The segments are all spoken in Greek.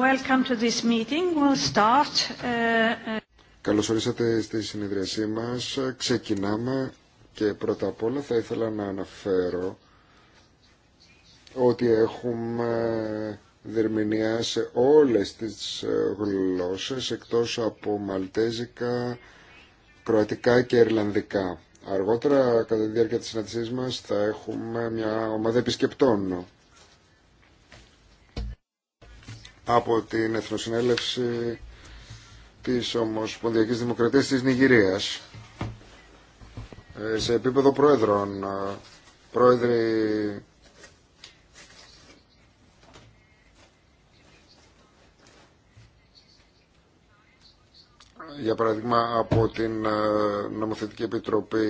Welcome to this uh, uh, Καλώς ορίσατε στη συνεδριασή μας. Ξεκινάμε και πρώτα απ' όλα θα ήθελα να αναφέρω ότι έχουμε δερμηνία σε όλες τις γλώσσες εκτός από μαλτέζικα, κροατικά και ιρλανδικά. Αργότερα κατά τη διάρκεια της συναντησής μας θα έχουμε μια ομάδα επισκεπτών από την Εθνοσυνέλευση της Ομοσπονδιακής Δημοκρατίας της Νιγηρίας ε, σε επίπεδο πρόεδρων ε, πρόεδροι για παράδειγμα από την ε, νομοθετική επιτροπή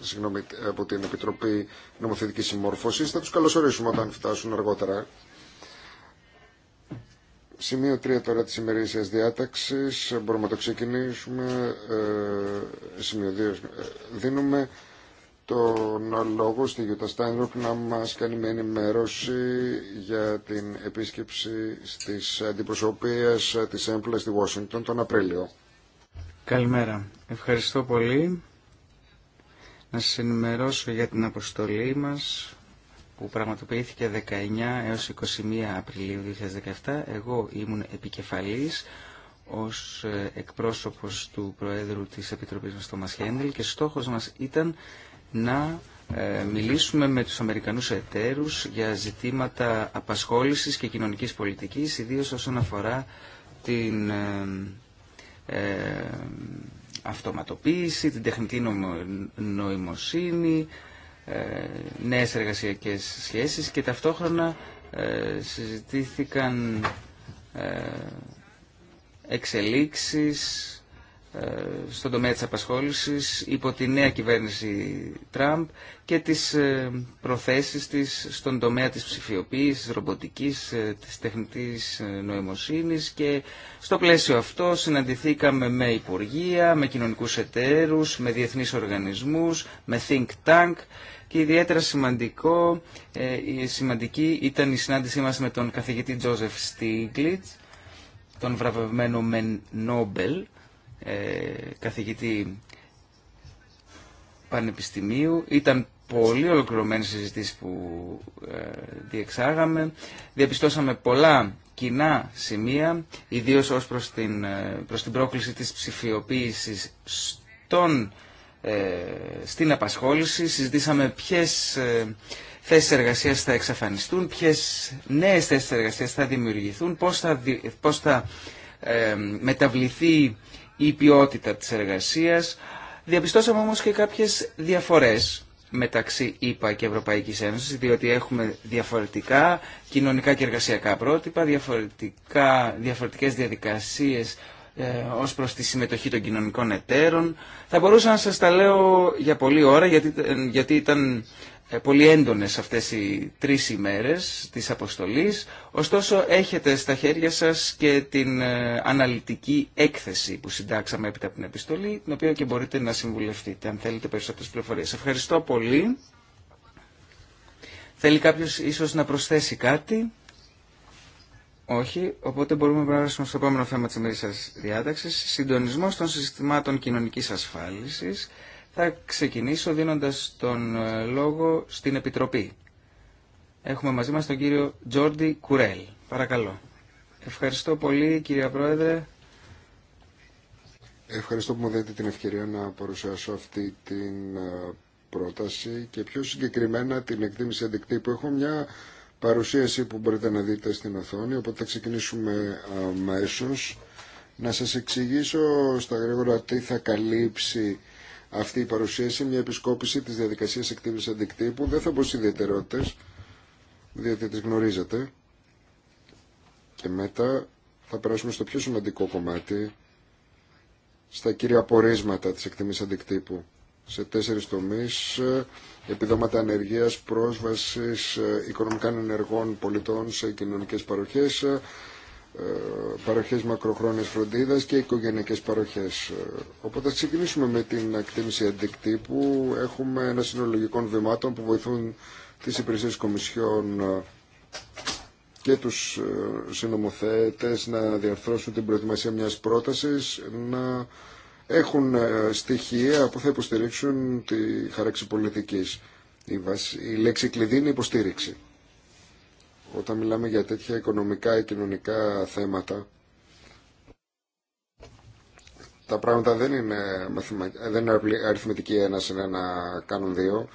συγγνώμη, από την Επιτροπή Νομοθετικής Συμμόρφωσης θα τους καλωσορίσουμε όταν φτάσουν αργότερα Σημείο 3 τώρα της ημερήσιας διάταξης, μπορούμε να το ξεκινήσουμε. Ε, σημείο 2. Ε, δίνουμε τον λόγο στη Γιώτα να μας κάνει μια ενημέρωση για την επίσκεψη στις αντιπροσωπείας της ΕΜΠΛΑ στη Βόσινγκτον τον Απρίλιο. Καλημέρα. Ευχαριστώ πολύ. Να σας ενημερώσω για την αποστολή μας που πραγματοποιήθηκε 19 έως 21 Απριλίου 2017. Εγώ ήμουν επικεφαλής ως ε, εκπρόσωπος του Προέδρου της Επιτροπής μας, Τόμας Χέντελ, και στόχος μας ήταν να ε, μιλήσουμε με τους Αμερικανούς εταίρους για ζητήματα απασχόλησης και κοινωνικής πολιτικής, ιδίως όσον αφορά την ε, ε αυτοματοποίηση, την τεχνητή νοημοσύνη, ε, νέες εργασιακές σχέσεις και ταυτόχρονα ε, συζητήθηκαν ε, εξελίξεις στον τομέα της απασχόλησης υπό τη νέα κυβέρνηση Τραμπ και τις προθέσεις της στον τομέα της ψηφιοποίησης, της ρομποτικής, της τεχνητής νοημοσύνης και στο πλαίσιο αυτό συναντηθήκαμε με υπουργεία, με κοινωνικούς εταίρους, με διεθνείς οργανισμούς, με think tank και ιδιαίτερα σημαντικό, ε, σημαντική ήταν η συνάντησή μας με τον καθηγητή Τζόζεφ Στίγκλιτς, τον βραβευμένο με Νόμπελ, ε, καθηγητή πανεπιστημίου. Ήταν πολύ ολοκληρωμένη συζήτηση που ε, διεξάγαμε. Διαπιστώσαμε πολλά κοινά σημεία, ιδίως ως προς την, προς την πρόκληση της ψηφιοποίησης στον ε, στην απασχόληση. Συζητήσαμε ποιες ε, θέσεις εργασίας θα εξαφανιστούν, ποιες νέες θέσεις εργασίας θα δημιουργηθούν, πώς θα, πώς θα ε, μεταβληθεί η ποιότητα της εργασίας. Διαπιστώσαμε όμως και κάποιες διαφορές μεταξύ ΕΠΑ και Ευρωπαϊκής Ένωσης, διότι έχουμε διαφορετικά κοινωνικά και εργασιακά πρότυπα, διαφορετικά, διαφορετικές ε, ως προς τη συμμετοχή των κοινωνικών εταίρων. Θα μπορούσα να σας τα λέω για πολλή ώρα γιατί, ε, γιατί ήταν ε, πολύ έντονες αυτές οι τρεις ημέρες της αποστολής. Ωστόσο έχετε στα χέρια σας και την αναλυτική έκθεση που συντάξαμε έπειτα από την επιστολή, την οποία και μπορείτε να συμβουλευτείτε αν θέλετε περισσότερες πληροφορίες. Ευχαριστώ πολύ. Θέλει κάποιος ίσως να προσθέσει κάτι. Όχι, οπότε μπορούμε να περάσουμε στο επόμενο θέμα της σα διάταξης. Συντονισμός των συστημάτων κοινωνικής ασφάλισης. Θα ξεκινήσω δίνοντας τον ε, λόγο στην Επιτροπή. Έχουμε μαζί μας τον κύριο Τζόρντι Κουρέλ. Παρακαλώ. Ευχαριστώ πολύ κύριε Πρόεδρε. Ευχαριστώ που μου δίνετε την ευκαιρία να παρουσιάσω αυτή την ε, πρόταση και πιο συγκεκριμένα την εκτίμηση αντικτύπου. Έχω μια παρουσίαση που μπορείτε να δείτε στην οθόνη, οπότε θα ξεκινήσουμε ε, αμέσω. Να σας εξηγήσω στα γρήγορα τι θα καλύψει αυτή η παρουσίαση, μια επισκόπηση της διαδικασίας εκτίμησης αντικτύπου. Δεν θα πω στις ιδιαιτερότητες, διότι τις γνωρίζετε. Και μετά θα περάσουμε στο πιο σημαντικό κομμάτι, στα κύρια απορίσματα της εκτίμησης αντικτύπου σε τέσσερις τομείς ε, επιδόματα ανεργίας, πρόσβασης ε, οικονομικών ενεργών πολιτών σε κοινωνικές παροχές, ε, παροχές μακροχρόνιας φροντίδας και οικογενειακές παροχές. Οπότε θα ξεκινήσουμε με την εκτίμηση αντικτύπου. Έχουμε ένα συνολογικό βημάτων που βοηθούν τις υπηρεσίες κομισιών και τους συνομοθέτες να διαρθρώσουν την προετοιμασία μιας πρότασης, να έχουν ε, στοιχεία που θα υποστηρίξουν τη χαράξη πολιτικής. Η, η λέξη κλειδί είναι υποστήριξη. Όταν μιλάμε για τέτοια οικονομικά ή κοινωνικά θέματα, τα πράγματα δεν είναι, μαθημα... δεν αριθμητική ένα σε ένα κάνουν δύο.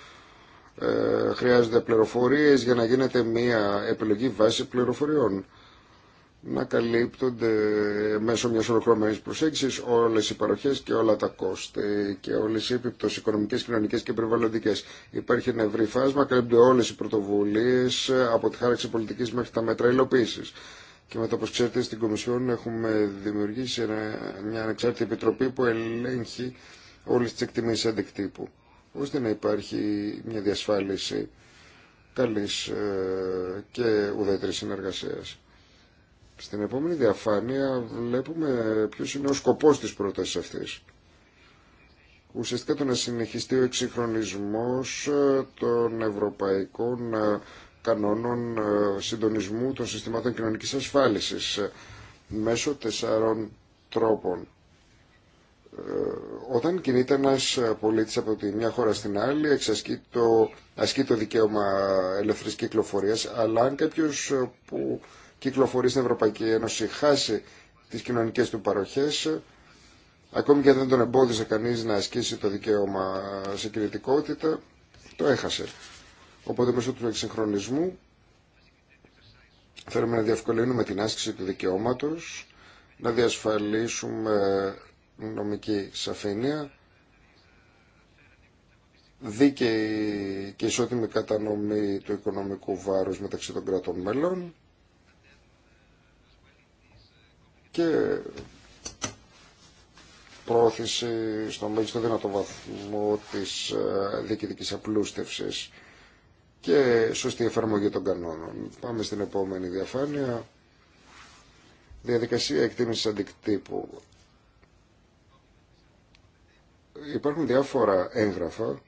Ε, χρειάζονται πληροφορίες για να γίνεται μια επιλογή βάση πληροφοριών να καλύπτονται μέσω μιας ολοκληρωμένης προσέγγισης όλες οι παροχές και όλα τα κόστη και όλες οι επιπτώσεις οικονομικές, κοινωνικές και περιβαλλοντικές. Υπάρχει ένα ευρύ φάσμα, καλύπτονται όλες οι πρωτοβουλίες από τη χάραξη πολιτικής μέχρι τα μέτρα υλοποίησης. Και μετά, όπως ξέρετε, στην Κομισιόν έχουμε δημιουργήσει μια ανεξάρτητη επιτροπή που ελέγχει όλες τις εκτιμήσεις αντικτύπου, ώστε να υπάρχει μια διασφάλιση καλής ε, και ουδέτερης συνεργασίας. Στην επόμενη διαφάνεια βλέπουμε ποιος είναι ο σκοπός της πρότασης αυτής. Ουσιαστικά το να συνεχιστεί ο εξυγχρονισμός ε, των ευρωπαϊκών ε, κανόνων ε, συντονισμού των συστημάτων κοινωνικής ασφάλισης μέσω τεσσάρων τρόπων. Όταν κινείται ένας πολίτης από τη μια χώρα στην άλλη, εξασκεί το, ασκεί το δικαίωμα ελευθερής κυκλοφορίας, αλλά αν κάποιος που κυκλοφορεί στην Ευρωπαϊκή Ένωση χάσει τις κοινωνικές του παροχές, ακόμη και δεν τον εμπόδισε κανείς να ασκήσει το δικαίωμα σε κριτικότητα, το έχασε. Οπότε μέσω του εξυγχρονισμού θέλουμε να διευκολύνουμε την άσκηση του δικαιώματος, να διασφαλίσουμε νομική σαφήνεια, δίκαιη και ισότιμη κατανομή του οικονομικού βάρους μεταξύ των κρατών μελών και πρόθεση στο μέγιστο δυνατό βαθμό της ε, διοικητικής απλούστευσης και σωστή εφαρμογή των κανόνων. Πάμε στην επόμενη διαφάνεια. Διαδικασία εκτίμησης αντικτύπου. Υπάρχουν διάφορα έγγραφα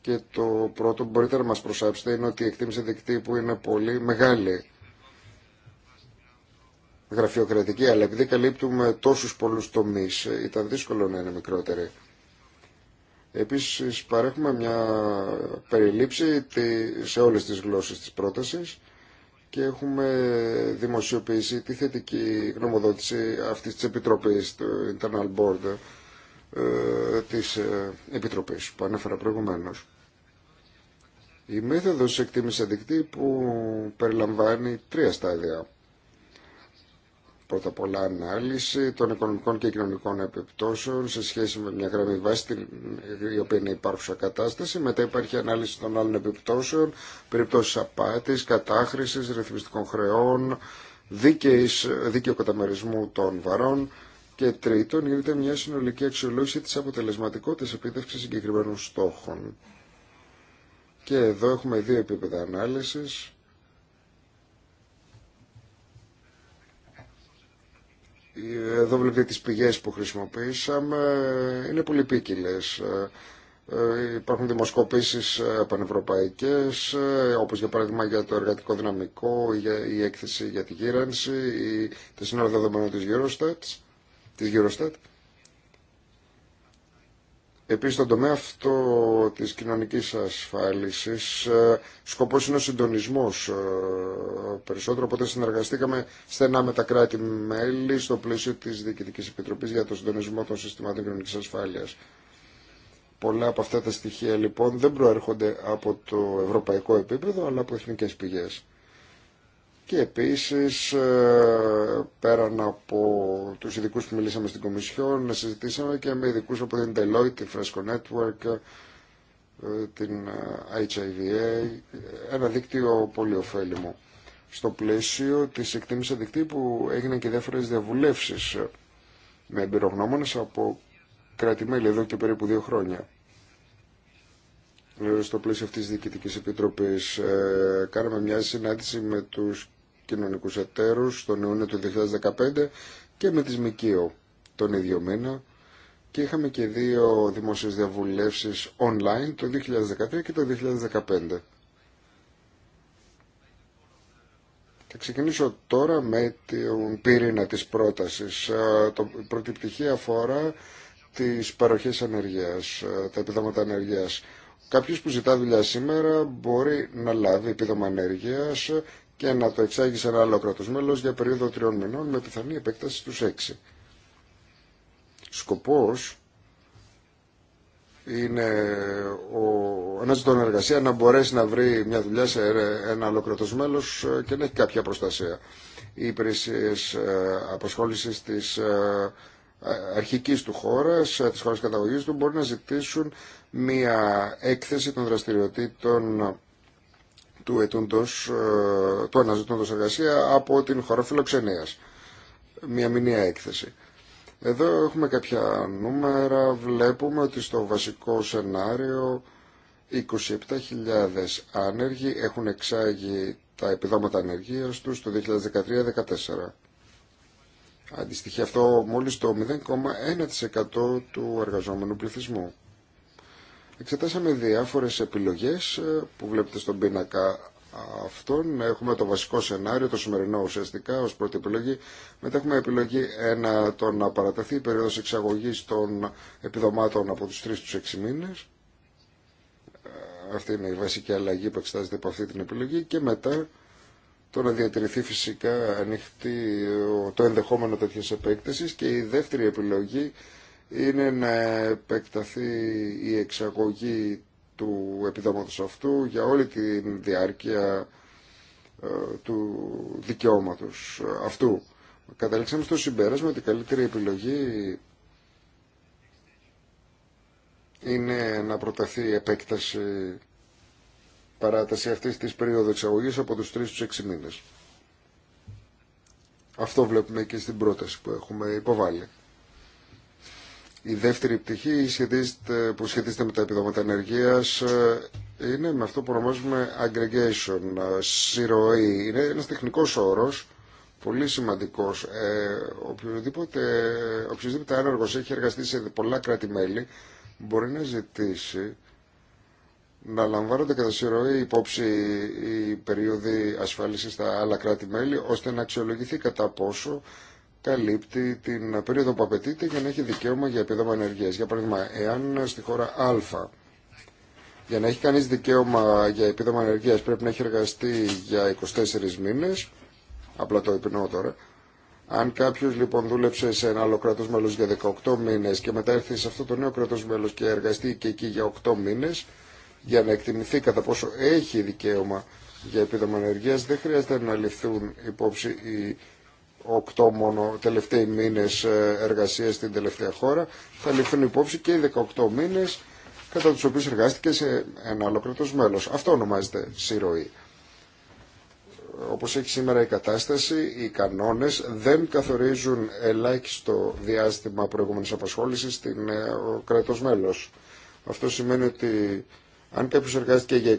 και το πρώτο που μπορείτε να μας προσάψετε είναι ότι η εκτίμηση αντικτύπου είναι πολύ μεγάλη γραφειοκρατική, αλλά επειδή καλύπτουμε τόσους πολλούς τομείς, ήταν δύσκολο να είναι μικρότερη. Επίσης παρέχουμε μια περιλήψη σε όλες τις γλώσσες της πρότασης και έχουμε δημοσιοποιήσει τη θετική γνωμοδότηση αυτής της Επιτροπής, του Internal Board ε, της ε, Επιτροπής που ανέφερα προηγουμένως. Η μέθοδος εκτίμησης που περιλαμβάνει τρία στάδια πρώτα απ' όλα ανάλυση των οικονομικών και κοινωνικών επιπτώσεων σε σχέση με μια γραμμή βάση η οποία είναι υπάρχουσα κατάσταση. Μετά υπάρχει ανάλυση των άλλων επιπτώσεων, περιπτώσει απάτης, κατάχρησης, ρυθμιστικών χρεών, δίκαιης, δίκαιο καταμερισμού των βαρών. Και τρίτον, γίνεται μια συνολική αξιολόγηση της αποτελεσματικότητας επίτευξης συγκεκριμένων στόχων. Και εδώ έχουμε δύο επίπεδα ανάλυσης Εδώ βλέπετε τις πηγές που χρησιμοποίησαμε, είναι πολύ επίκυλες. Ε, ε, υπάρχουν δημοσκοπήσεις ε, πανευρωπαϊκές, όπως για παράδειγμα για το εργατικό δυναμικό, η έκθεση για τη γύρανση, τα σύνορα δεδομένο της Eurostat. Της Eurostat. Επίσης, στον τομέα αυτό της κοινωνικής ασφάλισης, ε, σκοπός είναι ο συντονισμός. Ε, περισσότερο οπότε συνεργαστήκαμε στενά με τα κράτη-μέλη στο πλαίσιο της Διοικητικής Επιτροπής για το συντονισμό των συστημάτων κοινωνικής ασφάλειας. Πολλά από αυτά τα στοιχεία, λοιπόν, δεν προέρχονται από το ευρωπαϊκό επίπεδο, αλλά από εθνικές πηγές. Και επίσης, ε, πέραν από τους ειδικού που μιλήσαμε στην Κομισιόν, να συζητήσαμε και με ειδικού από την Deloitte, την Fresco Network, ε, την ε, HIVA, ένα δίκτυο πολύ ωφέλιμο. Στο πλαίσιο της εκτίμησης που έγιναν και διάφορες διαβουλεύσεις με εμπειρογνώμονε απο από κράτη-μέλη εδώ και περίπου δύο χρόνια. Στο πλαίσιο αυτής της Διοικητικής Επιτροπής κάναμε μια συνάντηση με τους Κοινωνικού εταίρου τον Ιούνιο του 2015 και με τη ΜΚΙΟ τον ίδιο μήνα και είχαμε και δύο δημοσίες διαβουλεύσεις online το 2013 και το 2015. Θα ξεκινήσω τώρα με την πύρινα της πρότασης. Ε, η πρώτη πτυχή αφορά τις παροχές ανεργίας, ε, τα επιδόματα ανεργίας. Κάποιος που ζητά δουλειά σήμερα μπορεί να λάβει επίδομα και να το εξάγει σε ένα άλλο κράτο για περίοδο τριών μηνών με πιθανή επέκταση στους έξι. Σκοπός είναι ο αναζητών εργασία να μπορέσει να βρει μια δουλειά σε ένα άλλο κράτο ε, και να έχει κάποια προστασία. Οι υπηρεσίε απασχόληση τη ε, αρχικής του χώρας, ε, της χώρας καταγωγής του, μπορεί να ζητήσουν μια έκθεση των δραστηριοτήτων του, ετούντος, ε, του αναζητούντος εργασία από την χώρα φιλοξενίας. Μια μηνιαία έκθεση. Εδώ έχουμε κάποια νούμερα. Βλέπουμε ότι στο βασικό σενάριο 27.000 άνεργοι έχουν εξάγει τα επιδόματα ανεργίας τους το 2013-2014. Αντιστοιχεί αυτό μόλις το 0,1% του εργαζόμενου πληθυσμού. Εξετάσαμε διάφορες επιλογές ε, που βλέπετε στον πίνακα αυτών. Έχουμε το βασικό σενάριο, το σημερινό ουσιαστικά, ως πρώτη επιλογή. Μετά έχουμε επιλογή ένα, το να παραταθεί η περίοδος εξαγωγής των επιδομάτων από τους 3 στους 6 μήνες. Ε, αυτή είναι η βασική αλλαγή που εξετάζεται από αυτή την επιλογή. Και μετά το να διατηρηθεί φυσικά ανοιχτή το ενδεχόμενο τέτοιες επέκταση. Και η δεύτερη επιλογή είναι να επεκταθεί η εξαγωγή του επιδόματος αυτού για όλη τη διάρκεια ε, του δικαιώματος αυτού. Καταλήξαμε στο συμπέρασμα ότι η καλύτερη επιλογή είναι να προταθεί η επέκταση παράταση αυτής της περίοδου εξαγωγής από τους 3 στους 6 μήνες. Αυτό βλέπουμε και στην πρόταση που έχουμε υποβάλει. Η δεύτερη πτυχή που σχετίζεται με τα επιδόματα ενεργείας ε, είναι με αυτό που ονομάζουμε aggregation, συρροή. Ε, e. Είναι ένας τεχνικός όρος, πολύ σημαντικός. Ε, οποιοδήποτε, οποιοδήποτε άνεργος έχει εργαστεί σε πολλά κράτη-μέλη μπορεί να ζητήσει να λαμβάνονται κατά συρροή e υπόψη οι περίοδοι ασφάλισης στα άλλα κράτη-μέλη ώστε να αξιολογηθεί κατά πόσο καλύπτει την περίοδο που απαιτείται για να έχει δικαίωμα για επίδομα ενεργεία. Για παράδειγμα, εάν στη χώρα Α, για να έχει κανεί δικαίωμα για επίδομα ενεργεία, πρέπει να έχει εργαστεί για 24 μήνε, απλά το επινοώ τώρα. Αν κάποιο λοιπόν δούλεψε σε ένα άλλο κράτο μέλο για 18 μήνε και μετά έρθει σε αυτό το νέο κράτο μέλο και εργαστεί και εκεί για 8 μήνε, για να εκτιμηθεί κατά πόσο έχει δικαίωμα για επίδομα ενεργεία, δεν χρειάζεται να ληφθούν υπόψη οι οκτώ μόνο τελευταίοι μήνες ε, εργασίας στην τελευταία χώρα. Θα ληφθούν υπόψη και οι 18 μήνες κατά τους οποίους εργάστηκε σε ένα άλλο κράτος μέλος. Αυτό ονομάζεται συρροή. Όπως έχει σήμερα η κατάσταση, οι κανόνες δεν καθορίζουν ελάχιστο διάστημα προηγούμενης απασχόλησης στην ε, κράτος μέλος. Αυτό σημαίνει ότι αν κάποιο εργάστηκε για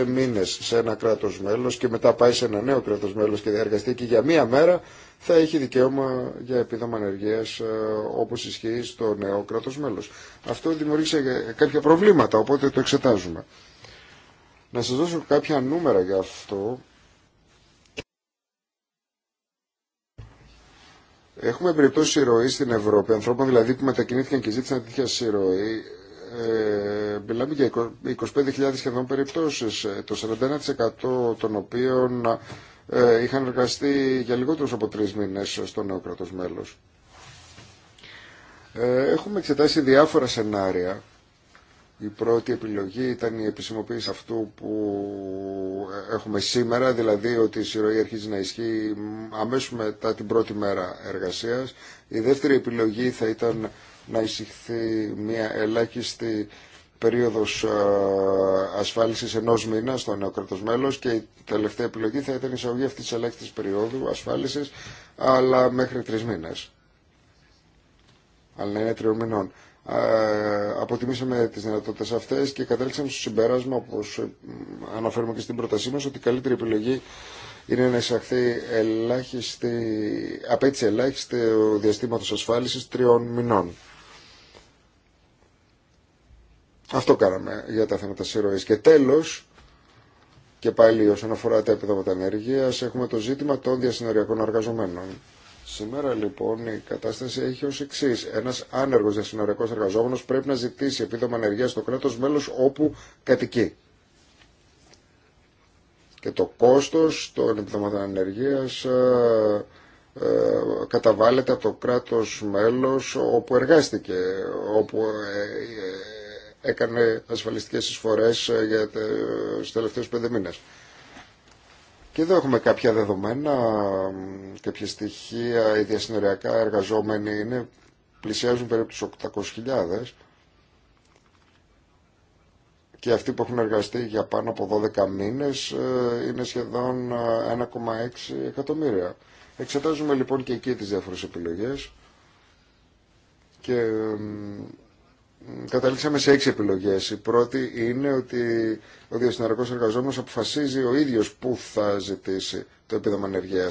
25 μήνε σε ένα κράτο μέλο και μετά πάει σε ένα νέο κράτο μέλο και διαργαστεί και για μία μέρα, θα έχει δικαίωμα για επίδομα ανεργία ε, όπω ισχύει στο νέο κράτο μέλο. Αυτό δημιουργήσε κάποια προβλήματα, οπότε το εξετάζουμε. Να σας δώσω κάποια νούμερα για αυτό. Έχουμε περιπτώσει ροή στην Ευρώπη, ανθρώπων δηλαδή που μετακινήθηκαν και ζήτησαν τέτοια ροή ε, μιλάμε για 25.000 σχεδόν περιπτώσεις, ε, το 41% των οποίων ε, είχαν εργαστεί για λιγότερους από τρει μήνες στο νέο κράτος μέλος. Έχουμε εξετάσει διάφορα σενάρια. Η πρώτη επιλογή ήταν η επισημοποίηση αυτού που έχουμε σήμερα, δηλαδή ότι η συρροή αρχίζει να ισχύει αμέσως μετά την πρώτη μέρα εργασίας. Η δεύτερη επιλογή θα ήταν να εισηχθεί μια ελάχιστη περίοδος ε, ασφάλισης ενός μήνα στο νέο κράτος μέλος και η τελευταία επιλογή θα ήταν η εισαγωγή αυτής της ελάχιστης περίοδου ασφάλισης αλλά μέχρι τρεις μήνες. Αλλά να είναι τριών μηνών. Ε, αποτιμήσαμε τις δυνατότητες αυτές και κατέληξαμε στο συμπέρασμα όπως ε, αναφέρουμε και στην πρότασή μας ότι η καλύτερη επιλογή είναι να εισαχθεί ελάχιστη, απέτσι ελάχιστη διαστήματος ασφάλισης τριών μηνών. Αυτό κάναμε για τα θέματα συρροής. Και τέλος, και πάλι όσον αφορά τα επιδόματα ενέργεια, έχουμε το ζήτημα των διασυνοριακών εργαζομένων. Σήμερα λοιπόν η κατάσταση έχει ω εξή. Ένα άνεργο διασυνοριακό εργαζόμενο πρέπει να ζητήσει επίδομα ενέργεια στο κράτο μέλο όπου κατοικεί. Και το κόστος των επιδομάτων ενεργείας ε, ε, καταβάλλεται από το κράτος μέλος όπου εργάστηκε, όπου ε, ε, έκανε ασφαλιστικές εισφορές ε, για ε, τους τελευταίους πέντε μήνες. Και εδώ έχουμε κάποια δεδομένα, κάποια στοιχεία, οι διασυνοριακά εργαζόμενοι είναι, πλησιάζουν περίπου τους 800.000 και αυτοί που έχουν εργαστεί για πάνω από 12 μήνες ε, είναι σχεδόν 1,6 εκατομμύρια. Εξετάζουμε λοιπόν και εκεί τις διάφορες επιλογές και καταλήξαμε σε έξι επιλογέ. Η πρώτη είναι ότι ο διασυναρικός εργαζόμενος αποφασίζει ο ίδιο πού θα ζητήσει το επίδομα ενεργεία.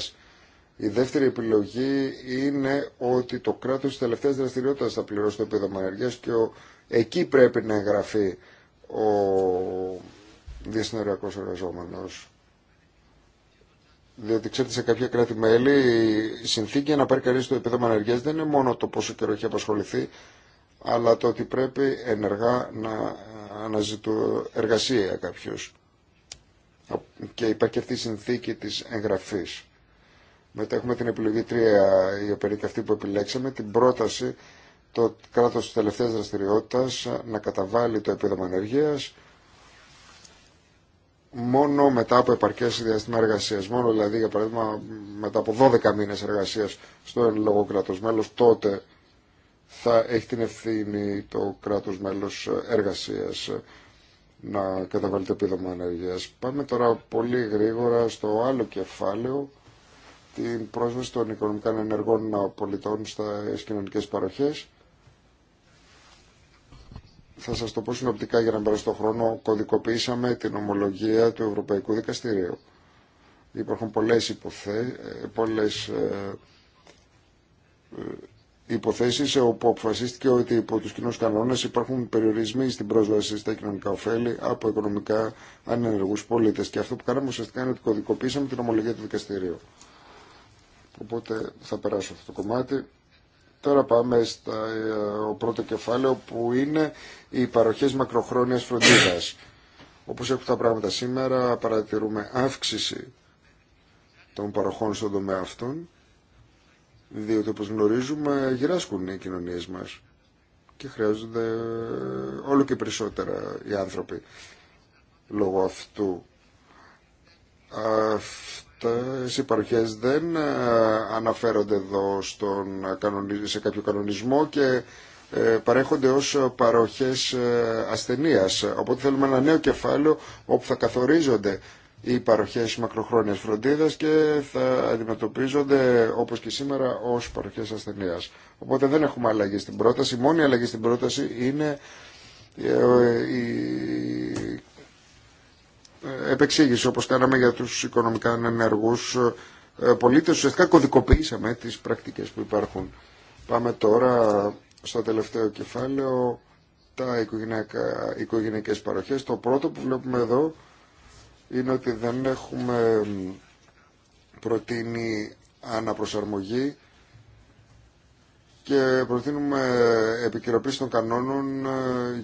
Η δεύτερη επιλογή είναι ότι το κράτο τη τελευταία δραστηριότητα θα πληρώσει το επίδομα ενέργεια και ο... εκεί πρέπει να εγγραφεί ο διασυνοριακός εργαζόμενο. Διότι ξέρετε, σε κάποια κράτη-μέλη η συνθήκη να πάρει κανεί το επίδομα ενεργεία δεν είναι μόνο το πόσο καιρό έχει απασχοληθεί, αλλά το ότι πρέπει ενεργά να αναζητούν εργασία κάποιο Και υπάρχει αυτή η συνθήκη της εγγραφής. Μετά έχουμε την επιλογή 3, η περίπτωση αυτή που επιλέξαμε, την πρόταση το κράτος της τελευταίας δραστηριότητας να καταβάλει το επίδομα ενεργείας μόνο μετά από επαρκές διαστήμα εργασίας, μόνο δηλαδή για παράδειγμα μετά από 12 μήνες εργασίας στο εν λόγω μέλος, τότε θα έχει την ευθύνη το κράτος μέλος εργασίας να καταβάλει το επίδομα ανεργίας. Πάμε τώρα πολύ γρήγορα στο άλλο κεφάλαιο, την πρόσβαση των οικονομικά ενεργών πολιτών στα κοινωνικέ παροχές. Θα σας το πω συνοπτικά για να περάσω το χρόνο, κωδικοποιήσαμε την ομολογία του Ευρωπαϊκού Δικαστηρίου. Υπάρχουν πολλές υποθέσεις, πολλές ε, ε, Υποθέσει ε, όπου αποφασίστηκε ότι υπό του κοινού κανόνε υπάρχουν περιορισμοί στην πρόσβαση στα κοινωνικά ωφέλη από οικονομικά ανένεργου πολίτε. Και αυτό που κάναμε ουσιαστικά είναι ότι κωδικοποίησαμε την ομολογία του δικαστηρίου. Οπότε θα περάσω αυτό το κομμάτι. Τώρα πάμε στο ε, πρώτο κεφάλαιο που είναι οι παροχέ μακροχρόνια φροντίδα. Όπω έχουν τα πράγματα σήμερα παρατηρούμε αύξηση των παροχών στον τομέα αυτών διότι όπως γνωρίζουμε γυράσκουν οι κοινωνίες μας και χρειάζονται όλο και περισσότερα οι άνθρωποι λόγω αυτού. Αυτές οι παροχές δεν ε, αναφέρονται εδώ στον, σε κάποιο κανονισμό και ε, παρέχονται ως παροχές ε, ασθενείας. Οπότε θέλουμε ένα νέο κεφάλαιο όπου θα καθορίζονται οι παροχές μακροχρόνιας φροντίδας και θα αντιμετωπίζονται όπως και σήμερα ως παροχές ασθενείας. Οπότε δεν έχουμε αλλαγή στην πρόταση. Η μόνη αλλαγή στην πρόταση είναι ε, ε, η επεξήγηση όπως κάναμε για τους οικονομικά ενεργούς ε, πολίτες. Ουσιαστικά κωδικοποιήσαμε τις πρακτικές που υπάρχουν. Πάμε τώρα στο τελευταίο κεφάλαιο τα οικογενειακές παροχές. Το πρώτο που βλέπουμε εδώ είναι ότι δεν έχουμε προτείνει αναπροσαρμογή και προτείνουμε επικυροποίηση των κανόνων ε,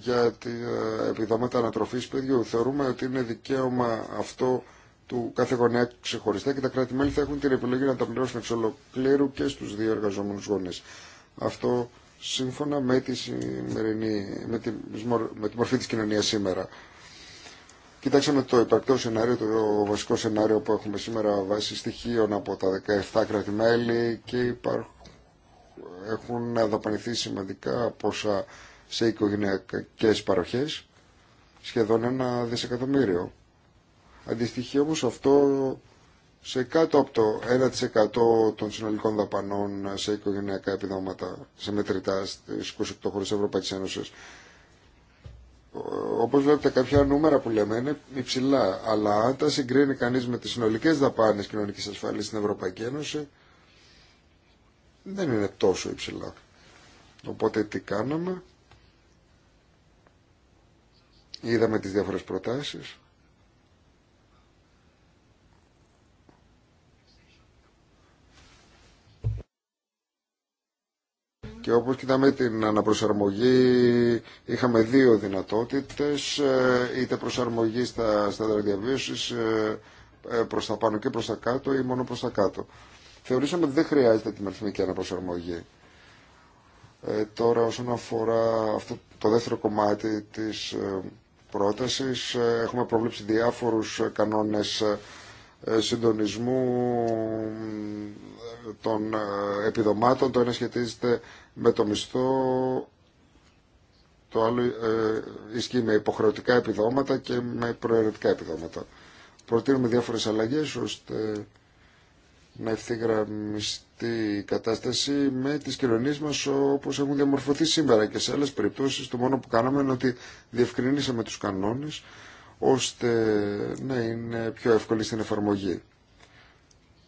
για τα ε, επιδόματα ανατροφής παιδιού. Θεωρούμε ότι είναι δικαίωμα αυτό του κάθε γονέα ξεχωριστά και τα κράτη-μέλη θα έχουν την επιλογή να τα πληρώσουν εξ ολοκλήρου και στους δύο εργαζόμενους γονείς. Αυτό σύμφωνα με τη, σημερινή, με τη, με τη μορφή της κοινωνίας σήμερα. Κοιτάξαμε το υπαρκτό σενάριο, το βασικό σενάριο που έχουμε σήμερα βάσει στοιχείων από τα 17 κράτη-μέλη και έχουν δαπανηθεί σημαντικά πόσα σε οικογενειακές παροχές, σχεδόν ένα δισεκατομμύριο. Αντιστοιχεί όμως αυτό σε κάτω από το 1% των συνολικών δαπανών σε οικογενειακά επιδόματα, σε μετρητά στις 28 χώρες Ευρωπαϊκής Ένωσης όπως βλέπετε κάποια νούμερα που λέμε είναι υψηλά, αλλά αν τα συγκρίνει κανείς με τις συνολικές δαπάνες κοινωνικής ασφάλισης στην Ευρωπαϊκή Ένωση, δεν είναι τόσο υψηλά. Οπότε τι κάναμε, είδαμε τις διάφορες προτάσεις Και όπως κοιτάμε την αναπροσαρμογή, είχαμε δύο δυνατότητες, ε, είτε προσαρμογή στα στάδια διαβίωσης ε, ε, προς τα πάνω και προς τα κάτω ή μόνο προς τα κάτω. Θεωρήσαμε ότι δεν χρειάζεται την αριθμική αναπροσαρμογή. τώρα όσον αφορά αυτό το δεύτερο κομμάτι της πρότασης, έχουμε προβλέψει διάφορους κανόνες ε, συντονισμού ε, των ε, επιδομάτων. Το ένα σχετίζεται με το μισθό, το άλλο ισχύει με υποχρεωτικά επιδόματα και με προαιρετικά επιδόματα. Προτείνουμε διάφορες αλλαγές ώστε να ευθυγραμμιστεί η κατάσταση με τις κοινωνίες μας όπως έχουν διαμορφωθεί σήμερα και σε άλλες περιπτώσεις το μόνο που κάναμε είναι ότι διευκρινίσαμε τους κανόνες ώστε να είναι πιο εύκολη στην εφαρμογή.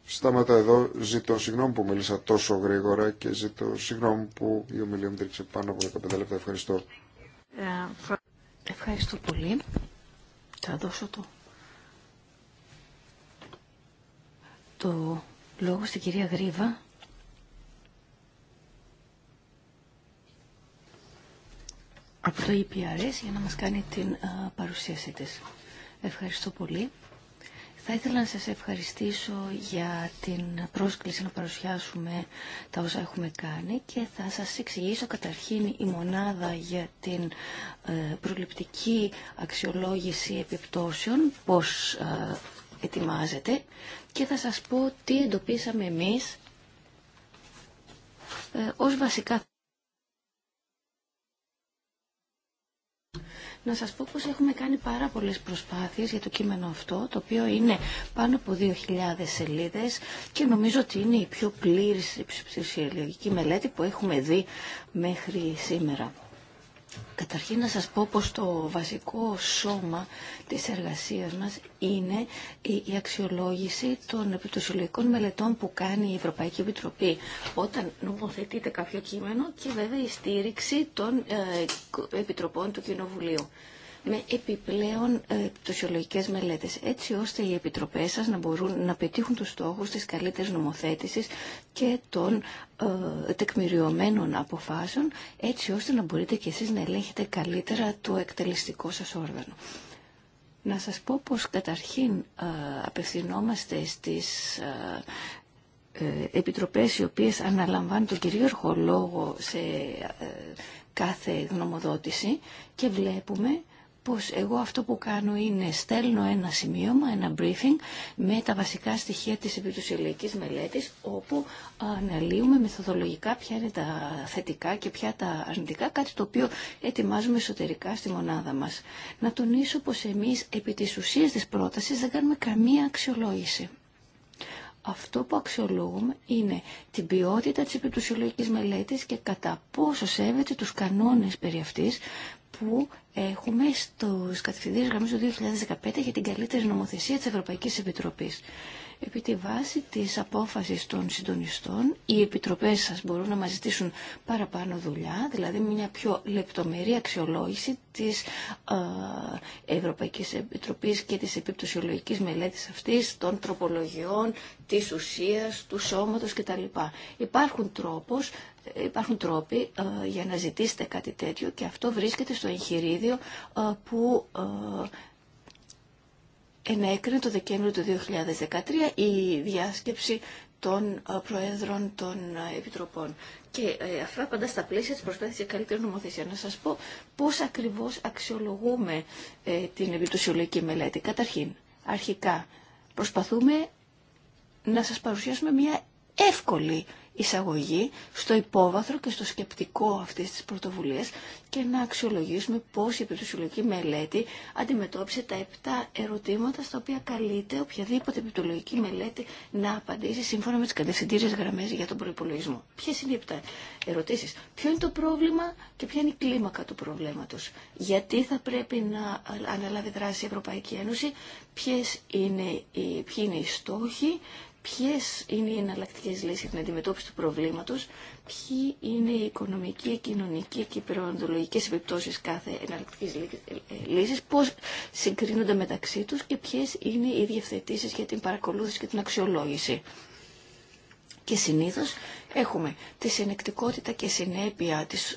Σταματά εδώ. Ζητώ συγγνώμη που μίλησα τόσο γρήγορα και ζητώ συγγνώμη που η ομιλία μου τρίξε πάνω από 15 λεπτά. Ευχαριστώ. Ευχαριστώ πολύ. Θα δώσω το, το λόγο στην κυρία Γρίβα από το EPRS για να μας κάνει την παρουσίαση της. Ευχαριστώ πολύ. Θα ήθελα να σας ευχαριστήσω για την πρόσκληση να παρουσιάσουμε τα όσα έχουμε κάνει και θα σας εξηγήσω καταρχήν η μονάδα για την ε, προληπτική αξιολόγηση επιπτώσεων, πώς ετοιμάζεται και θα σας πω τι εντοπίσαμε εμείς ε, ως βασικά να σας πω πως έχουμε κάνει πάρα πολλές προσπάθειες για το κείμενο αυτό, το οποίο είναι πάνω από 2.000 σελίδες και νομίζω ότι είναι η πιο πλήρης ψηφιολογική μελέτη που έχουμε δει μέχρι σήμερα. Καταρχήν να σας πω πως το βασικό σώμα της εργασίας μας είναι η αξιολόγηση των επιτοσιολογικών μελετών που κάνει η Ευρωπαϊκή Επιτροπή όταν νομοθετείται κάποιο κείμενο και βέβαια η στήριξη των ε, επιτροπών του Κοινοβουλίου με επιπλέον ε, πτωσιολογικές μελέτες, έτσι ώστε οι επιτροπές σας να μπορούν να πετύχουν τους στόχους της καλύτερης νομοθέτησης και των ε, τεκμηριωμένων αποφάσεων, έτσι ώστε να μπορείτε κι εσείς να ελέγχετε καλύτερα το εκτελεστικό σας όργανο. Να σας πω πως καταρχήν ε, απευθυνόμαστε στις ε, ε, επιτροπές οι οποίες αναλαμβάνουν τον κυρίαρχο λόγο σε κάθε γνωμοδότηση και βλέπουμε πως εγώ αυτό που κάνω είναι στέλνω ένα σημείωμα, ένα briefing με τα βασικά στοιχεία της επιτουσιολογική μελέτης όπου αναλύουμε μεθοδολογικά ποια είναι τα θετικά και ποια τα αρνητικά, κάτι το οποίο ετοιμάζουμε εσωτερικά στη μονάδα μας. Να τονίσω πως εμείς επί της ουσίας της πρότασης δεν κάνουμε καμία αξιολόγηση. Αυτό που αξιολογούμε είναι την ποιότητα της επιτουσιολογικής μελέτης και κατά πόσο σέβεται τους κανόνες περί αυτής που έχουμε στους κατευθυντήρες γραμμές του 2015 για την καλύτερη νομοθεσία της Ευρωπαϊκής Επιτροπής. Επί τη βάση της απόφασης των συντονιστών, οι επιτροπές σας μπορούν να μας ζητήσουν παραπάνω δουλειά, δηλαδή μια πιο λεπτομερή αξιολόγηση της ε, Ευρωπαϊκής Επιτροπής και της επιπτωσιολογικής μελέτης αυτής, των τροπολογιών, της ουσίας, του σώματος κτλ. Υπάρχουν τρόπος, Υπάρχουν τρόποι ε, για να ζητήσετε κάτι τέτοιο και αυτό βρίσκεται στο εγχειρίδιο ε, που ε, ενέκρινε το Δεκέμβριο του 2013 η διάσκεψη των Προέδρων των Επιτροπών. Και αυτά πάντα στα πλαίσια της προσπάθειας για καλύτερη νομοθεσία. Να σας πω πώς ακριβώς αξιολογούμε την επιτουσιολογική μελέτη. Καταρχήν, αρχικά, προσπαθούμε να σας παρουσιάσουμε μια εύκολη εισαγωγή στο υπόβαθρο και στο σκεπτικό αυτής της πρωτοβουλίας και να αξιολογήσουμε πώς η επιπτωσιολογική μελέτη αντιμετώπισε τα επτά ερωτήματα στα οποία καλείται οποιαδήποτε επιπτωσιολογική μελέτη να απαντήσει σύμφωνα με τις κατευθυντήριες γραμμές για τον προϋπολογισμό. Ποιες είναι οι επτά ερωτήσεις. Ποιο είναι το πρόβλημα και ποια είναι η κλίμακα του προβλήματος. Γιατί θα πρέπει να αναλάβει δράση η Ευρωπαϊκή Ένωση. Ποιες είναι ποιοι είναι οι στόχοι Ποιε είναι οι εναλλακτικέ λύσεις για την αντιμετώπιση του προβλήματος, ποιοι είναι οι οικονομικοί, κοινωνικοί και περιοντολογικές επιπτώσεις κάθε εναλλακτική ε, ε, λύσης, πώ συγκρίνονται μεταξύ τους και ποιες είναι οι διευθετήσει για την παρακολούθηση και την αξιολόγηση. Και συνήθως έχουμε τη συνεκτικότητα και συνέπεια της,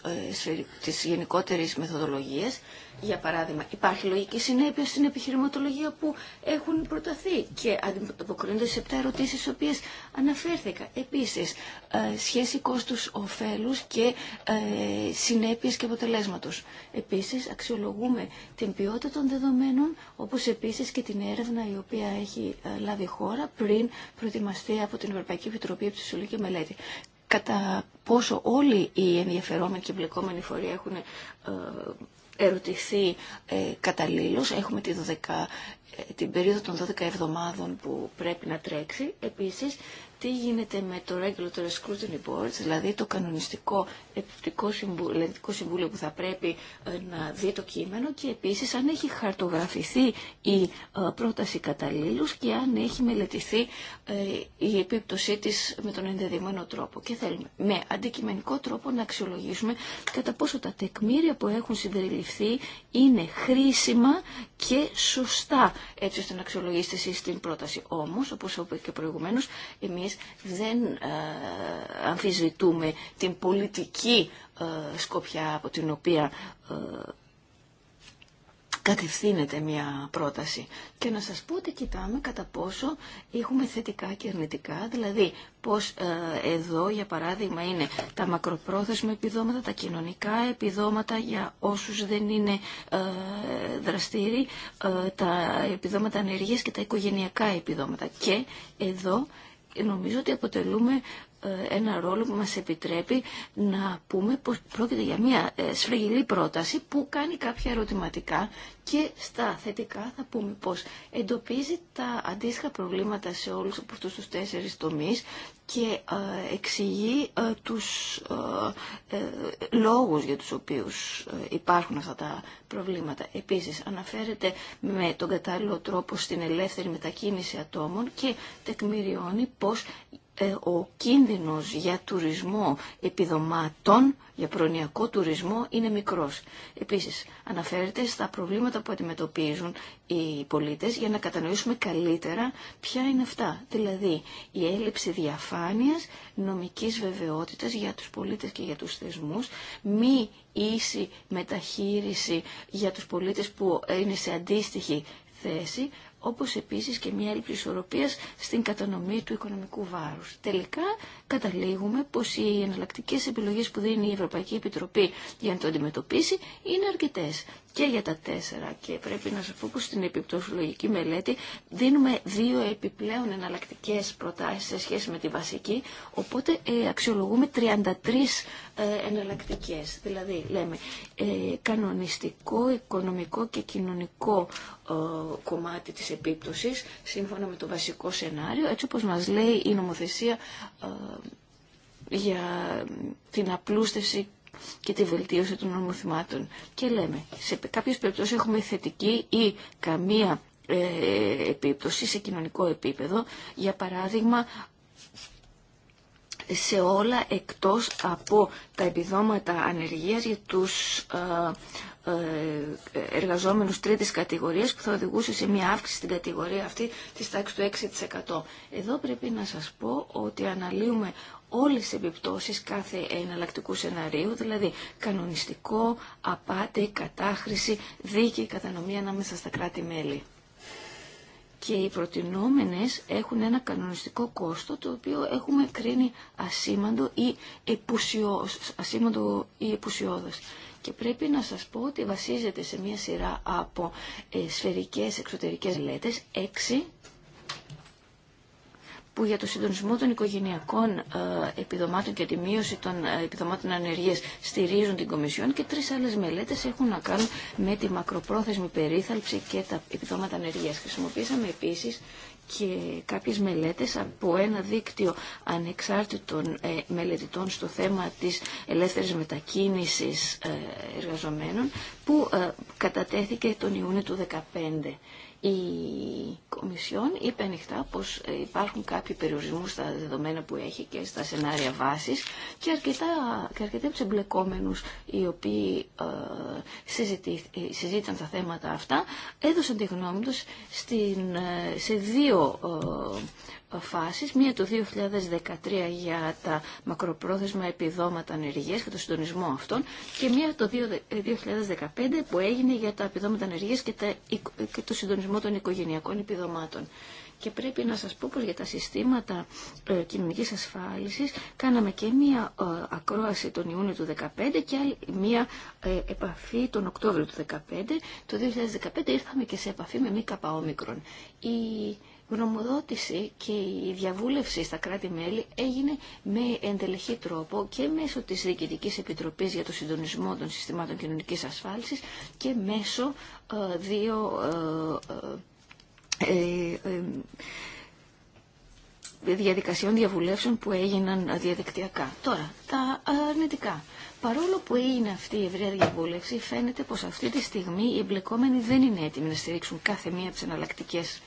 ε, της γενικότερης μεθοδολογίας για παράδειγμα. Υπάρχει λογική συνέπεια στην επιχειρηματολογία που έχουν προταθεί και αποκρίνονται σε επτά ερωτήσει στις οποίε αναφέρθηκα. Επίσης, ε, σχέση κόστου κόστου-οφέλου και ε, συνέπειε και αποτελέσματο. Επίση, αξιολογούμε την ποιότητα των δεδομένων, όπω επίση και την έρευνα η οποία έχει ε, λάβει η χώρα πριν προετοιμαστεί από την Ευρωπαϊκή Επιτροπή Ψυχολογική Μελέτη κατά πόσο όλοι οι ενδιαφερόμενοι και εμπλεκόμενοι φορεί έχουν ερωτηθεί ε, καταλήλως. Έχουμε τη 12, ε, την περίοδο των 12 εβδομάδων που πρέπει να τρέξει. Επίσης, τι γίνεται με το Regulatory Scrutiny Board δηλαδή το κανονιστικό επιπτικό συμβούλιο, συμβούλιο που θα πρέπει ε, να δει το κείμενο και επίσης αν έχει χαρτογραφηθεί η ε, πρόταση καταλήλους και αν έχει μελετηθεί ε, η επίπτωσή της με τον ενδεδειγμένο τρόπο. Και θέλουμε με αντικειμενικό τρόπο να αξιολογήσουμε κατά πόσο τα τεκμήρια που έχουν συμπεριληφθεί είναι χρήσιμα και σωστά έτσι ώστε να αξιολογήσετε εσείς την πρόταση. Όμως, όπως είπα και δεν ε, αμφισβητούμε την πολιτική ε, σκοπιά από την οποία ε, κατευθύνεται μια πρόταση. Και να σας πω ότι κοιτάμε κατά πόσο έχουμε θετικά και αρνητικά, δηλαδή πως εδώ για παράδειγμα είναι τα μακροπρόθεσμα επιδόματα, τα κοινωνικά επιδόματα για όσους δεν είναι δραστήριοι, τα επιδόματα ανεργίας και τα οικογενειακά επιδόματα. Και εδώ νομίζω ότι αποτελούμε ένα ρόλο που μας επιτρέπει να πούμε πως πρόκειται για μια ε, σφραγιλή πρόταση που κάνει κάποια ερωτηματικά και στα θετικά θα πούμε πως εντοπίζει τα αντίστοιχα προβλήματα σε όλους από αυτούς τους τέσσερις τομείς και ε, εξηγεί ε, τους λόγους για τους οποίους υπάρχουν αυτά τα προβλήματα. Επίσης αναφέρεται με τον κατάλληλο τρόπο στην ελεύθερη μετακίνηση ατόμων και τεκμηριώνει πως ε, ο κίνδυνος για τουρισμό επιδομάτων, για προνοιακό τουρισμό, είναι μικρός. Επίσης, αναφέρεται στα προβλήματα που αντιμετωπίζουν οι πολίτες για να κατανοήσουμε καλύτερα ποια είναι αυτά. Δηλαδή, η έλλειψη διαφάνειας, νομικής βεβαιότητας για τους πολίτες και για τους θεσμούς, μη ίση μεταχείριση για τους πολίτες που είναι σε αντίστοιχη θέση, όπως επίσης και μια έλλειψη ισορροπίας στην κατανομή του οικονομικού βάρους. Τελικά καταλήγουμε πως οι εναλλακτικέ επιλογές που δίνει η Ευρωπαϊκή Επιτροπή για να το αντιμετωπίσει είναι αρκετές και για τα τέσσερα και πρέπει να σας πω πως στην επιπτωσιολογική μελέτη δίνουμε δύο επιπλέον εναλλακτικέ προτάσεις σε σχέση με τη βασική οπότε ε, αξιολογούμε 33 ε, εναλλακτικέ. δηλαδή λέμε ε, κανονιστικό, οικονομικό και κοινωνικό κομμάτι της επίπτωσης σύμφωνα με το βασικό σενάριο έτσι όπως μας λέει η νομοθεσία για την απλούστευση και τη βελτίωση των νομοθυμάτων. Και λέμε, σε κάποιες περιπτώσεις έχουμε θετική ή καμία ε, επίπτωση σε κοινωνικό επίπεδο. Για παράδειγμα, σε όλα εκτός από τα επιδόματα ανεργίας για τους ε, ε εργαζόμενους τρίτης κατηγορίας που θα οδηγούσε σε μια αύξηση στην κατηγορία αυτή της τάξης του 6%. Εδώ πρέπει να σας πω ότι αναλύουμε όλες τις επιπτώσεις κάθε εναλλακτικού σενάριου, δηλαδή κανονιστικό, απάτη, κατάχρηση, δίκαιη κατανομή ανάμεσα στα κράτη-μέλη. Και οι προτινόμενες έχουν ένα κανονιστικό κόστο το οποίο έχουμε κρίνει ασήμαντο ή, επουσιώδος. ασήμαντο ή Και πρέπει να σας πω ότι βασίζεται σε μια σειρά από ε, σφαιρικές εξωτερικές έξι που για το συντονισμό των οικογενειακών ε, επιδομάτων και τη μείωση των ε, επιδομάτων ανεργίας στηρίζουν την Κομισιόν και τρεις άλλες μελέτες έχουν να κάνουν με τη μακροπρόθεσμη περίθαλψη και τα επιδόματα ανεργίας. Χρησιμοποίησαμε επίσης και κάποιες μελέτες από ένα δίκτυο ανεξάρτητων ε, μελετητών στο θέμα της ελεύθερης μετακίνησης εργαζομένων που κατατέθηκε τον Ιούνιο του 2015. Η Κομισιόν είπε ανοιχτά πως ε, υπάρχουν κάποιοι περιορισμού στα δεδομένα που έχει και στα σενάρια βάσης και αρκετά, και αρκετά τους οι οποίοι ε, ε, συζήτησαν τα θέματα αυτά έδωσαν τη γνώμη τους στην, ε, σε δύο φάσεις. Μία το 2013 για τα μακροπρόθεσμα επιδόματα ανεργίας και το συντονισμό αυτών και μία το 2015 ε, που έγινε για τα επιδόματα ανεργίας και, και το συντονισμό των οικογενειακών επιδομάτων. Και πρέπει να σας πω πως για τα συστήματα ε, κοινωνικής ασφάλισης κάναμε και μία ε, ακρόαση τον Ιούνιο του 2015 και άλλη μία ε, επαφή τον Οκτώβριο του 2015. Το 2015 ήρθαμε και σε επαφή με μη καπαόμικρον γνωμοδότηση και η διαβούλευση στα κράτη-μέλη έγινε με εντελεχή τρόπο και μέσω της Διοικητικής Επιτροπής για το Συντονισμό των Συστημάτων Κοινωνικής Ασφάλισης και μέσω ε, δύο ε ε, ε, ε, διαδικασιών διαβουλεύσεων που έγιναν διαδικτυακά. Τώρα, τα αρνητικά. Παρόλο που έγινε αυτή η ευρεία διαβούλευση, φαίνεται πως αυτή τη στιγμή οι εμπλεκόμενοι δεν είναι έτοιμοι να στηρίξουν κάθε μία από τις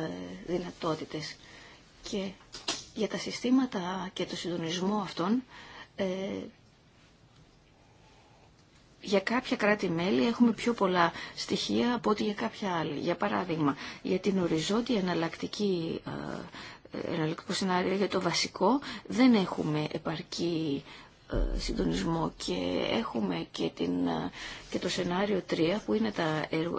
ε, δυνατότητες. Και για τα συστήματα και το συντονισμό αυτών, ε, για κάποια κράτη-μέλη έχουμε πιο πολλά στοιχεία από ό,τι για κάποια άλλη. Για παράδειγμα, για την οριζόντια εναλλακτική ε, εναλλακτικό σενάριο για το βασικό δεν έχουμε επαρκή ε, συντονισμό και έχουμε και, την, ε, το σενάριο 3 που είναι τα ε,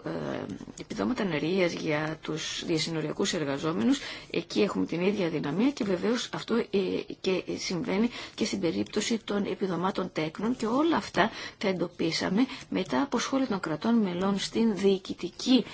επιδόματα ενεργεια για τους διασυνοριακούς εργαζόμενους. Εκεί έχουμε την ίδια δυναμία και βεβαίως αυτό και συμβαίνει και στην περίπτωση των επιδομάτων τέκνων και όλα αυτά τα εντοπίσαμε μετά από σχόλια των κρατών μελών στην διοικητική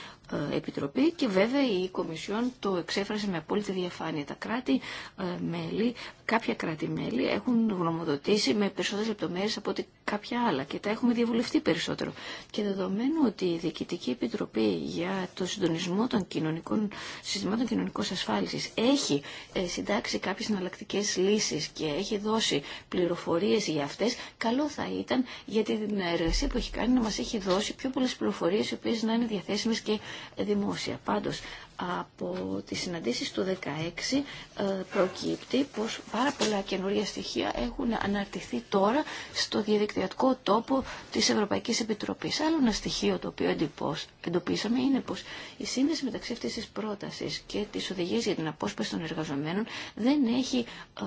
ε, Επιτροπή και βέβαια η Κομισιόν το εξέφρασε με απόλυτη διαφάνεια. Τα κράτη-μέλη, ε, κάποια κράτη-μέλη έχουν γνωμοδοτήσει με περισσότερες λεπτομέρειες από ό,τι κάποια άλλα και τα έχουμε διαβουλευτεί περισσότερο. Και δεδομένου ότι η Διοικητική Επιτροπή για το συντονισμό των κοινωνικών, συστημάτων κοινωνικής ασφάλισης έχει ε, συντάξει κάποιε εναλλακτικέ λύσεις και έχει δώσει πληροφορίες για αυτές, καλό θα ήταν για την εργασία που έχει κάνει να μα έχει δώσει πιο πολλέ πληροφορίε, οι οποίε να είναι διαθέσιμε και δημόσια. Πάντως, από τις συναντήσεις του 2016 ε, προκύπτει πως πάρα πολλά καινούργια στοιχεία έχουν αναρτηθεί τώρα στο διαδικτυατικό τόπο της Ευρωπαϊκής Επιτροπής. Άλλο ένα στοιχείο το οποίο εντοπίσαμε είναι πως η σύνδεση μεταξύ αυτής της πρότασης και της οδηγίας για την απόσπαση των εργαζομένων δεν έχει ε,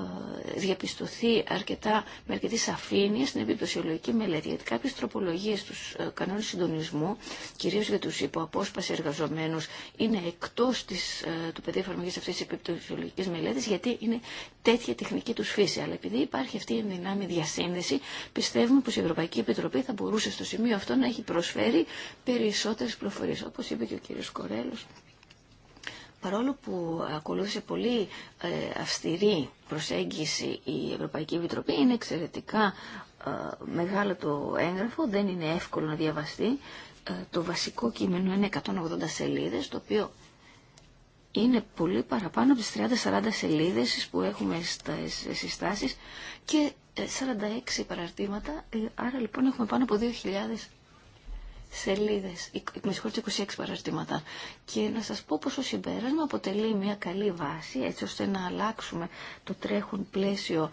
διαπιστωθεί αρκετά, με αρκετή σαφήνεια στην επιπτωσιολογική μελέτη. Γιατί κάποιες τροπολογίες ε, συντονισμού, κυρίως για τους υποαπόσπαση εργαζομένους, είναι της, ε, του πεδίου εφαρμογή αυτής τη επιπτωσιολογική μελέτης, γιατί είναι τέτοια τεχνική του φύση. Αλλά επειδή υπάρχει αυτή η δυνάμη διασύνδεση, πιστεύουμε πω η Ευρωπαϊκή Επιτροπή θα μπορούσε στο σημείο αυτό να έχει προσφέρει περισσότερε πληροφορίε, όπω είπε και ο κύριος Κορέλο, παρόλο που ακολούθησε πολύ ε, αυστηρή προσέγγιση η Ευρωπαϊκή Επιτροπή, είναι εξαιρετικά ε, μεγάλο το έγγραφο, δεν είναι εύκολο να διαβαστεί. το βασικό κείμενο είναι 180 σελίδες, το οποίο είναι πολύ παραπάνω από τις 30-40 σελίδες που έχουμε στις συστάσεις και 46 ε, παραρτήματα, ε, άρα λοιπόν έχουμε πάνω από 2.000 σελίδες, ε, με συγχωρείτε 26 παραρτήματα. Και να σας πω πως ο συμπέρασμα αποτελεί μια καλή βάση έτσι ώστε να αλλάξουμε το τρέχον πλαίσιο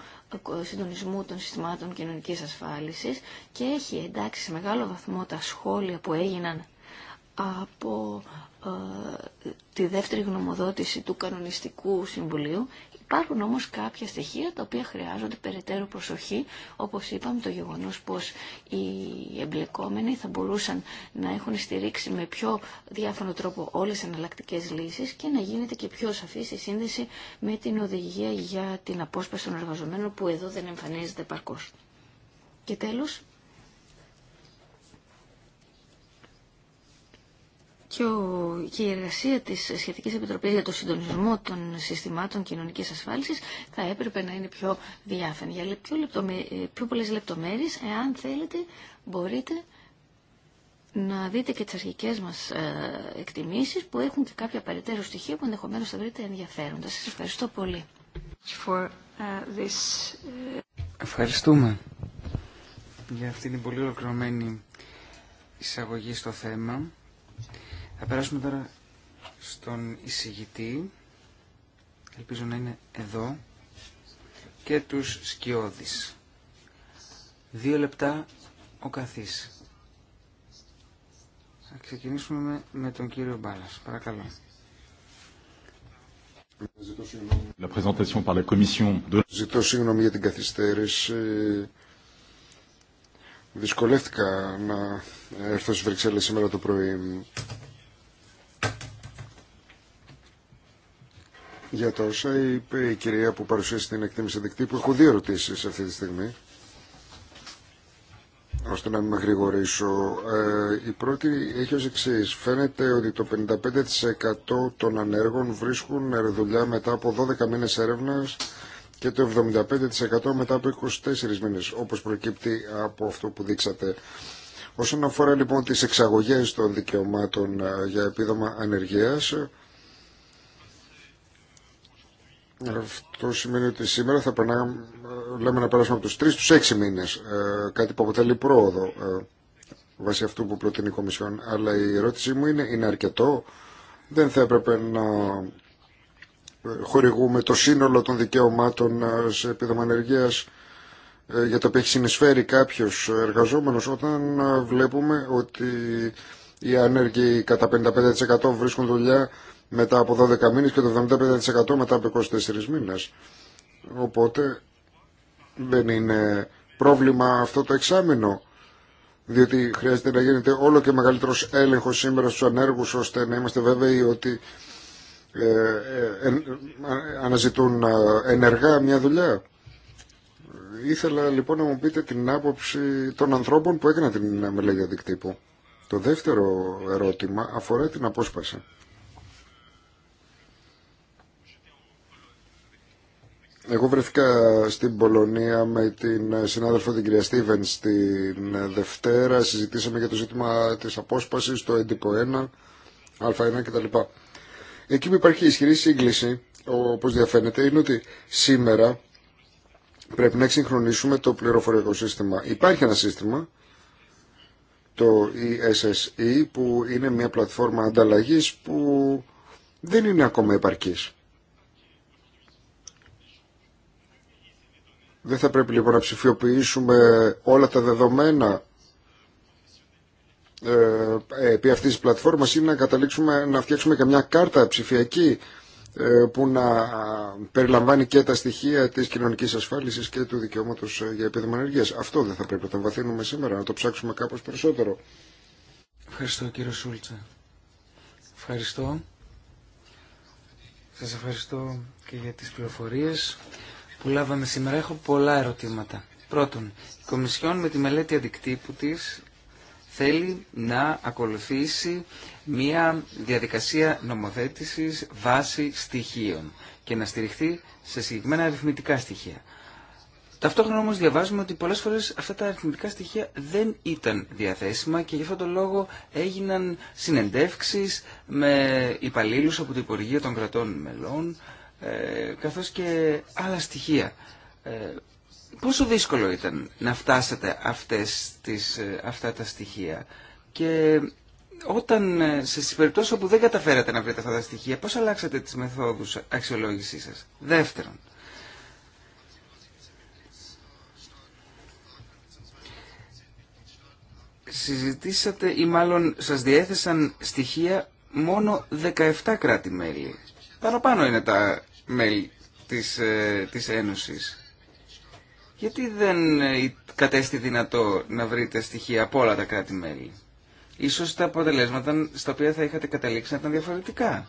συντονισμού των συστημάτων κοινωνικής ασφάλισης και έχει εντάξει σε μεγάλο βαθμό τα σχόλια που έγιναν από ε, τη δεύτερη γνωμοδότηση του κανονιστικού συμβουλίου. Υπάρχουν όμως κάποια στοιχεία τα οποία χρειάζονται περαιτέρω προσοχή, όπως είπαμε το γεγονός πως οι εμπλεκόμενοι θα μπορούσαν να έχουν στηρίξει με πιο διάφορο τρόπο όλες τις εναλλακτικέ λύσεις και να γίνεται και πιο σαφής η σύνδεση με την οδηγία για την απόσπαση των εργαζομένων που εδώ δεν εμφανίζεται παρκώς. Και τέλος, και, η εργασία της Σχετικής Επιτροπής για το συντονισμό των συστημάτων κοινωνικής ασφάλισης θα έπρεπε να είναι πιο διάφανη. Για πιο, λεπτομέ, ε, πιο πολλές λεπτομέρειες, εάν θέλετε, μπορείτε να δείτε και τις αρχικές μας ε, εκτιμήσεις που έχουν και κάποια παρετέρω στοιχεία που ενδεχομένως θα βρείτε ενδιαφέροντα. Σας ευχαριστώ πολύ. For, ε, ε, Ευχαριστούμε για αυτήν την πολύ ολοκληρωμένη εισαγωγή στο θέμα. Θα περάσουμε τώρα στον εισηγητή. Ελπίζω να είναι εδώ. Και τους σκιώδεις. Δύο λεπτά ο καθής. Θα ξεκινήσουμε με, τον κύριο Μπάλας. Παρακαλώ. Ζητώ συγγνώμη για την καθυστέρηση. Δυσκολεύτηκα να έρθω στις Βρυξέλλες σήμερα το πρωί. για τόσα, είπε η κυρία που παρουσίασε την εκτίμηση δικτύπου. Έχω δύο ερωτήσει αυτή τη στιγμή, ώστε να μην με γρηγορήσω. Ε, η πρώτη έχει ως εξή. Φαίνεται ότι το 55% των ανέργων βρίσκουν δουλειά μετά από 12 μήνες έρευνα και το 75% μετά από 24 μήνες, όπως προκύπτει από αυτό που δείξατε. Όσον αφορά λοιπόν τις εξαγωγές των δικαιωμάτων ε, για επίδομα ανεργίας, αυτό σημαίνει ότι σήμερα θα περνάμε, λέμε να περάσουμε από τους τρεις στους έξι μήνες, ε, κάτι που αποτελεί πρόοδο ε, βάσει αυτού που προτείνει η Κομισιόν. Αλλά η ερώτησή μου είναι, είναι αρκετό, δεν θα έπρεπε να ε, χορηγούμε το σύνολο των δικαιωμάτων σε επίδομα ενεργείας για το οποίο έχει συνεισφέρει κάποιος εργαζόμενος όταν βλέπουμε ότι οι άνεργοι κατά 55% βρίσκουν δουλειά μετά από 12 μήνες και το 75% μετά από 24 μήνες. Οπότε δεν είναι πρόβλημα αυτό το εξάμεινο διότι χρειάζεται να γίνεται όλο και μεγαλύτερος έλεγχος σήμερα στους ανέργους ώστε να είμαστε βέβαιοι ότι ε, ε αναζητούν ε, ενεργά μια δουλειά. Ήθελα λοιπόν να μου πείτε την άποψη των ανθρώπων που έκαναν την μελέτη αντικτύπου. Το δεύτερο ερώτημα αφορά την απόσπαση. Εγώ βρεθήκα στην Πολωνία με την συνάδελφο την κυρία Στίβεν την Δευτέρα. Συζητήσαμε για το ζήτημα της απόσπαση, το έντυπο 1, α1 κτλ. Εκεί που υπάρχει ισχυρή σύγκληση, όπως διαφαίνεται, είναι ότι σήμερα πρέπει να εξυγχρονίσουμε το πληροφοριακό σύστημα. Υπάρχει ένα σύστημα, το ESSE, e, που είναι μια πλατφόρμα ανταλλαγή που δεν είναι ακόμα επαρκή. Δεν θα πρέπει λοιπόν να ψηφιοποιήσουμε όλα τα δεδομένα ε, επί αυτής της πλατφόρμας ή να καταλήξουμε να φτιάξουμε και μια κάρτα ψηφιακή ε, που να περιλαμβάνει και τα στοιχεία της κοινωνικής ασφάλισης και του δικαιώματος ε, για επίδομα Αυτό δεν θα πρέπει να το βαθύνουμε σήμερα, να το ψάξουμε κάπως περισσότερο. Ευχαριστώ κύριο Σούλτσα. Ευχαριστώ. Σας ευχαριστώ και για τις πληροφορίες που λάβαμε σήμερα έχω πολλά ερωτήματα. Πρώτον, η Κομισιόν με τη μελέτη αντικτύπου της θέλει να ακολουθήσει μια διαδικασία νομοθέτησης βάση στοιχείων και να στηριχθεί σε συγκεκριμένα αριθμητικά στοιχεία. Ταυτόχρονα όμως διαβάζουμε ότι πολλές φορές αυτά τα αριθμητικά στοιχεία δεν ήταν διαθέσιμα και γι' αυτόν τον λόγο έγιναν συνεντεύξεις με υπαλλήλους από την Υπουργεία των Κρατών Μελών ε, καθώς και άλλα στοιχεία. Ε, πόσο δύσκολο ήταν να φτάσετε αυτές τις, ε, αυτά τα στοιχεία και όταν σε περιπτώσεις όπου δεν καταφέρατε να βρείτε αυτά τα στοιχεία, πώς αλλάξατε τις μεθόδους αξιολόγησής σας. Δεύτερον, συζητήσατε ή μάλλον σας διέθεσαν στοιχεία μόνο 17 κράτη-μέλη. Παραπάνω είναι τα μέλη της, ε, της Ένωσης. Γιατί δεν ε, κατέστη δυνατό να βρείτε στοιχεία από όλα τα κράτη-μέλη. Ίσως τα αποτελέσματα στα οποία θα είχατε καταλήξει να ήταν διαφορετικά.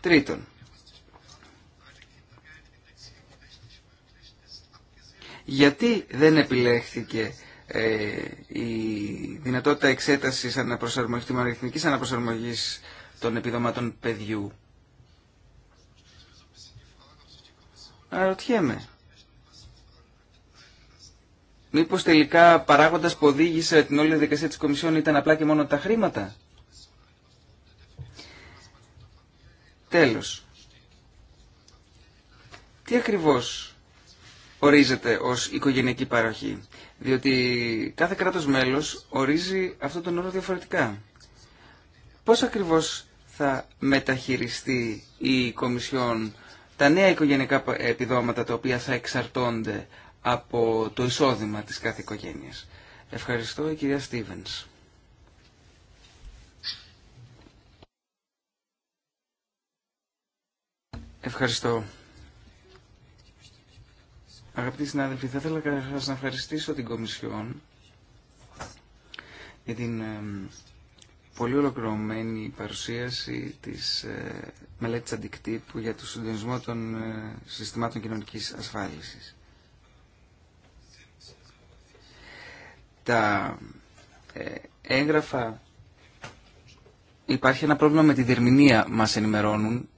Τρίτον, γιατί δεν επιλέχθηκε ε, η δυνατότητα εξέτασης αναπροσαρμογής, αναπροσαρμογής των επιδομάτων παιδιού Αναρωτιέμαι. Μήπως τελικά παράγοντας που οδήγησε την όλη διαδικασία της Κομισιόν ήταν απλά και μόνο τα χρήματα. Τέλος. Τι ακριβώς ορίζεται ως οικογενειακή παροχή. Διότι κάθε κράτος μέλος ορίζει αυτόν τον όρο διαφορετικά. Πώς ακριβώς θα μεταχειριστεί η Κομισιόν τα νέα οικογενειακά επιδόματα τα οποία θα εξαρτώνται από το εισόδημα της κάθε οικογένειας. Ευχαριστώ η κυρία Στίβενς. Ευχαριστώ. Αγαπητοί συνάδελφοι, θα ήθελα να να ευχαριστήσω την Κομισιόν για την πολύ ολοκληρωμένη παρουσίαση της ε, μελέτη αντικτύπου για το συντονισμό των ε, συστημάτων κοινωνικής ασφάλισης. Τα ε, έγγραφα... Υπάρχει ένα πρόβλημα με τη διερμηνία, μας ενημερώνουν.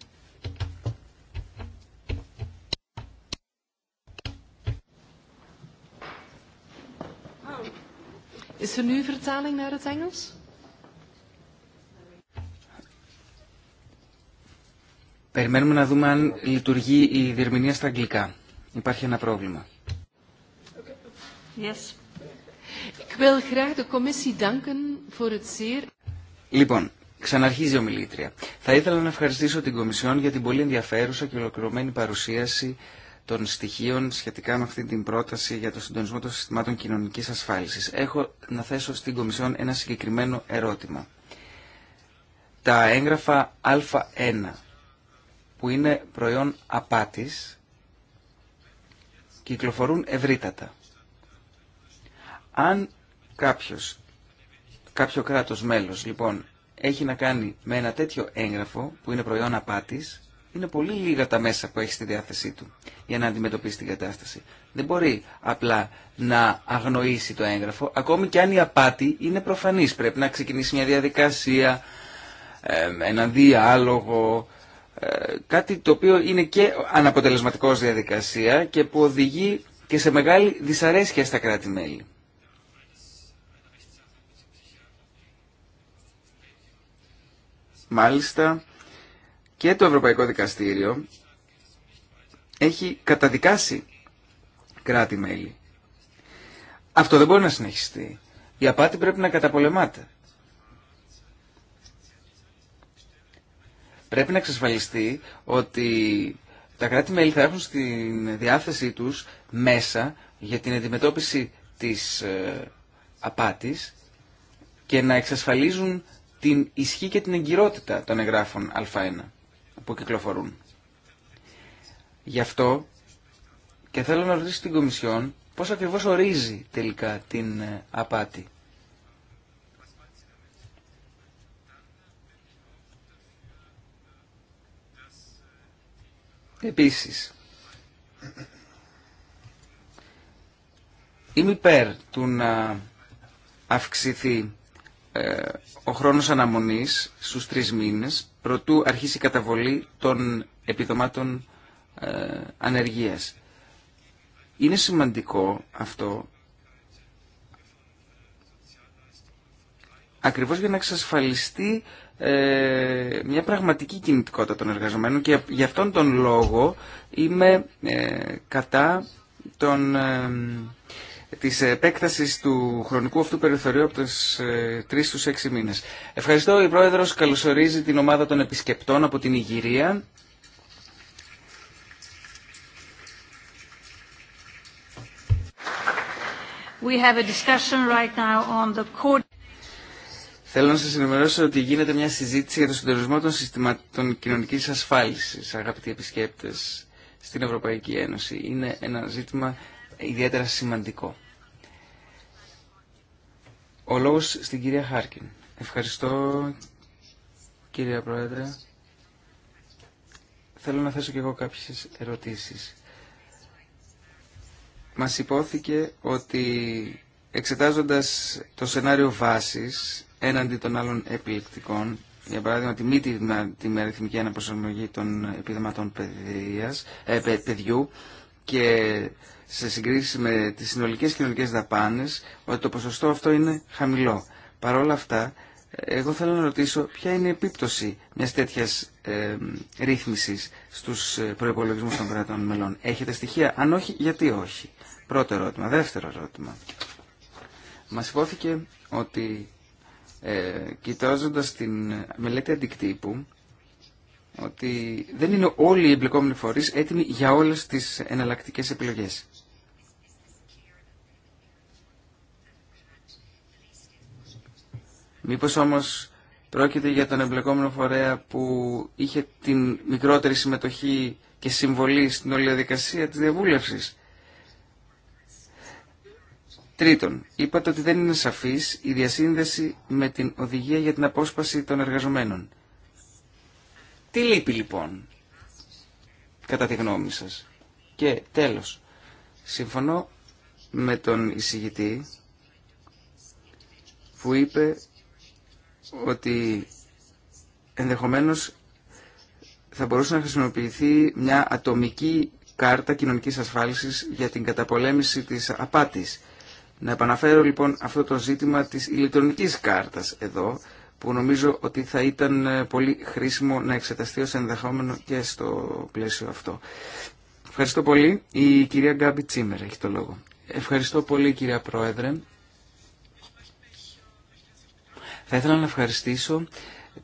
Is er nu vertaling naar het Περιμένουμε να δούμε αν λειτουργεί η διερμηνία στα αγγλικά. Υπάρχει ένα πρόβλημα. Λοιπόν, ξαναρχίζει η ομιλήτρια. Θα ήθελα να ευχαριστήσω την Κομισιόν για την πολύ ενδιαφέρουσα και ολοκληρωμένη παρουσίαση των στοιχείων σχετικά με αυτή την πρόταση για το συντονισμό των συστημάτων κοινωνικής ασφάλισης. Έχω να θέσω στην Κομισιόν ένα συγκεκριμένο ερώτημα. Τα έγγραφα Α1 που είναι προϊόν απάτης κυκλοφορούν ευρύτατα. Αν κάποιος, κάποιο κράτος μέλος λοιπόν έχει να κάνει με ένα τέτοιο έγγραφο που είναι προϊόν απάτης, είναι πολύ λίγα τα μέσα που έχει στη διάθεσή του για να αντιμετωπίσει την κατάσταση. Δεν μπορεί απλά να αγνοήσει το έγγραφο, ακόμη και αν η απάτη είναι προφανής. Πρέπει να ξεκινήσει μια διαδικασία, έναν διάλογο, ε, κάτι το οποίο είναι και αναποτελεσματικό διαδικασία και που οδηγεί και σε μεγάλη δυσαρέσκεια στα κράτη-μέλη. Μάλιστα και το Ευρωπαϊκό Δικαστήριο έχει καταδικάσει κράτη-μέλη. Αυτό δεν μπορεί να συνεχιστεί. Η απάτη πρέπει να καταπολεμάται. Πρέπει να εξασφαλιστεί ότι τα κράτη-μέλη θα έχουν στην διάθεσή τους μέσα για την αντιμετώπιση της ε, απάτης και να εξασφαλίζουν την ισχύ και την εγκυρότητα των εγγράφων Α1 που κυκλοφορούν. Γι' αυτό και θέλω να ρωτήσω την Κομισιόν πώς ακριβώς ορίζει τελικά την ε, απάτη. Επίσης, είμαι υπέρ του να αυξηθεί ε, ο χρόνος αναμονής στους τρεις μήνες προτού αρχίσει η καταβολή των επιδομάτων ε, ανεργίας. Είναι σημαντικό αυτό ακριβώς για να εξασφαλιστεί ε, μια πραγματική κινητικότητα των εργαζομένων και γι' αυτόν τον λόγο είμαι ε, κατά των, ε, της επέκτασης του χρονικού αυτού περιθωρίου από τους 3 στους 6 μήνες. Ευχαριστώ. Η Πρόεδρος καλωσορίζει την ομάδα των επισκεπτών από την Ιγυρία. We have a discussion right now on the Θέλω να σας ενημερώσω ότι γίνεται μια συζήτηση για το συντονισμό των συστημάτων κοινωνικής ασφάλισης, αγαπητοί επισκέπτες, στην Ευρωπαϊκή Ένωση. Είναι ένα ζήτημα ιδιαίτερα σημαντικό. Ο λόγος στην κυρία Χάρκιν. Ευχαριστώ, κυρία Πρόεδρε. Θέλω να θέσω και εγώ κάποιες ερωτήσεις. Μας υπόθηκε ότι εξετάζοντας το σενάριο βάσης έναντι των άλλων επιλεκτικών, για παράδειγμα τη μη τη αριθμική αναπροσαρμογή των επιδοματών ε, παιδιού και σε συγκρίση με τις συνολικές κοινωνικέ δαπάνες, ότι το ποσοστό αυτό είναι χαμηλό. Παρ' όλα αυτά, εγώ θέλω να ρωτήσω ποια είναι η επίπτωση μιας τέτοιας ε, ρύθμισης στους ε, προϋπολογισμούς των κρατών μελών. Έχετε στοιχεία, αν όχι, γιατί όχι. Πρώτο ερώτημα. Δεύτερο ερώτημα. Μας υπόθηκε ότι ε, κοιτάζοντας την μελέτη αντικτύπου ότι δεν είναι όλοι οι εμπλεκόμενοι φορείς έτοιμοι για όλες τις εναλλακτικές επιλογές. Μήπως όμως πρόκειται για τον εμπλεκόμενο φορέα που είχε την μικρότερη συμμετοχή και συμβολή στην όλη διαδικασία της διαβούλευσης. Τρίτον, είπατε ότι δεν είναι σαφής η διασύνδεση με την οδηγία για την απόσπαση των εργαζομένων. Τι λείπει λοιπόν, κατά τη γνώμη σας. Και τέλος, συμφωνώ με τον εισηγητή που είπε ότι ενδεχομένως θα μπορούσε να χρησιμοποιηθεί μια ατομική κάρτα κοινωνικής ασφάλισης για την καταπολέμηση της απάτης. Να επαναφέρω λοιπόν αυτό το ζήτημα της ηλεκτρονικής κάρτας εδώ, που νομίζω ότι θα ήταν ε, πολύ χρήσιμο να εξεταστεί ως ενδεχόμενο και στο πλαίσιο αυτό. Ευχαριστώ πολύ. Η κυρία Γκάμπη Τσίμερ έχει το λόγο. Ευχαριστώ πολύ κυρία Πρόεδρε. Θα ήθελα να ευχαριστήσω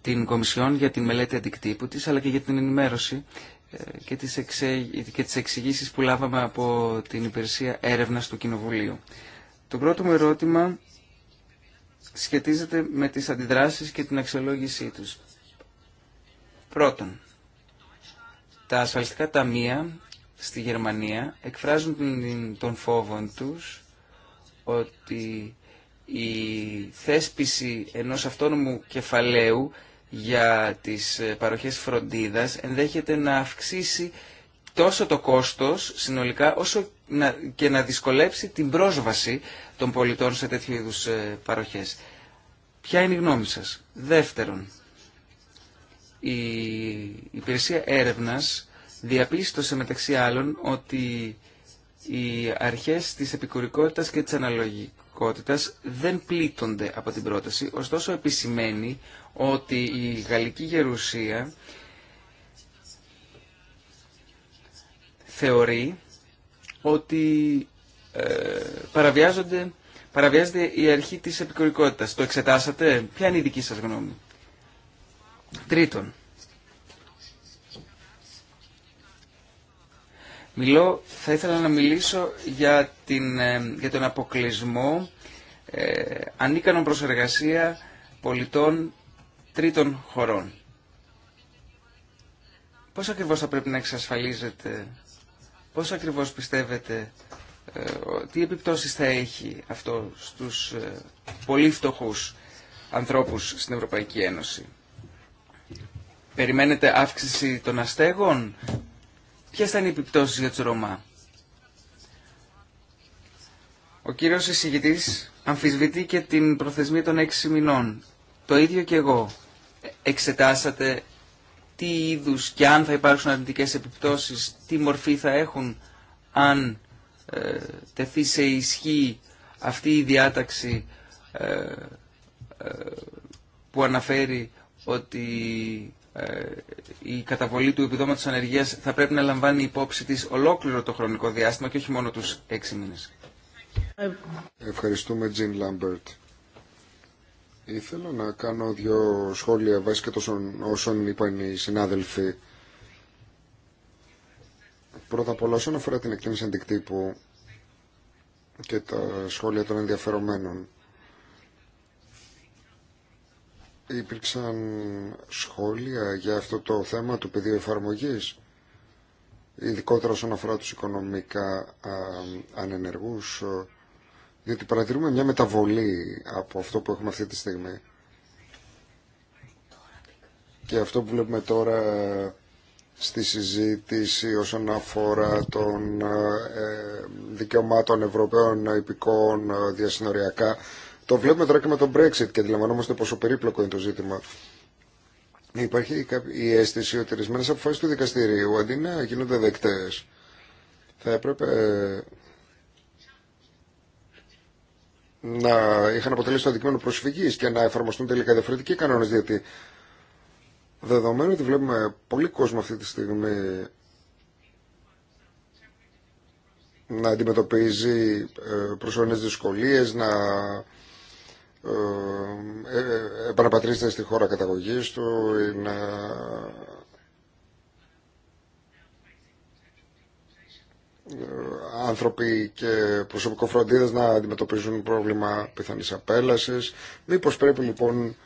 την Κομισιόν για την μελέτη αντικτύπου της, αλλά και για την ενημέρωση ε, και τις, εξε... και τις εξηγήσεις που λάβαμε από την υπηρεσία έρευνας του Κοινοβουλίου. Το πρώτο μου ερώτημα σχετίζεται με τις αντιδράσεις και την αξιολόγησή τους. Πρώτον, τα ασφαλιστικά ταμεία στη Γερμανία εκφράζουν τον φόβο τους ότι η θέσπιση ενός αυτόνομου κεφαλαίου για τις ε, παροχές φροντίδας ενδέχεται να αυξήσει τόσο το κόστος συνολικά όσο και να δυσκολέψει την πρόσβαση των πολιτών σε τέτοιου είδους ε, παροχές. Ποια είναι η γνώμη σας. Δεύτερον, η υπηρεσία έρευνας διαπίστωσε μεταξύ άλλων ότι οι αρχές της επικουρικότητας και της αναλογικότητας δεν πλήττονται από την πρόταση, ωστόσο επισημαίνει ότι η γαλλική γερουσία θεωρεί ότι ε, παραβιάζονται, παραβιάζεται η αρχή της επικουρικότητας. Το εξετάσατε, ποια είναι η δική σας γνώμη. Τρίτον, μιλώ, θα ήθελα να μιλήσω για, την, ε, για τον αποκλεισμό ε, ανίκανων προσεργασία πολιτών τρίτων χωρών. Πώς ακριβώς θα πρέπει να εξασφαλίζεται Πώς ακριβώς πιστεύετε, ε, τι επιπτώσεις θα έχει αυτό στους ε, πολύ φτωχούς ανθρώπους στην Ευρωπαϊκή Ένωση. Περιμένετε αύξηση των αστέγων. Ποιες θα είναι οι επιπτώσεις για τους Ρωμά. Ο κύριος εισηγητής αμφισβητεί και την προθεσμία των έξι μηνών. Το ίδιο και εγώ. Ε, εξετάσατε τι είδους και αν θα υπάρξουν αρνητικές επιπτώσεις, τι μορφή θα έχουν αν ε, τεθεί σε ισχύ αυτή η διάταξη ε, ε που αναφέρει ότι ε, η καταβολή του επιδόματος ανεργίας θα πρέπει να λαμβάνει υπόψη της ολόκληρο το χρονικό διάστημα και όχι μόνο τους έξι μήνες. Ευχαριστούμε Τζιν Λάμπερτ. Ήθελα να κάνω δύο σχόλια βάσει και τόσο όσων είπαν οι συνάδελφοι. Πρώτα απ' όλα, όσον αφορά την εκτίμηση αντικτύπου και τα σχόλια των ενδιαφερομένων, υπήρξαν σχόλια για αυτό το θέμα του πεδίου εφαρμογή, ειδικότερα όσον αφορά τους οικονομικά ανενεργούς, διότι παρατηρούμε μια μεταβολή από αυτό που έχουμε αυτή τη στιγμή. Και αυτό που βλέπουμε τώρα στη συζήτηση όσον αφορά των ε, δικαιωμάτων Ευρωπαίων υπηκών ε, διασυνοριακά, το βλέπουμε τώρα και με τον Brexit και αντιλαμβανόμαστε πόσο περίπλοκο είναι το ζήτημα. Υπάρχει η αίσθηση ότι ορισμένε αποφάσει του δικαστηρίου αντί να γίνονται δεκτέ, θα έπρεπε να είχαν αποτελέσει το αντικείμενο προσφυγής και να εφαρμοστούν τελικά διαφορετικοί κανόνε. Γιατί δεδομένου ότι βλέπουμε πολύ κόσμο αυτή τη στιγμή να αντιμετωπίζει ε, προσωρινές δυσκολίες, να ε, ε, επαναπατρίζεται στη χώρα καταγωγής του ή να άνθρωποι και προσωπικό να αντιμετωπίζουν πρόβλημα πιθανής απέλασης. Μήπως πρέπει λοιπόν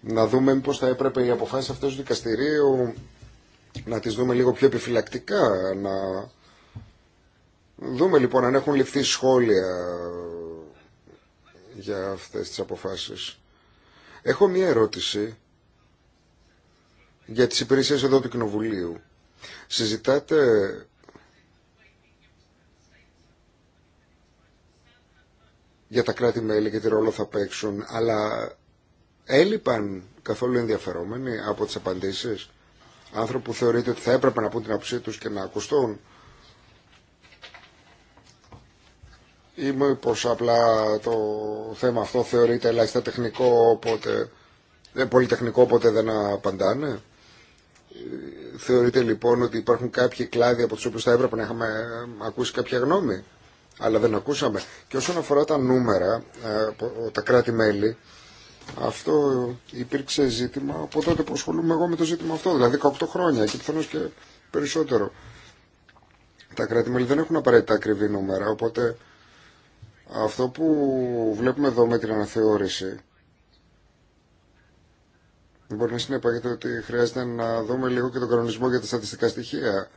να δούμε πώς θα έπρεπε οι αποφάσεις αυτές του δικαστηρίου να τις δούμε λίγο πιο επιφυλακτικά, να δούμε λοιπόν αν έχουν ληφθεί σχόλια για αυτές τις αποφάσεις. Έχω μία ερώτηση για τις υπηρεσίες εδώ του Κοινοβουλίου. Συζητάτε για τα κράτη-μέλη και τι ρόλο θα παίξουν, αλλά έλειπαν καθόλου ενδιαφερόμενοι από τις απαντήσεις άνθρωποι που θεωρείται ότι θα έπρεπε να πούν την άποψή τους και να ακουστούν ή μήπως απλά το θέμα αυτό θεωρείται ελάχιστα τεχνικό οπότε, ε, πολυτεχνικό οπότε δεν απαντάνε Θεωρείτε λοιπόν ότι υπάρχουν κάποιοι κλάδοι από του οποίου θα έπρεπε να είχαμε ακούσει κάποια γνώμη, αλλά δεν ακούσαμε. Και όσον αφορά τα νούμερα, ε, τα κράτη-μέλη, αυτό υπήρξε ζήτημα από τότε που ασχολούμαι εγώ με το ζήτημα αυτό, δηλαδή 18 χρόνια και πιθανώ και περισσότερο. Τα κράτη-μέλη δεν έχουν απαραίτητα ακριβή νούμερα, οπότε αυτό που βλέπουμε εδώ με την αναθεώρηση Μπορεί να συνεπάγεται ότι χρειάζεται να δούμε λίγο και τον κανονισμό για τα στατιστικά στοιχεία,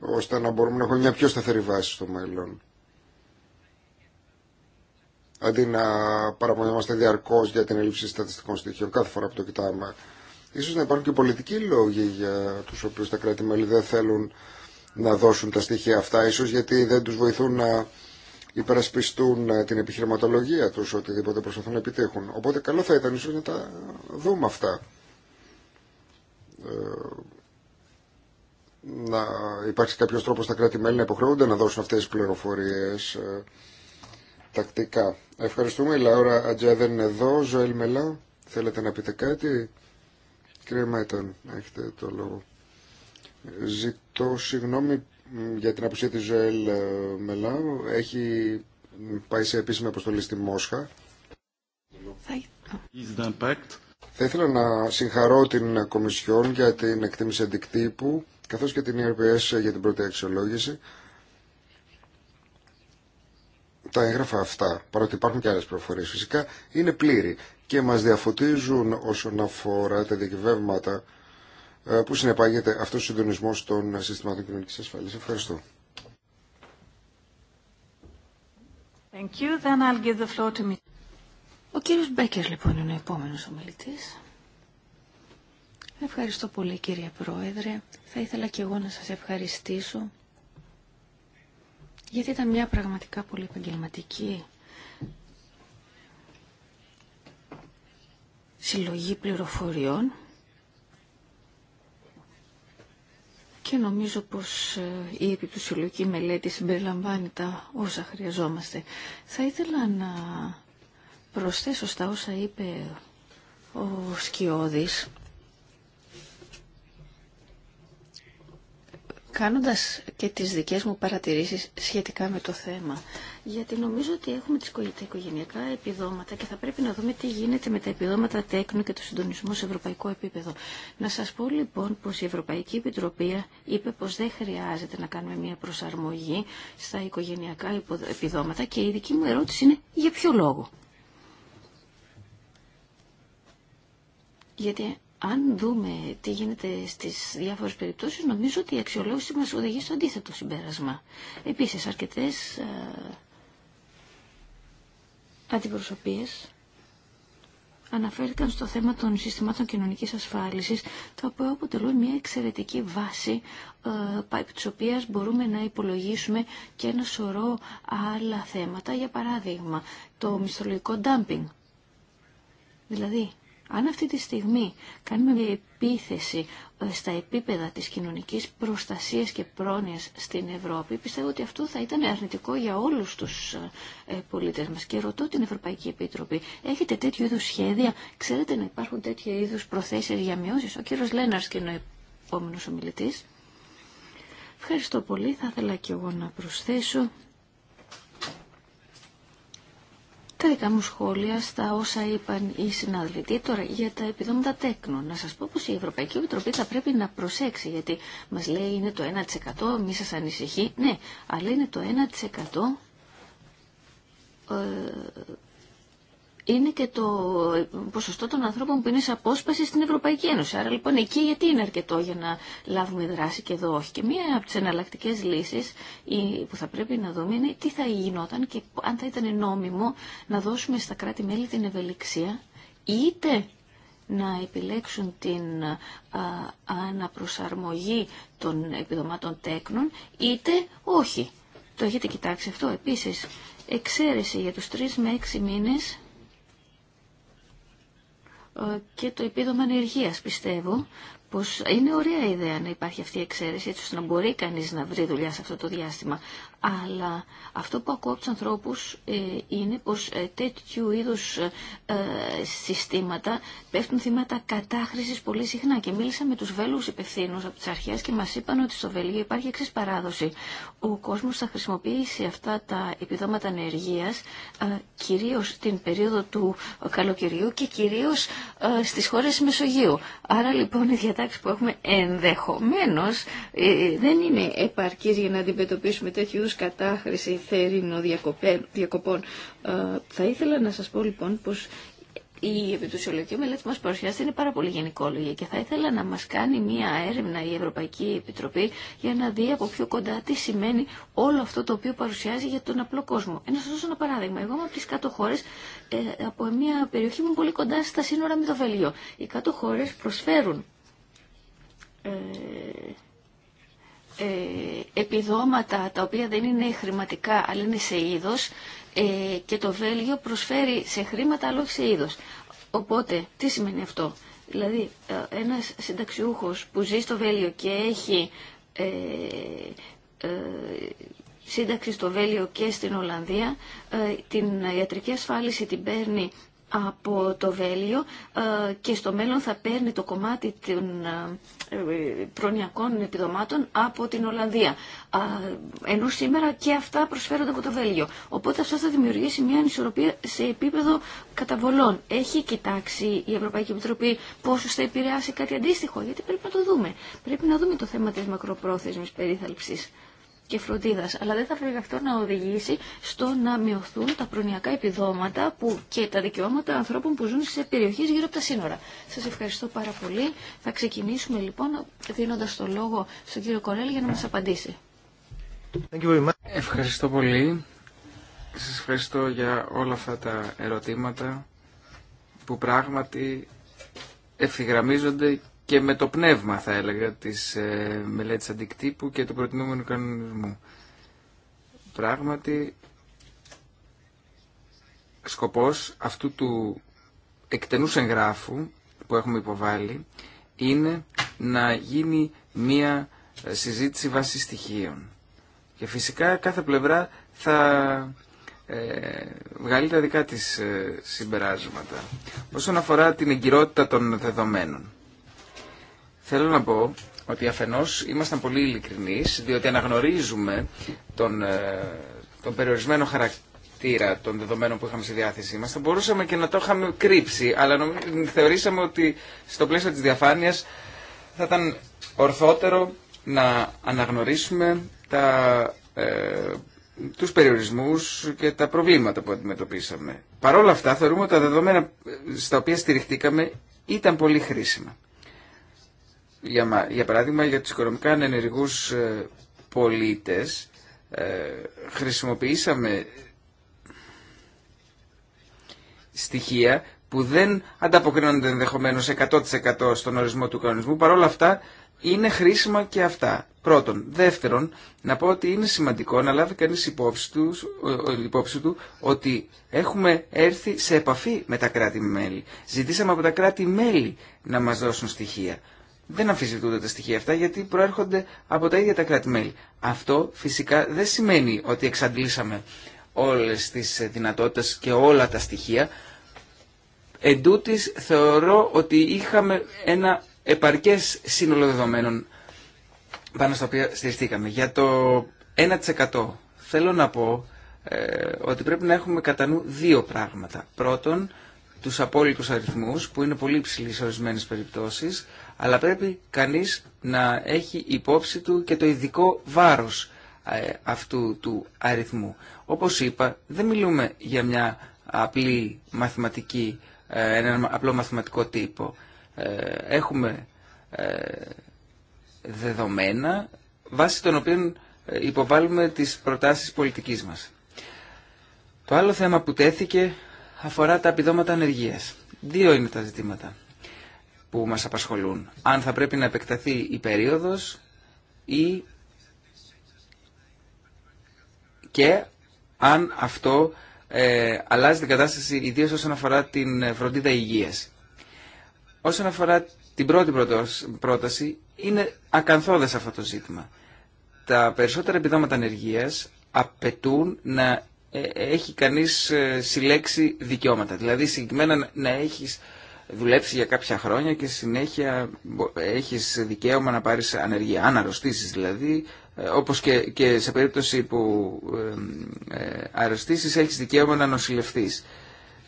ώστε να μπορούμε να έχουμε μια πιο σταθερή βάση στο μέλλον. Αντί να παραπονιόμαστε διαρκώ για την έλλειψη στατιστικών στοιχείων κάθε φορά που το κοιτάμε. Ίσως να υπάρχουν και πολιτικοί λόγοι για του οποίου τα κράτη-μέλη δεν θέλουν να δώσουν τα στοιχεία αυτά, ίσως γιατί δεν του βοηθούν να υπερασπιστούν ε, την επιχειρηματολογία τους, οτιδήποτε προσπαθούν να επιτύχουν. Οπότε καλό θα ήταν ίσως να τα δούμε αυτά. Ε, να υπάρξει κάποιος τρόπος στα κράτη-μέλη να υποχρεούνται να δώσουν αυτές τις πληροφορίες ε, τακτικά. Ευχαριστούμε. Η Λαώρα Ατζέ δεν είναι εδώ. Ζωέλ Μελά, θέλετε να πείτε κάτι. Κύριε Μάιτον, έχετε το λόγο. Ζητώ συγγνώμη για την απουσία της Ζωέλ ε, Μελά, έχει πάει σε επίσημη αποστολή στη Μόσχα. Θα ήθελα να συγχαρώ την Κομισιόν για την εκτίμηση αντικτύπου καθώς και την ERPS για την πρώτη αξιολόγηση. Τα έγγραφα αυτά, παρότι υπάρχουν και άλλες προφορίες φυσικά, είναι πλήρη και μας διαφωτίζουν όσον αφορά τα διακυβεύματα ε, που συνεπάγεται αυτό ο συντονισμό των συστημάτων κοινωνική ασφάλεια. Ευχαριστώ. Thank you. Then I'll give the floor to Ο κύριος Μπέκερ λοιπόν είναι ο επόμενος ομιλητής. Ευχαριστώ πολύ κύριε Πρόεδρε. Θα ήθελα και εγώ να σας ευχαριστήσω γιατί ήταν μια πραγματικά πολύ επαγγελματική συλλογή πληροφοριών και νομίζω πως ε, η επιπτωσιολογική μελέτη συμπεριλαμβάνει τα όσα χρειαζόμαστε. Θα ήθελα να προσθέσω στα όσα είπε ο Σκιώδης Κάνοντας και τις δικές μου παρατηρήσεις σχετικά με το θέμα, γιατί νομίζω ότι έχουμε τις οικογενειακά επιδόματα και θα πρέπει να δούμε τι γίνεται με τα επιδόματα τέκνου και το συντονισμό σε ευρωπαϊκό επίπεδο. Να σας πω λοιπόν πως η Ευρωπαϊκή Επιτροπή είπε πως δεν χρειάζεται να κάνουμε μια προσαρμογή στα οικογενειακά επιδόματα και η δική μου ερώτηση είναι για ποιο λόγο. Γιατί αν δούμε τι γίνεται στις διάφορες περιπτώσεις, νομίζω ότι η αξιολόγηση μας οδηγεί στο αντίθετο συμπέρασμα. Επίσης, αρκετές α, ε, αντιπροσωπείες αναφέρθηκαν στο θέμα των συστημάτων κοινωνικής ασφάλισης, τα οποία αποτελούν μια εξαιρετική βάση, ε, από της οποίας μπορούμε να υπολογίσουμε και ένα σωρό άλλα θέματα, για παράδειγμα το μισθολογικό ντάμπινγκ. Δηλαδή, αν αυτή τη στιγμή κάνουμε μια επίθεση ε, στα επίπεδα της κοινωνικής προστασίας και πρόνοιας στην Ευρώπη, πιστεύω ότι αυτό θα ήταν αρνητικό για όλους τους ε, πολίτες μας. Και ρωτώ την Ευρωπαϊκή Επίτροπη, έχετε τέτοιου είδους σχέδια, ξέρετε να υπάρχουν τέτοιου είδους προθέσεις για μειώσεις. Ο κύριος Λέναρς και ο επόμενος ομιλητής. Ευχαριστώ πολύ. Θα ήθελα και εγώ να προσθέσω τα δικά μου σχόλια στα όσα είπαν οι συνάδελφοι. Τώρα για τα επιδόματα τέκνων. Να σας πω πως η Ευρωπαϊκή Επιτροπή θα πρέπει να προσέξει γιατί μας λέει είναι το 1% μη σας ανησυχεί. Ναι, αλλά είναι το 1% είναι και το ποσοστό των ανθρώπων που είναι σε απόσπαση στην Ευρωπαϊκή Ένωση. Άρα λοιπόν εκεί γιατί είναι αρκετό για να λάβουμε δράση και εδώ όχι. Και μία από τι εναλλακτικέ λύσει που θα πρέπει να δούμε είναι τι θα γινόταν και αν θα ήταν νόμιμο να δώσουμε στα κράτη-μέλη την ευελιξία είτε να επιλέξουν την α, αναπροσαρμογή των επιδομάτων τέκνων, είτε όχι. Το έχετε κοιτάξει αυτό επίσης. Εξαίρεση για τους 3 με έξι μήνες ε, και το επίδομα ανεργίας, πιστεύω, πως είναι ωραία ιδέα να υπάρχει αυτή η εξαίρεση έτσι ώστε να μπορεί κανείς να βρει δουλειά σε αυτό το διάστημα. Αλλά αυτό που ακούω από τους ανθρώπους ε, είναι πως ε, τέτοιου είδους ε, συστήματα πέφτουν θύματα κατάχρησης πολύ συχνά. Και μίλησα με τους βέλους υπευθύνου από τις αρχές και μας είπαν ότι στο Βέλγιο υπάρχει εξή παράδοση. Ο κόσμος θα χρησιμοποιήσει αυτά τα επιδόματα ανεργίας κυρίως την περίοδο του καλοκαιριού και κυρίως στις χώρες Μεσογείου. Άρα λοιπόν η τάξη που έχουμε ενδεχομένως ε, δεν είναι επαρκή για να αντιμετωπίσουμε τέτοιου είδου κατάχρηση θερινοδιακοπών. Ε, θα ήθελα να σα πω λοιπόν πω η επιτουσιολογική μελέτη που μας παρουσιάζεται είναι πάρα πολύ γενικόλογη και θα ήθελα να μα κάνει μία έρευνα η Ευρωπαϊκή Επιτροπή για να δει από πιο κοντά τι σημαίνει όλο αυτό το οποίο παρουσιάζει για τον απλό κόσμο. Να σα δώσω ένα παράδειγμα. Εγώ είμαι από τις κάτω χώρε ε, από μια περιοχή μου πολύ κοντά στα σύνορα με το Βέλγιο. Οι κάτω χώρε προσφέρουν ε, ε, επιδόματα τα οποία δεν είναι χρηματικά αλλά είναι σε είδος ε, και το Βέλγιο προσφέρει σε χρήματα αλλά όχι σε είδος. Οπότε, τι σημαίνει αυτό. Δηλαδή, ένας συνταξιούχος που ζει στο Βέλγιο και έχει ε, ε, σύνταξη στο Βέλγιο και στην Ολλανδία, την ιατρική ασφάλιση την παίρνει από το Βέλιο ε, και στο μέλλον θα παίρνει το κομμάτι των ε, προνοιακών επιδομάτων από την Ολλανδία. Ενώ σήμερα και αυτά προσφέρονται από το Βέλγιο. Οπότε αυτό θα δημιουργήσει μια ανισορροπία σε επίπεδο καταβολών. Έχει κοιτάξει η Ευρωπαϊκή Επιτροπή πόσο θα επηρεάσει κάτι αντίστοιχο, γιατί πρέπει να το δούμε. Πρέπει να δούμε το θέμα της μακροπρόθεσμης περίθαλψης και Αλλά δεν θα πρέπει αυτό να οδηγήσει στο να μειωθούν τα προνοιακά επιδόματα που και τα δικαιώματα ανθρώπων που ζουν σε περιοχές γύρω από τα σύνορα. Σας ευχαριστώ πάρα πολύ. Θα ξεκινήσουμε λοιπόν δίνοντα το λόγο στον κύριο Κορέλ για να μας απαντήσει. Ευχαριστώ πολύ. Σας ευχαριστώ για όλα αυτά τα ερωτήματα που πράγματι ευθυγραμμίζονται και με το πνεύμα θα έλεγα της ε, μελέτης αντικτύπου και του προτινούμενου κανονισμού. Πράγματι, σκοπός αυτού του εκτενούς εγγράφου που έχουμε υποβάλει είναι να γίνει μία συζήτηση βάσει στοιχείων. Και φυσικά κάθε πλευρά θα ε, βγάλει τα δικά της ε, συμπεράσματα. Όσον αφορά την εγκυρότητα των δεδομένων. Θέλω να πω ότι αφενός ήμασταν πολύ ειλικρινείς, διότι αναγνωρίζουμε τον, ε, τον περιορισμένο χαρακτήρα των δεδομένων που είχαμε στη διάθεσή μας. Θα μπορούσαμε και να το είχαμε κρύψει, αλλά θεωρήσαμε ότι στο πλαίσιο της διαφάνειας θα ήταν ορθότερο να αναγνωρίσουμε τα, ε, τους περιορισμούς και τα προβλήματα που αντιμετωπίσαμε. Παρ' όλα αυτά θεωρούμε ότι τα δεδομένα ε, στα οποία στηριχτήκαμε ήταν πολύ χρήσιμα για, για παράδειγμα για τους οικονομικά ανενεργούς ε, πολίτες ε, χρησιμοποιήσαμε στοιχεία που δεν ανταποκρίνονται ενδεχομένω 100% στον ορισμό του κανονισμού, παρόλα αυτά είναι χρήσιμα και αυτά. Πρώτον. Δεύτερον, να πω ότι είναι σημαντικό να λάβει κάνει υπόψη του, υπόψη του ότι έχουμε έρθει σε επαφή με τα κράτη-μέλη. Ζητήσαμε από τα κράτη-μέλη να μας δώσουν στοιχεία δεν αμφισβητούνται τα στοιχεία αυτά γιατί προέρχονται από τα ίδια τα κράτη-μέλη. Αυτό φυσικά δεν σημαίνει ότι εξαντλήσαμε όλες τις δυνατότητες και όλα τα στοιχεία. Εν τούτης, θεωρώ ότι είχαμε ένα επαρκές σύνολο δεδομένων πάνω στα οποία στηριστήκαμε. Για το 1% θέλω να πω ε, ότι πρέπει να έχουμε κατά νου δύο πράγματα. Πρώτον, τους απόλυτους αριθμούς που είναι πολύ ψηλοί σε ορισμένες περιπτώσεις αλλά πρέπει κανείς να έχει υπόψη του και το ειδικό βάρος ε, αυτού του αριθμού. Όπως είπα, δεν μιλούμε για μια απλή μαθηματική, ε, απλό μαθηματικό τύπο. Ε, έχουμε δεδομένα βάσει των οποίων υποβάλλουμε τις προτάσεις πολιτικής μας. Το άλλο θέμα που τέθηκε αφορά τα επιδόματα ανεργίας. Δύο είναι τα ζητήματα που μας απασχολούν. Αν θα πρέπει να επεκταθεί η περίοδος ή και αν αυτό ε, αλλάζει την κατάσταση ιδίω όσον αφορά την φροντίδα υγείας. Όσον αφορά την πρώτη πρόταση, είναι ακαθόδες αυτό το ζήτημα. Τα περισσότερα επιδόματα ανεργίας απαιτούν να ε, έχει κανείς ε, συλλέξει δικαιώματα. Δηλαδή συγκεκριμένα να έχεις δουλέψει για κάποια χρόνια και συνέχεια έχεις δικαίωμα να πάρεις ανεργία. Αν αρρωστήσεις δηλαδή, ε, όπως και, και σε περίπτωση που ε, αρρωστήσεις έχεις δικαίωμα να νοσηλευτείς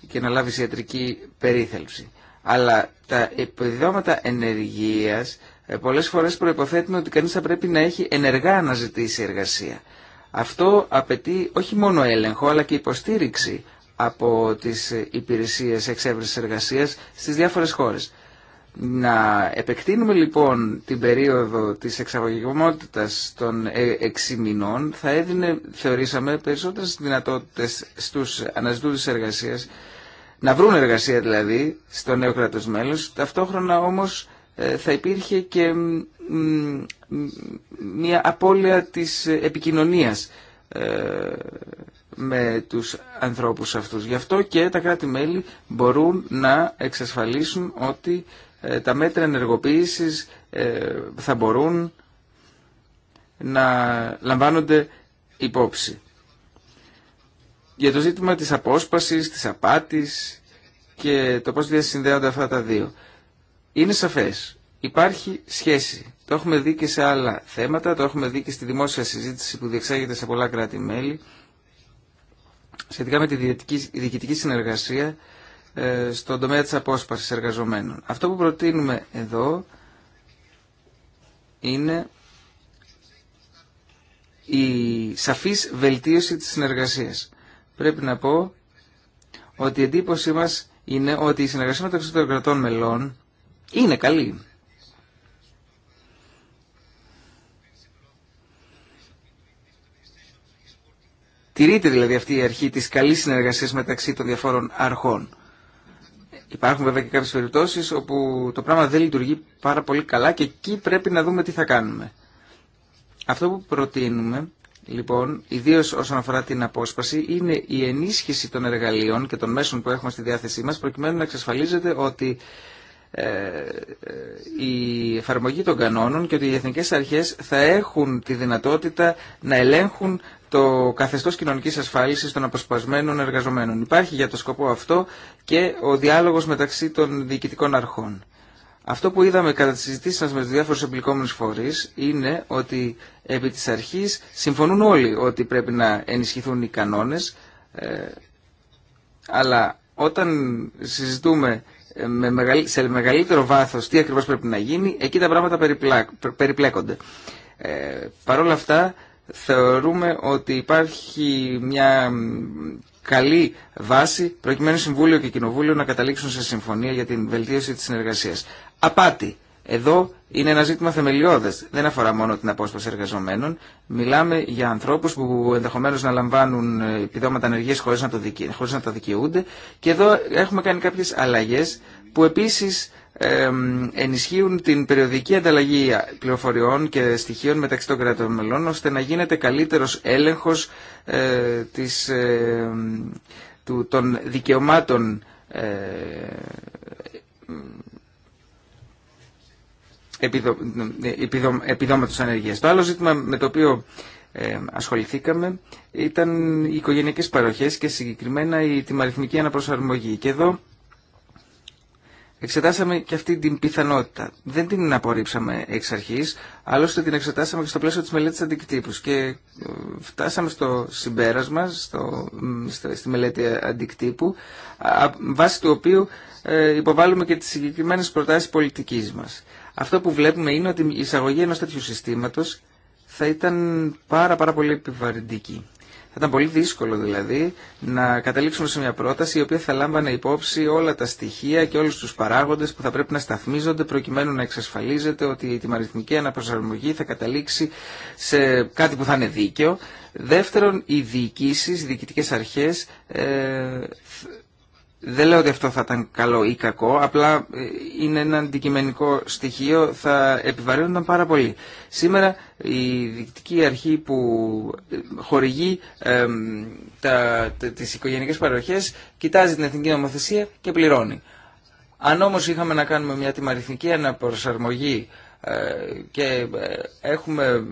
και να λάβεις ιατρική περίθαλψη. Αλλά τα επιδόματα ενεργείας πολλές φορές προϋποθέτουν ότι κανείς θα πρέπει να έχει ενεργά αναζητήσει εργασία. Αυτό απαιτεί όχι μόνο έλεγχο αλλά και υποστήριξη από τις υπηρεσίες εξέβρισης εργασίας στις διάφορες χώρες. Να επεκτείνουμε λοιπόν την περίοδο της εξαγωγικότητας των εξι μηνών θα έδινε, θεωρήσαμε, περισσότερες δυνατότητες στους αναζητούντες εργασίας να βρουν εργασία δηλαδή στο νέο κράτος μέλος, ταυτόχρονα όμως ε, θα υπήρχε και μια απώλεια της επικοινωνίας ε, με τους ανθρώπους αυτούς. Γι' αυτό και τα κράτη-μέλη μπορούν να εξασφαλίσουν ότι ε, τα μέτρα ενεργοποίησης θα μπορούν να λαμβάνονται υπόψη. Για το ζήτημα της απόσπασης, της απάτης και το πώς διασυνδέονται αυτά τα δύο. Είναι σαφές. Υπάρχει σχέση. Το έχουμε δει και σε άλλα θέματα, το έχουμε δει και στη δημόσια συζήτηση που διεξάγεται σε πολλά κράτη-μέλη σχετικά με τη διοικητική συνεργασία ε, στον τομέα της απόσπασης εργαζομένων. Αυτό που προτείνουμε εδώ είναι η σαφής βελτίωση της συνεργασίας. Πρέπει να πω ότι η εντύπωσή μας είναι ότι η συνεργασία μεταξύ των κρατών μελών είναι καλή. Τηρείται δηλαδή αυτή η αρχή της καλής συνεργασίας μεταξύ των διαφόρων αρχών. Υπάρχουν βέβαια και κάποιες περιπτώσεις όπου το πράγμα δεν λειτουργεί πάρα πολύ καλά και εκεί πρέπει να δούμε τι θα κάνουμε. Αυτό που προτείνουμε Λοιπόν, ιδίω όσον αφορά την απόσπαση, είναι η ενίσχυση των εργαλείων και των μέσων που έχουμε στη διάθεσή μας προκειμένου να εξασφαλίζεται ότι ε, ε, η εφαρμογή των κανόνων και ότι οι εθνικές αρχές θα έχουν τη δυνατότητα να ελέγχουν το καθεστώς κοινωνικής ασφάλισης των αποσπασμένων εργαζομένων. Υπάρχει για το σκοπό αυτό και ο διάλογος μεταξύ των διοικητικών αρχών. Αυτό που είδαμε κατά τις συζητήσεις μας με τους διάφορους εμπληκόμενους φορείς είναι ότι επί της αρχής συμφωνούν όλοι ότι πρέπει να ενισχυθούν οι κανόνες ε, αλλά όταν συζητούμε σε μεγαλύτερο βάθος τι ακριβώς πρέπει να γίνει, εκεί τα πράγματα περιπλέκονται. Ε, Παρ' όλα αυτά θεωρούμε ότι υπάρχει μια καλή βάση προκειμένου Συμβούλιο και Κοινοβούλιο να καταλήξουν σε συμφωνία για την βελτίωση της συνεργασία. Απάτη εδώ είναι ένα ζήτημα θεμελιώδες. Δεν αφορά μόνο την απόσπαση εργαζομένων. Μιλάμε για ανθρώπους που ενδεχομένω να λαμβάνουν ε, επιδόματα ανεργίας χωρί να, να τα δικαιούνται. Και εδώ έχουμε κάνει κάποιες αλλαγές που επίσης ενισχύουν την περιοδική ανταλλαγή πληροφοριών και στοιχείων μεταξύ των κρατών μελών ώστε να γίνεται καλύτερος έλεγχος ε, ε, των δικαιωμάτων επιδόματος ανεργίας. Το άλλο ζήτημα με το οποίο ε, ασχοληθήκαμε ήταν οι οικογενειακές παροχές και συγκεκριμένα η τιμαριθμική αναπροσαρμογή. Και εδώ εξετάσαμε και αυτή την πιθανότητα. Δεν την απορρίψαμε εξ αρχής, άλλωστε την εξετάσαμε και στο πλαίσιο της μελέτης αντικτύπους και ε, φτάσαμε στο συμπέρασμα, στο, στη μελέτη αντικτύπου, βάσει του οποίου ε, υποβάλλουμε και τις συγκεκριμένες προτάσεις πολιτικής μας. Αυτό που βλέπουμε είναι ότι η εισαγωγή ενός τέτοιου συστήματος θα ήταν πάρα πάρα πολύ επιβαρυντική. Θα ήταν πολύ δύσκολο δηλαδή να καταλήξουμε σε μια πρόταση η οποία θα λάμβανε υπόψη όλα τα στοιχεία και όλους τους παράγοντες που θα πρέπει να σταθμίζονται προκειμένου να εξασφαλίζεται ότι η τιμαριθμική αναπροσαρμογή θα καταλήξει σε κάτι που θα είναι δίκαιο. Δεύτερον, οι διοικήσεις, οι διοικητικές αρχές ε, δεν λέω ότι αυτό θα ήταν καλό ή κακό, απλά ε, είναι ένα αντικειμενικό στοιχείο, θα επιβαρύνονταν πάρα πολύ. Σήμερα η δικτική αρχή που ε, χορηγεί ε, τα, τις οικογενειακές παροχές κοιτάζει την εθνική νομοθεσία και πληρώνει. Αν όμως είχαμε να κάνουμε μια τιμαριθμική αναπροσαρμογή ε, και ε, έχουμε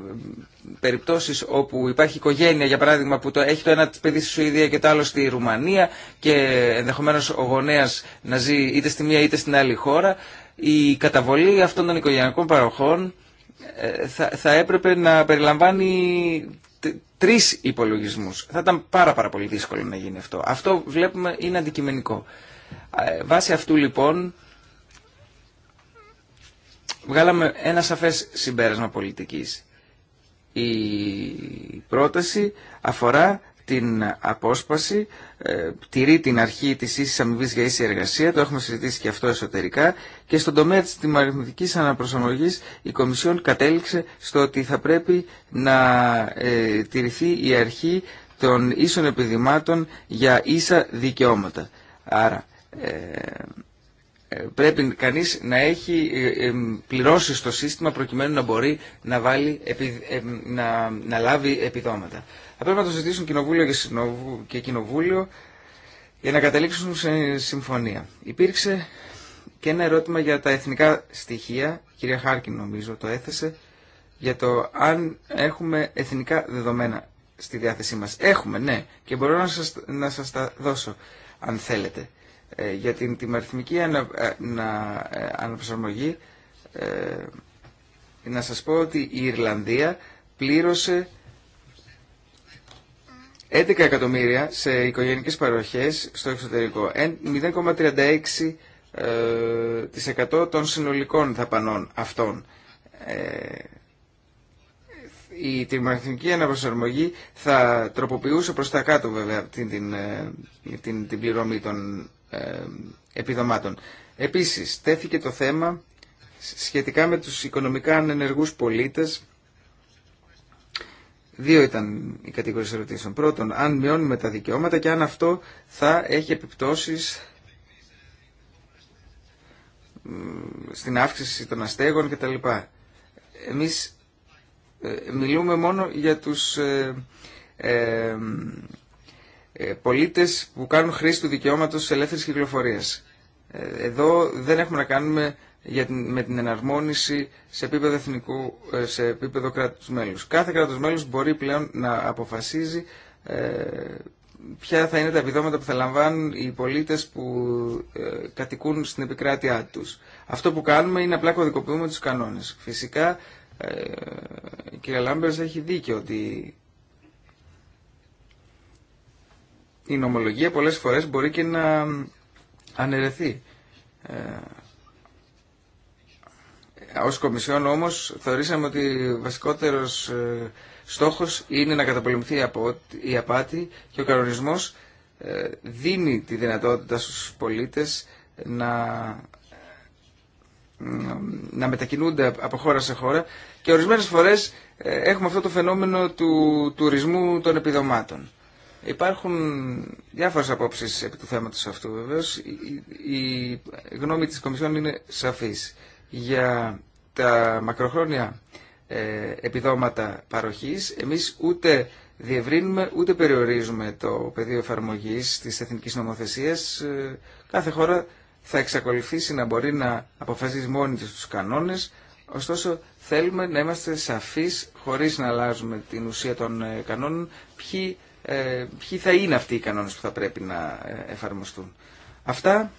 περιπτώσεις όπου υπάρχει οικογένεια για παράδειγμα που το, έχει το ένα παιδί στη Σουηδία και το άλλο στη Ρουμανία και ενδεχομένως ο γονέας να ζει είτε στη μία είτε στην άλλη χώρα η καταβολή αυτών των οικογενειακών παροχών ε, θα, θα έπρεπε να περιλαμβάνει τρεις υπολογισμούς. Θα ήταν πάρα πάρα πολύ δύσκολο να γίνει αυτό. Αυτό βλέπουμε είναι αντικειμενικό. Βάσει αυτού λοιπόν βγάλαμε ένα σαφές συμπέρασμα πολιτικής. Η πρόταση αφορά την απόσπαση, ε, τηρεί την αρχή της ίσης αμοιβή για ίση εργασία, το έχουμε συζητήσει και αυτό εσωτερικά και στον τομέα της τιμαριθμητικής αναπροσαρμογής η Κομισιόν κατέληξε στο ότι θα πρέπει να ε, τηρηθεί η αρχή των ίσων επιδημάτων για ίσα δικαιώματα. Άρα, ε, πρέπει κανείς να έχει ε, ε, πληρώσει στο σύστημα προκειμένου να μπορεί να, βάλει, ε, να, να λάβει επιδόματα. Θα πρέπει να το ζητήσουν κοινοβούλιο και κοινοβούλιο για να καταλήξουν σε συμφωνία. Υπήρξε και ένα ερώτημα για τα εθνικά στοιχεία, κυρία Χάρκιν νομίζω το έθεσε, για το αν έχουμε εθνικά δεδομένα στη διάθεσή μας. Έχουμε, ναι, και μπορώ να σας, να σας τα δώσω αν θέλετε. Ε, για την τιμαριθμική ανα, ανα, ε, ε, αναπροσαρμογή ε, να σας πω ότι η Ιρλανδία πλήρωσε 11 εκατομμύρια σε οικογενικές παροχές στο εξωτερικό. 0,36% των συνολικών δαπανών αυτών. Ε, η τριμαριθμική αναπροσαρμογή θα τροποποιούσε προς τα κάτω βέβαια την, την, την, την πληρωμή των ε, επιδομάτων. Επίσης, τέθηκε το θέμα σχετικά με τους οικονομικά ανενεργούς πολίτες. Δύο ήταν οι κατηγορίες ερωτήσεων. Πρώτον, αν μειώνουμε τα δικαιώματα και αν αυτό θα έχει επιπτώσεις στην αύξηση των αστέγων κτλ. Εμείς ε, μιλούμε μόνο για τους ε, ε, πολίτες που κάνουν χρήση του δικαιώματος σε ελεύθερης κυκλοφορίας. Ε, εδώ δεν έχουμε να κάνουμε για την, με την εναρμόνιση σε επίπεδο εθνικού, ε, σε επίπεδο κράτους μέλους. Κάθε κράτος μέλος μπορεί πλέον να αποφασίζει ε, ποια θα είναι τα επιδόματα που θα λαμβάνουν οι πολίτες που κατοικούν στην επικράτειά τους. Αυτό που κάνουμε είναι απλά κωδικοποιούμε τους κανόνες. Φυσικά, ε, η κυρία Λάμπερς έχει δίκιο ότι η νομολογία πολλές φορές μπορεί και να αναιρεθεί. Ε, ως Κομισιόν όμως θεωρήσαμε ότι βασικότερος ε, στόχος είναι να καταπολεμηθεί η απάτη και ο κανονισμός ε, δίνει τη δυνατότητα στους πολίτες να, να μετακινούνται από χώρα σε χώρα και ορισμένες φορές ε, έχουμε αυτό το φαινόμενο του τουρισμού των επιδομάτων. Υπάρχουν διάφορες απόψεις επί του θέματος αυτού βεβαίως. Η γνώμη της Κομισιόν είναι σαφής. Για τα μακροχρόνια ε, επιδόματα παροχής εμείς ούτε διευρύνουμε ούτε περιορίζουμε το πεδίο εφαρμογής της εθνικής νομοθεσίας. Ε, κάθε χώρα θα εξακολουθήσει να μπορεί να αποφασίζει μόνη της τους κανόνες, ωστόσο θέλουμε να είμαστε σαφείς, χωρίς να αλλάζουμε την ουσία των ε, κανόνων, ε, ποιοι θα είναι αυτοί οι κανόνες που θα πρέπει να ε, εφαρμοστούν. Αυτά.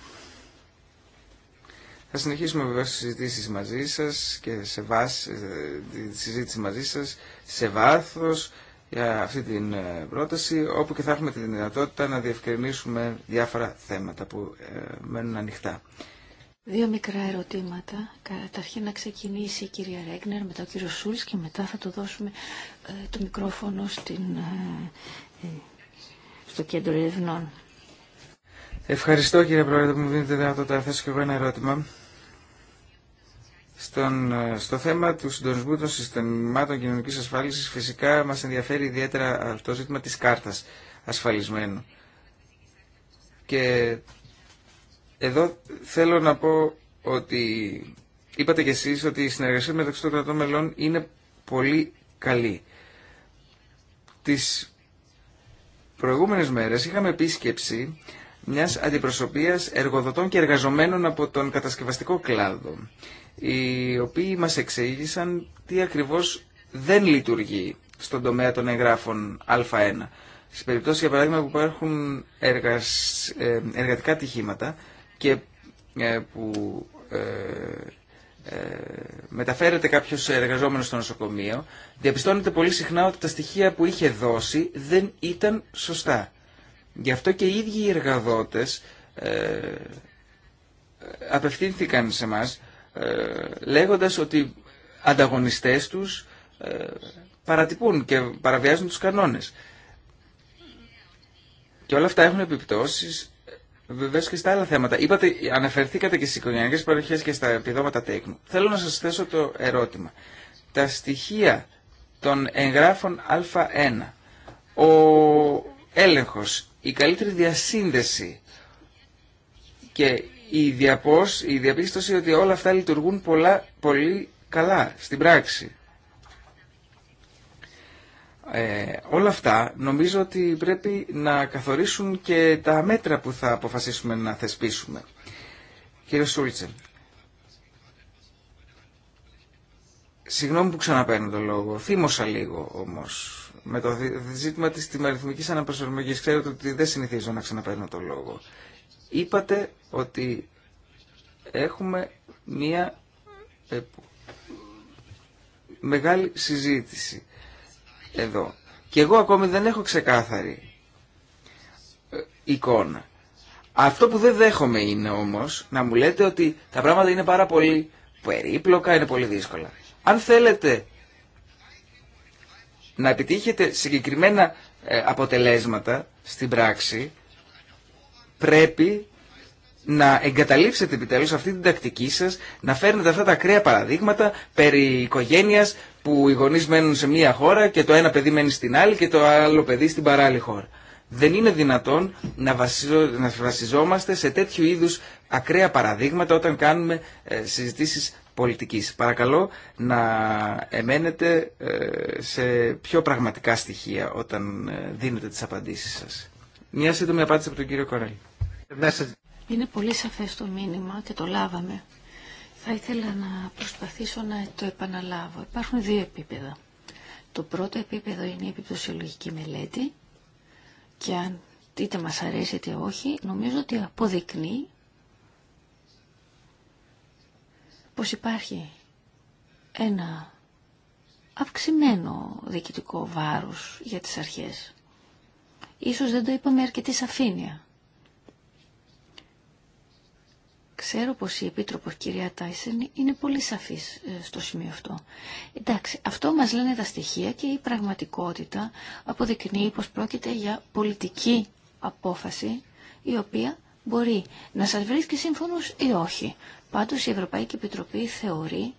Θα συνεχίσουμε βέβαια στις συζητήσεις μαζί σας και σε ε, τη συζήτηση μαζί σας σε βάθος για αυτή την πρόταση, όπου και θα έχουμε τη δυνατότητα να διευκρινίσουμε διάφορα θέματα που μένουν ανοιχτά. Δύο μικρά ερωτήματα. Καταρχήν να ξεκινήσει η κυρία Ρέγνερ, μετά ο κύριο Σούλς και μετά θα το δώσουμε το μικρόφωνο στην στο κέντρο ερευνών. Ευχαριστώ κύριε Πρόεδρε που μου δίνετε δυνατότητα το θέσω και εγώ ένα ερώτημα. Στον, ε, στο θέμα του συντονισμού των συστημάτων κοινωνική ασφάλιση, φυσικά μα ενδιαφέρει ιδιαίτερα το ζήτημα τη κάρτα ασφαλισμένου. Και εδώ θέλω να πω ότι είπατε κι εσεί ότι η συνεργασία μεταξύ των κρατών μελών είναι πολύ καλή. Τις προηγούμενες μέρες είχαμε επίσκεψη μιας αντιπροσωπείας εργοδοτών και εργαζομένων από τον κατασκευαστικό κλάδο, οι οποίοι μας εξήγησαν τι ακριβώς δεν λειτουργεί στον τομέα των εγγράφων Α1. Σε περιπτώσει, για παράδειγμα, που υπάρχουν ε, εργατικά τυχήματα και ε, που ε, μεταφέρεται κάποιο εργαζόμενο στο νοσοκομείο, διαπιστώνεται πολύ συχνά ότι τα στοιχεία που είχε δώσει δεν ήταν σωστά. Γι' αυτό και οι ίδιοι οι εργαδότε ε, απευθύνθηκαν σε εμά λέγοντας ότι ανταγωνιστές τους ε, παρατυπούν και παραβιάζουν τους κανόνες. Και όλα αυτά έχουν επιπτώσεις Βεβαίω και στα άλλα θέματα. Είπατε, αναφερθήκατε και στι οικογενειακέ παροχέ και στα επιδόματα τέκνου. Θέλω να σα θέσω το ερώτημα. Τα στοιχεία των εγγράφων Α1, ο έλεγχος, η καλύτερη διασύνδεση και η, η διαπίστωση ότι όλα αυτά λειτουργούν πολύ καλά στην πράξη. Ε, όλα αυτά νομίζω ότι πρέπει να καθορίσουν και τα μέτρα που θα αποφασίσουμε να θεσπίσουμε. Κύριε Σούλτσε, συγγνώμη που ξαναπαίρνω το λόγο, θύμωσα λίγο όμως με το ζήτημα της τιμαριθμικής αναπροσαρμογής. Ξέρετε ότι δεν συνηθίζω να ξαναπαίρνω το λόγο. Είπατε ότι έχουμε μία μεγάλη συζήτηση εδώ. Και εγώ ακόμη δεν έχω ξεκάθαρη ε, εικόνα. Αυτό που δεν δέχομαι είναι όμως να μου λέτε ότι τα πράγματα είναι πάρα πολύ περίπλοκα, είναι πολύ δύσκολα. Αν θέλετε να επιτύχετε συγκεκριμένα ε, αποτελέσματα στην πράξη, πρέπει να εγκαταλείψετε επιτέλους αυτή την τακτική σας, να φέρνετε αυτά τα ακραία παραδείγματα περί οικογένειας, που οι γονεί μένουν σε μία χώρα και το ένα παιδί μένει στην άλλη και το άλλο παιδί στην παράλληλη χώρα. Δεν είναι δυνατόν να, βασιζό, να βασιζόμαστε σε τέτοιου είδους ακραία παραδείγματα όταν κάνουμε ε, συζητήσεις πολιτικής. Παρακαλώ να εμένετε ε, σε πιο πραγματικά στοιχεία όταν ε, δίνετε τις απαντήσεις σας. Μια σύντομη απάντηση από τον κύριο Κορέλ. Είναι πολύ σαφέ το μήνυμα και το λάβαμε. Θα ήθελα να προσπαθήσω να το επαναλάβω. Υπάρχουν δύο επίπεδα. Το πρώτο επίπεδο είναι η επιπτωσιολογική μελέτη και αν είτε μας αρέσει είτε όχι, νομίζω ότι αποδεικνύει πως υπάρχει ένα αυξημένο διοικητικό βάρος για τις αρχές. Ίσως δεν το είπαμε αρκετή σαφήνεια. Ξέρω πως η Επίτροπος κυρία Τάισεν είναι πολύ σαφής ε, στο σημείο αυτό. Εντάξει, αυτό μας λένε τα στοιχεία και η πραγματικότητα αποδεικνύει πως πρόκειται για πολιτική απόφαση η οποία μπορεί να σας βρίσκει σύμφωνος ή όχι. Πάντως η Ευρωπαϊκή Επιτροπή θεωρεί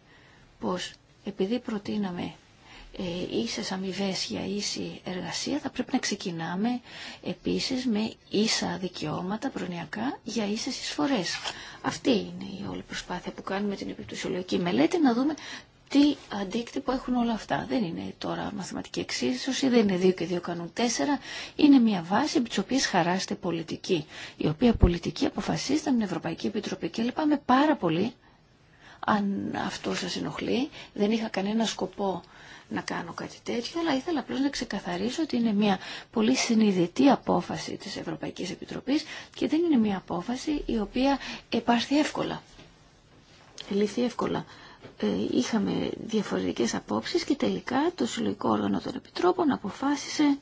πως επειδή προτείναμε ε, ίσες αμοιβέ για ίση εργασία θα πρέπει να ξεκινάμε επίσης με ίσα δικαιώματα προνοιακά για ίσες εισφορές. Αυτή είναι η όλη προσπάθεια που κάνουμε την επιπτωσιολογική μελέτη να δούμε τι αντίκτυπο έχουν όλα αυτά. Δεν είναι τώρα μαθηματική εξίσωση, δεν είναι δύο και δύο κάνουν τέσσερα Είναι μια βάση επί τη οποία χαράζεται πολιτική, η οποία πολιτική αποφασίζεται με την Ευρωπαϊκή Επιτροπή. Και λυπάμαι πάρα πολύ αν αυτό σας ενοχλεί. Δεν είχα κανένα σκοπό να κάνω κάτι τέτοιο, αλλά ήθελα απλώς να ξεκαθαρίσω ότι είναι μια πολύ συνειδητή απόφαση της Ευρωπαϊκής Επιτροπής και δεν είναι μια απόφαση η οποία επάρθει εύκολα. Λύθει εύκολα. Ε, είχαμε διαφορετικές απόψεις και τελικά το Συλλογικό Όργανο των Επιτρόπων αποφάσισε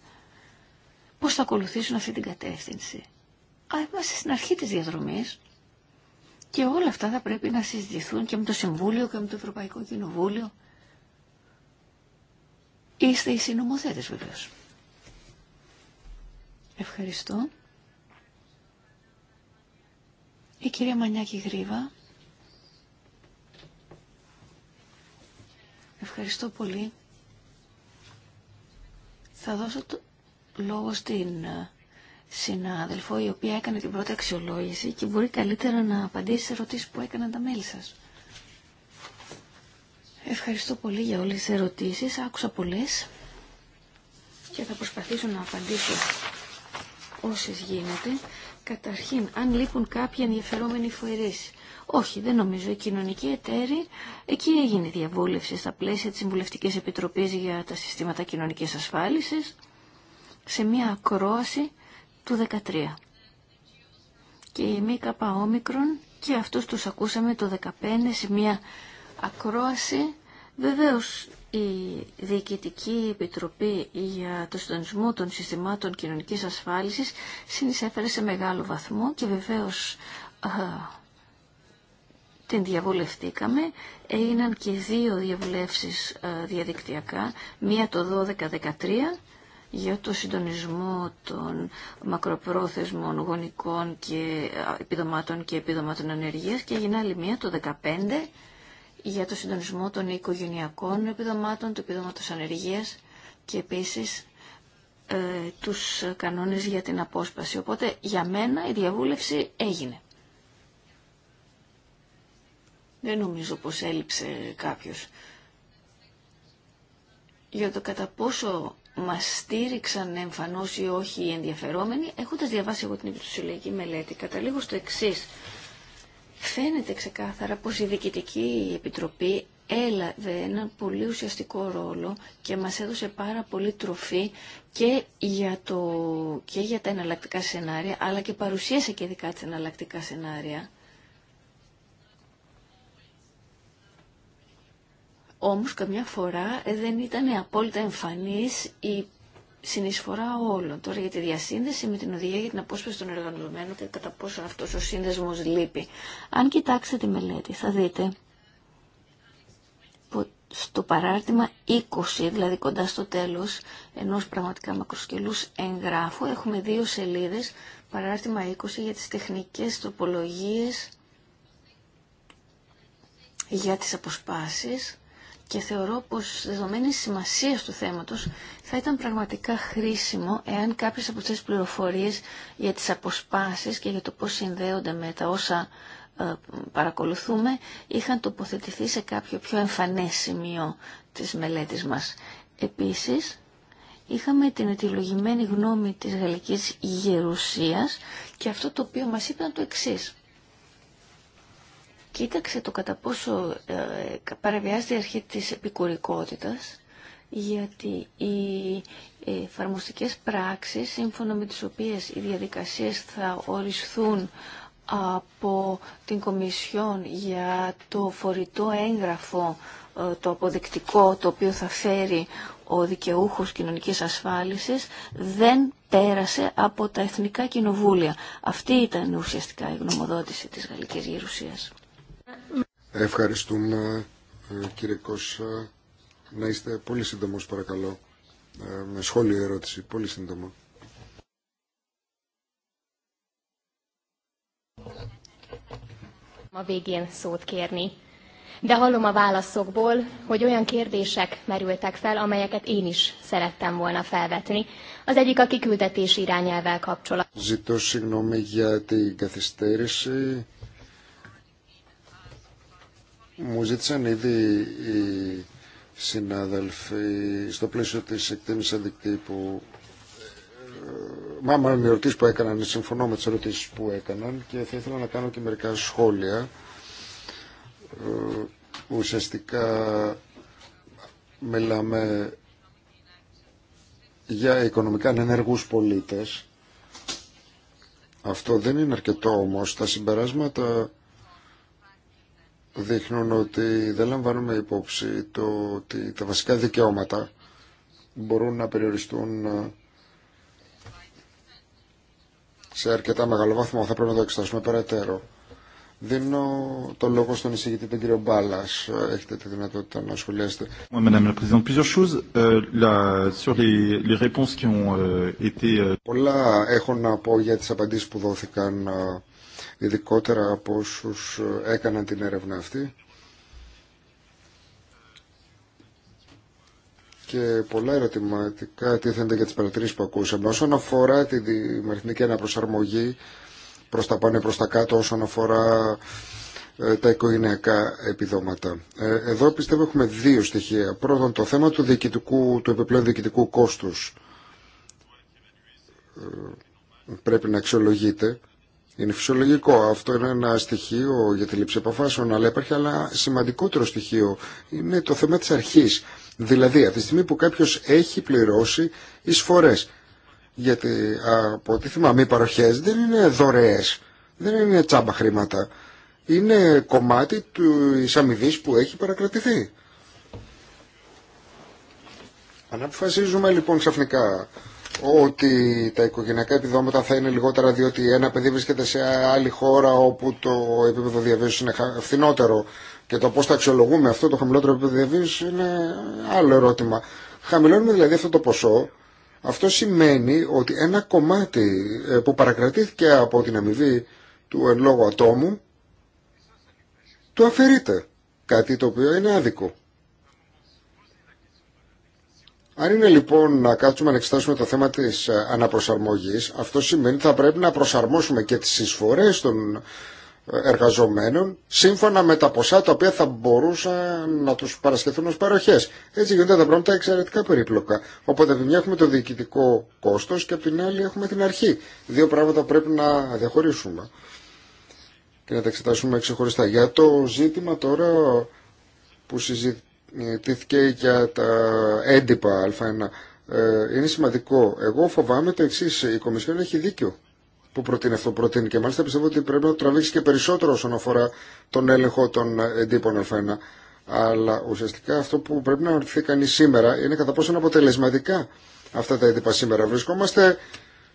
πώς θα ακολουθήσουν αυτή την κατεύθυνση. Α, είμαστε στην αρχή της διαδρομής και όλα αυτά θα πρέπει να συζητηθούν και με το Συμβούλιο και με το Ευρωπαϊκό Κοινοβούλιο Είστε οι συνομοθέτες βεβαίως. Ευχαριστώ. Η κυρία Μανιάκη Γρίβα. Ευχαριστώ πολύ. Θα δώσω το λόγο στην ε, συνάδελφο η οποία έκανε την πρώτη αξιολόγηση και μπορεί καλύτερα να απαντήσει σε ερωτήσεις που έκαναν τα μέλη σας. Ευχαριστώ πολύ για όλες τις ερωτήσεις. Άκουσα πολλές και θα προσπαθήσω να απαντήσω όσες γίνεται. Καταρχήν, αν λείπουν κάποιοι ενδιαφερόμενοι φορείς. Όχι, δεν νομίζω. Η κοινωνική εταίρη εκεί έγινε διαβούλευση στα πλαίσια της συμβουλευτική Επιτροπής για τα Συστήματα Κοινωνικής Ασφάλισης σε μια ακρόαση του 13. Και η ΜΚΟ και αυτούς τους ακούσαμε το 15 σε μια ακρόαση. Βεβαίως η Διοικητική Επιτροπή για το Συντονισμό των Συστημάτων Κοινωνικής Ασφάλισης συνεισέφερε σε μεγάλο βαθμό και βεβαίως την διαβουλευτήκαμε. Έγιναν και δύο διαβουλεύσεις διαδικτυακά, μία το 12-13 για το συντονισμό των μακροπρόθεσμων γονικών και επιδομάτων και επιδομάτων ανεργίας και έγινε άλλη μία το 15 για το συντονισμό των οικογενειακών επιδομάτων, του επιδόματος ανεργίας και επίσης ε, τους κανόνες για την απόσπαση. Οπότε για μένα η διαβούλευση έγινε. Δεν νομίζω πως έλειψε κάποιος. Για το κατά πόσο μας στήριξαν εμφανώς ή όχι οι ενδιαφερόμενοι, έχοντας διαβάσει εγώ την επιτροσιολογική μελέτη, καταλήγω στο εξής. Φαίνεται ξεκάθαρα πως η Διοικητική Επιτροπή έλαβε έναν πολύ ουσιαστικό ρόλο και μας έδωσε πάρα πολύ τροφή και για, το, και για τα εναλλακτικά σενάρια, αλλά και παρουσίασε και δικά της εναλλακτικά σενάρια. Όμως καμιά φορά δεν ήταν απόλυτα εμφανής η συνεισφορά όλων. Τώρα για τη διασύνδεση με την οδηγία για την απόσπαση των εργαζομένων και κατά πόσο αυτός ο σύνδεσμος λείπει. Αν κοιτάξετε τη μελέτη θα δείτε που στο παράρτημα 20, δηλαδή κοντά στο τέλος ενό πραγματικά μακροσκελούς εγγράφου, έχουμε δύο σελίδες, παράρτημα 20 για τις τεχνικές τοπολογίε για τις αποσπάσεις και θεωρώ πως δεδομένη δεδομένε σημασίας του θέματος θα ήταν πραγματικά χρήσιμο εάν κάποιες από αυτές τις πληροφορίες για τις αποσπάσεις και για το πώς συνδέονται με τα όσα ε, παρακολουθούμε είχαν τοποθετηθεί σε κάποιο πιο εμφανές σημείο της μελέτης μας. Επίσης, είχαμε την αιτιολογημένη γνώμη της γαλλικής γερουσίας και αυτό το οποίο μας είπαν το εξής κοίταξε το κατά πόσο ε, παραβιάζεται η αρχή της επικουρικότητας γιατί οι εφαρμοστικέ πράξεις σύμφωνα με τις οποίες οι διαδικασίες θα ορισθούν από την Κομισιόν για το φορητό έγγραφο, ε, το αποδεκτικό το οποίο θα φέρει ο δικαιούχος κοινωνικής ασφάλισης δεν πέρασε από τα εθνικά κοινοβούλια. Αυτή ήταν ουσιαστικά η γνωμοδότηση της Γαλλικής Γερουσίας. Ευχαριστούμε κύριε Κώσσα. Να είστε πολύ σύντομος παρακαλώ. Με σχόλιο ερώτηση, πολύ σύντομο. Ma végén szót kérni. De hallom a válaszokból, hogy olyan kérdések merültek fel, amelyeket én is szerettem volna felvetni. Az egyik a kiküldetés irányelvvel kapcsolatban. Ζητώ συγγνώμη για την μου ζήτησαν ήδη οι συνάδελφοι στο πλαίσιο της εκτίμησης αντικτύπου ε, ε, Μα με οι ερωτήσει που έκαναν, συμφωνώ με τι ερωτήσει που έκαναν και θα ήθελα να κάνω και μερικά σχόλια. Ε, ουσιαστικά μιλάμε για οικονομικά ανενεργούς πολίτες. Αυτό δεν είναι αρκετό όμως. Τα συμπεράσματα δείχνουν ότι δεν λαμβάνουμε υπόψη το ότι τα βασικά δικαιώματα μπορούν να περιοριστούν ε, σε αρκετά μεγάλο βαθμό. Θα πρέπει να το εξετάσουμε περαιτέρω. Δίνω το λόγο στον εισηγητή τον κύριο Μπάλλα. Έχετε τη δυνατότητα να σχολιάσετε. Euh, euh, euh, Πολλά έχω να πω για τι απαντήσει που δόθηκαν ε, ειδικότερα από όσου ε, έκαναν την έρευνα αυτή. Και πολλά ερωτηματικά τίθενται για τις παρατηρήσεις που ακούσαμε. Όσον αφορά τη δημιουργική αναπροσαρμογή προς τα πάνω προς τα κάτω, όσον αφορά ε, τα οικογενειακά επιδόματα. Ε, εδώ πιστεύω έχουμε δύο στοιχεία. Πρώτον, το θέμα του, του επιπλέον διοικητικού κόστους πρέπει να αξιολογείται είναι φυσιολογικό. Αυτό είναι ένα στοιχείο για τη λήψη αποφάσεων, αλλά υπάρχει ένα σημαντικότερο στοιχείο. Είναι το θέμα της αρχής. Δηλαδή, από τη στιγμή που κάποιος έχει πληρώσει εισφορές, γιατί από ό,τι θυμάμαι οι παροχές δεν είναι δωρεές, δεν είναι τσάμπα χρήματα. Είναι κομμάτι της αμοιβή που έχει παρακρατηθεί. Αν αποφασίζουμε λοιπόν ξαφνικά ότι τα οικογενειακά επιδόματα θα είναι λιγότερα διότι ένα παιδί βρίσκεται σε άλλη χώρα όπου το επίπεδο διαβίωση είναι φθηνότερο και το πώς θα αξιολογούμε αυτό το χαμηλότερο επίπεδο διαβίωση είναι άλλο ερώτημα. Χαμηλώνουμε δηλαδή αυτό το ποσό. Αυτό σημαίνει ότι ένα κομμάτι ε, που παρακρατήθηκε από την αμοιβή του εν λόγω ατόμου του αφαιρείται. Κάτι το οποίο είναι άδικο. Αν είναι λοιπόν να κάτσουμε να εξετάσουμε το θέμα της ε, αναπροσαρμογής, αυτό σημαίνει ότι θα πρέπει να προσαρμόσουμε και τις εισφορές των ε, εργαζομένων σύμφωνα με τα ποσά τα οποία θα μπορούσαν να τους παρασχεθούν ως παροχές. Έτσι γίνονται τα πράγματα εξαιρετικά περίπλοκα. Οπότε από μια έχουμε το διοικητικό κόστος και από την άλλη έχουμε την αρχή. Δύο πράγματα πρέπει να διαχωρίσουμε και να τα εξετάσουμε ξεχωριστά. Για το ζήτημα τώρα που συζητήσαμε τήθηκε για τα έντυπα Α1. Ε, είναι σημαντικό. Εγώ φοβάμαι το εξή. Η Κομισιόν έχει δίκιο που προτείνει αυτό προτείνει και μάλιστα πιστεύω ότι πρέπει να το τραβήξει και περισσότερο όσον αφορά τον έλεγχο των εντύπων Α1. Αλλά ουσιαστικά αυτό που πρέπει να ρωτηθεί κανεί σήμερα είναι κατά πόσο αποτελεσματικά αυτά τα έντυπα σήμερα. Βρισκόμαστε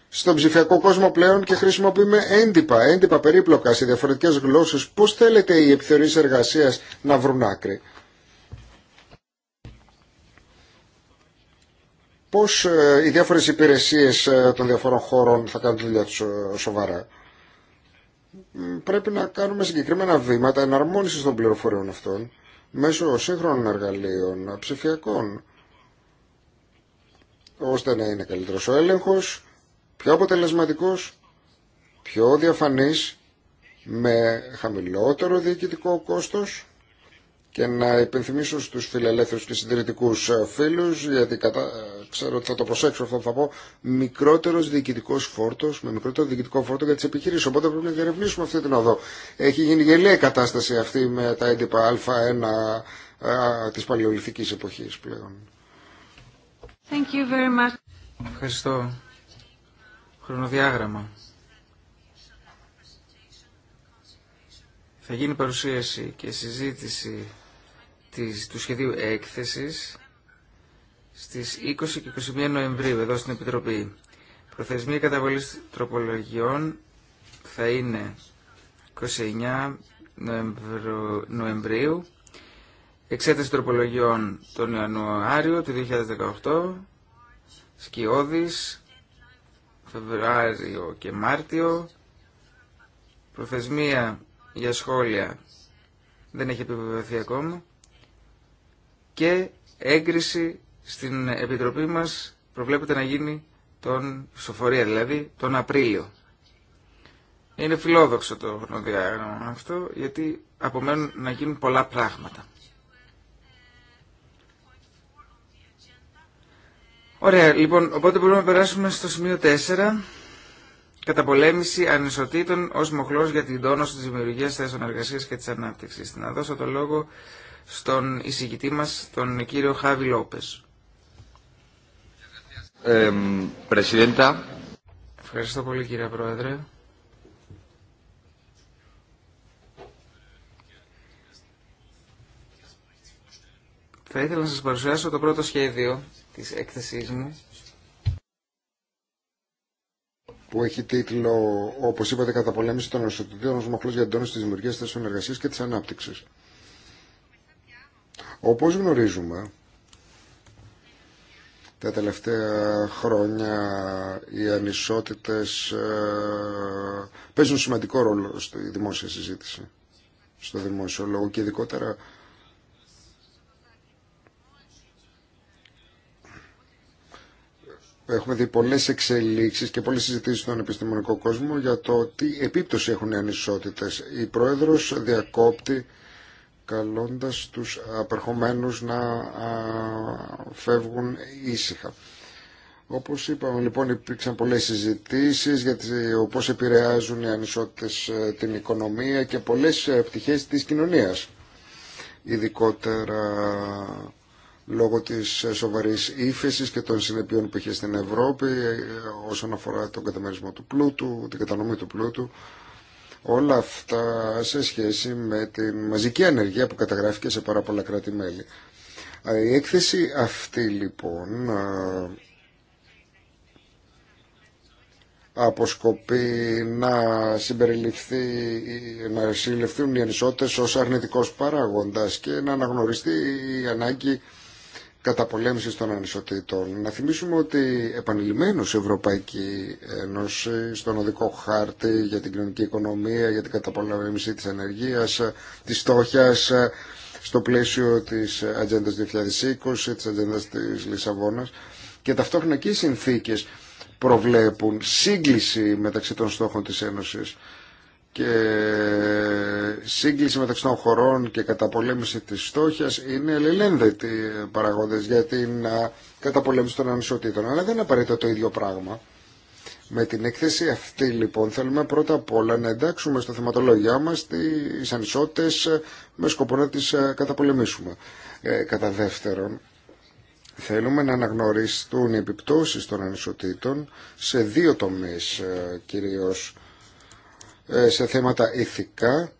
στον ψηφιακό κόσμο πλέον και χρησιμοποιούμε έντυπα, έντυπα περίπλοκα σε διαφορετικέ γλώσσε. Πώ θέλετε οι επιθεωρήσει εργασία να βρουν άκρη. πώς ε, οι διάφορες υπηρεσίες ε, των διαφορών χωρών θα κάνουν τη δουλειά τους ε, σοβαρά. Πρέπει να κάνουμε συγκεκριμένα βήματα εναρμόνισης των πληροφοριών αυτών μέσω σύγχρονων εργαλείων ψηφιακών ώστε να είναι καλύτερος ο έλεγχος, πιο αποτελεσματικός, πιο διαφανής, με χαμηλότερο διοικητικό κόστος και να υπενθυμίσω στους φιλελεύθερους και συντηρητικούς φίλους γιατί κατά ξέρω ότι θα το προσέξω αυτό που θα πω, μικρότερο διοικητικό φόρτο, με μικρότερο διοικητικό φόρτο για τι επιχειρήσει. Οπότε πρέπει να διερευνήσουμε αυτή την οδό. Έχει γίνει γελία η κατάσταση αυτή με τα έντυπα Α1 τη παλαιοληθική εποχή πλέον. Thank you very much. Ευχαριστώ. Χρονοδιάγραμμα. Θα γίνει παρουσίαση και συζήτηση της, του σχεδίου έκθεσης στις 20 και 21 Νοεμβρίου εδώ στην Επιτροπή. Προθεσμία καταβολής τροπολογιών θα είναι 29 Νοεμβρίου, εξέταση τροπολογιών τον Ιανουάριο του 2018, σκιώδης, Φεβρουάριο και Μάρτιο, προθεσμία για σχόλια δεν έχει επιβεβαιωθεί ακόμα και έγκριση στην Επιτροπή μας προβλέπεται να γίνει τον Σοφορία, δηλαδή τον Απρίλιο. Είναι φιλόδοξο το χρονοδιάγραμμα αυτό, γιατί απομένουν να γίνουν πολλά πράγματα. Ωραία, λοιπόν, οπότε μπορούμε να περάσουμε στο σημείο 4. Καταπολέμηση ανισοτήτων ω μοχλό για την τόνωση τη δημιουργία θέσεων εργασία και τη ανάπτυξη. Να δώσω το λόγο στον εισηγητή μα, τον κύριο Χάβι Λόπεζ. Ευχαριστώ πολύ κύριε Πρόεδρε. Θα ήθελα να σας παρουσιάσω το πρώτο σχέδιο της έκθεσής μου. Που έχει τίτλο, όπως είπατε, καταπολέμηση των νοσοτητών ως μοχλός για τόνωση της δημιουργίας θέσεων εργασίας και της ανάπτυξης. Όπως γνωρίζουμε, τα τελευταία χρόνια οι ανισότητες ε, παίζουν σημαντικό ρόλο στη δημόσια συζήτηση, στο δημόσιο λόγο και ειδικότερα Έχουμε δει πολλές εξελίξεις και πολλές συζητήσεις στον επιστημονικό κόσμο για το τι επίπτωση έχουν οι ανισότητες. Η Πρόεδρος διακόπτει καλώντας τους απερχομένους να φεύγουν ήσυχα. Όπως είπαμε λοιπόν υπήρξαν πολλές συζητήσεις για πώς επηρεάζουν οι ανισότητες ε, την οικονομία και πολλές ε, πτυχές της κοινωνίας. Ειδικότερα λόγω της ε, σοβαρής ύφεση και των συνεπειών που είχε στην Ευρώπη όσον αφορά τον καταμερισμό του πλούτου, την κατανομή του πλούτου Όλα αυτά σε σχέση με τη μαζική ανεργία που καταγράφηκε σε πάρα πολλά κράτη-μέλη. Η έκθεση αυτή λοιπόν αποσκοπεί να συμπεριληφθεί, να συλληφθούν οι ανισότητες ως αρνητικός παράγοντας και να αναγνωριστεί η ανάγκη καταπολέμησης των ανισοτήτων. Να θυμίσουμε ότι επανειλημμένως η Ευρωπαϊκή Ένωση στον οδικό χάρτη για την κοινωνική οικονομία, για την καταπολέμηση της ενεργείας, της στόχιας, στο πλαίσιο της Ατζέντας 2020, της Ατζέντας της Λισαβόνας και ταυτόχρονα και οι συνθήκες προβλέπουν σύγκληση μεταξύ των στόχων της Ένωσης και σύγκληση μεταξύ των χωρών και καταπολέμηση της στόχιας είναι ελελένδετοι παραγόντες για την καταπολέμηση των ανισοτήτων. Αλλά δεν απαραίτητο το ίδιο πράγμα. Με την έκθεση αυτή λοιπόν θέλουμε πρώτα απ' όλα να εντάξουμε στο θεματολόγια μας τις ανισότητες ε, με σκοπό να τις ε, καταπολεμήσουμε. Ε, κατά δεύτερον, θέλουμε να αναγνωριστούν οι επιπτώσεις των ανισοτήτων σε δύο τομείς κυρίως ε, σε θέματα ηθικά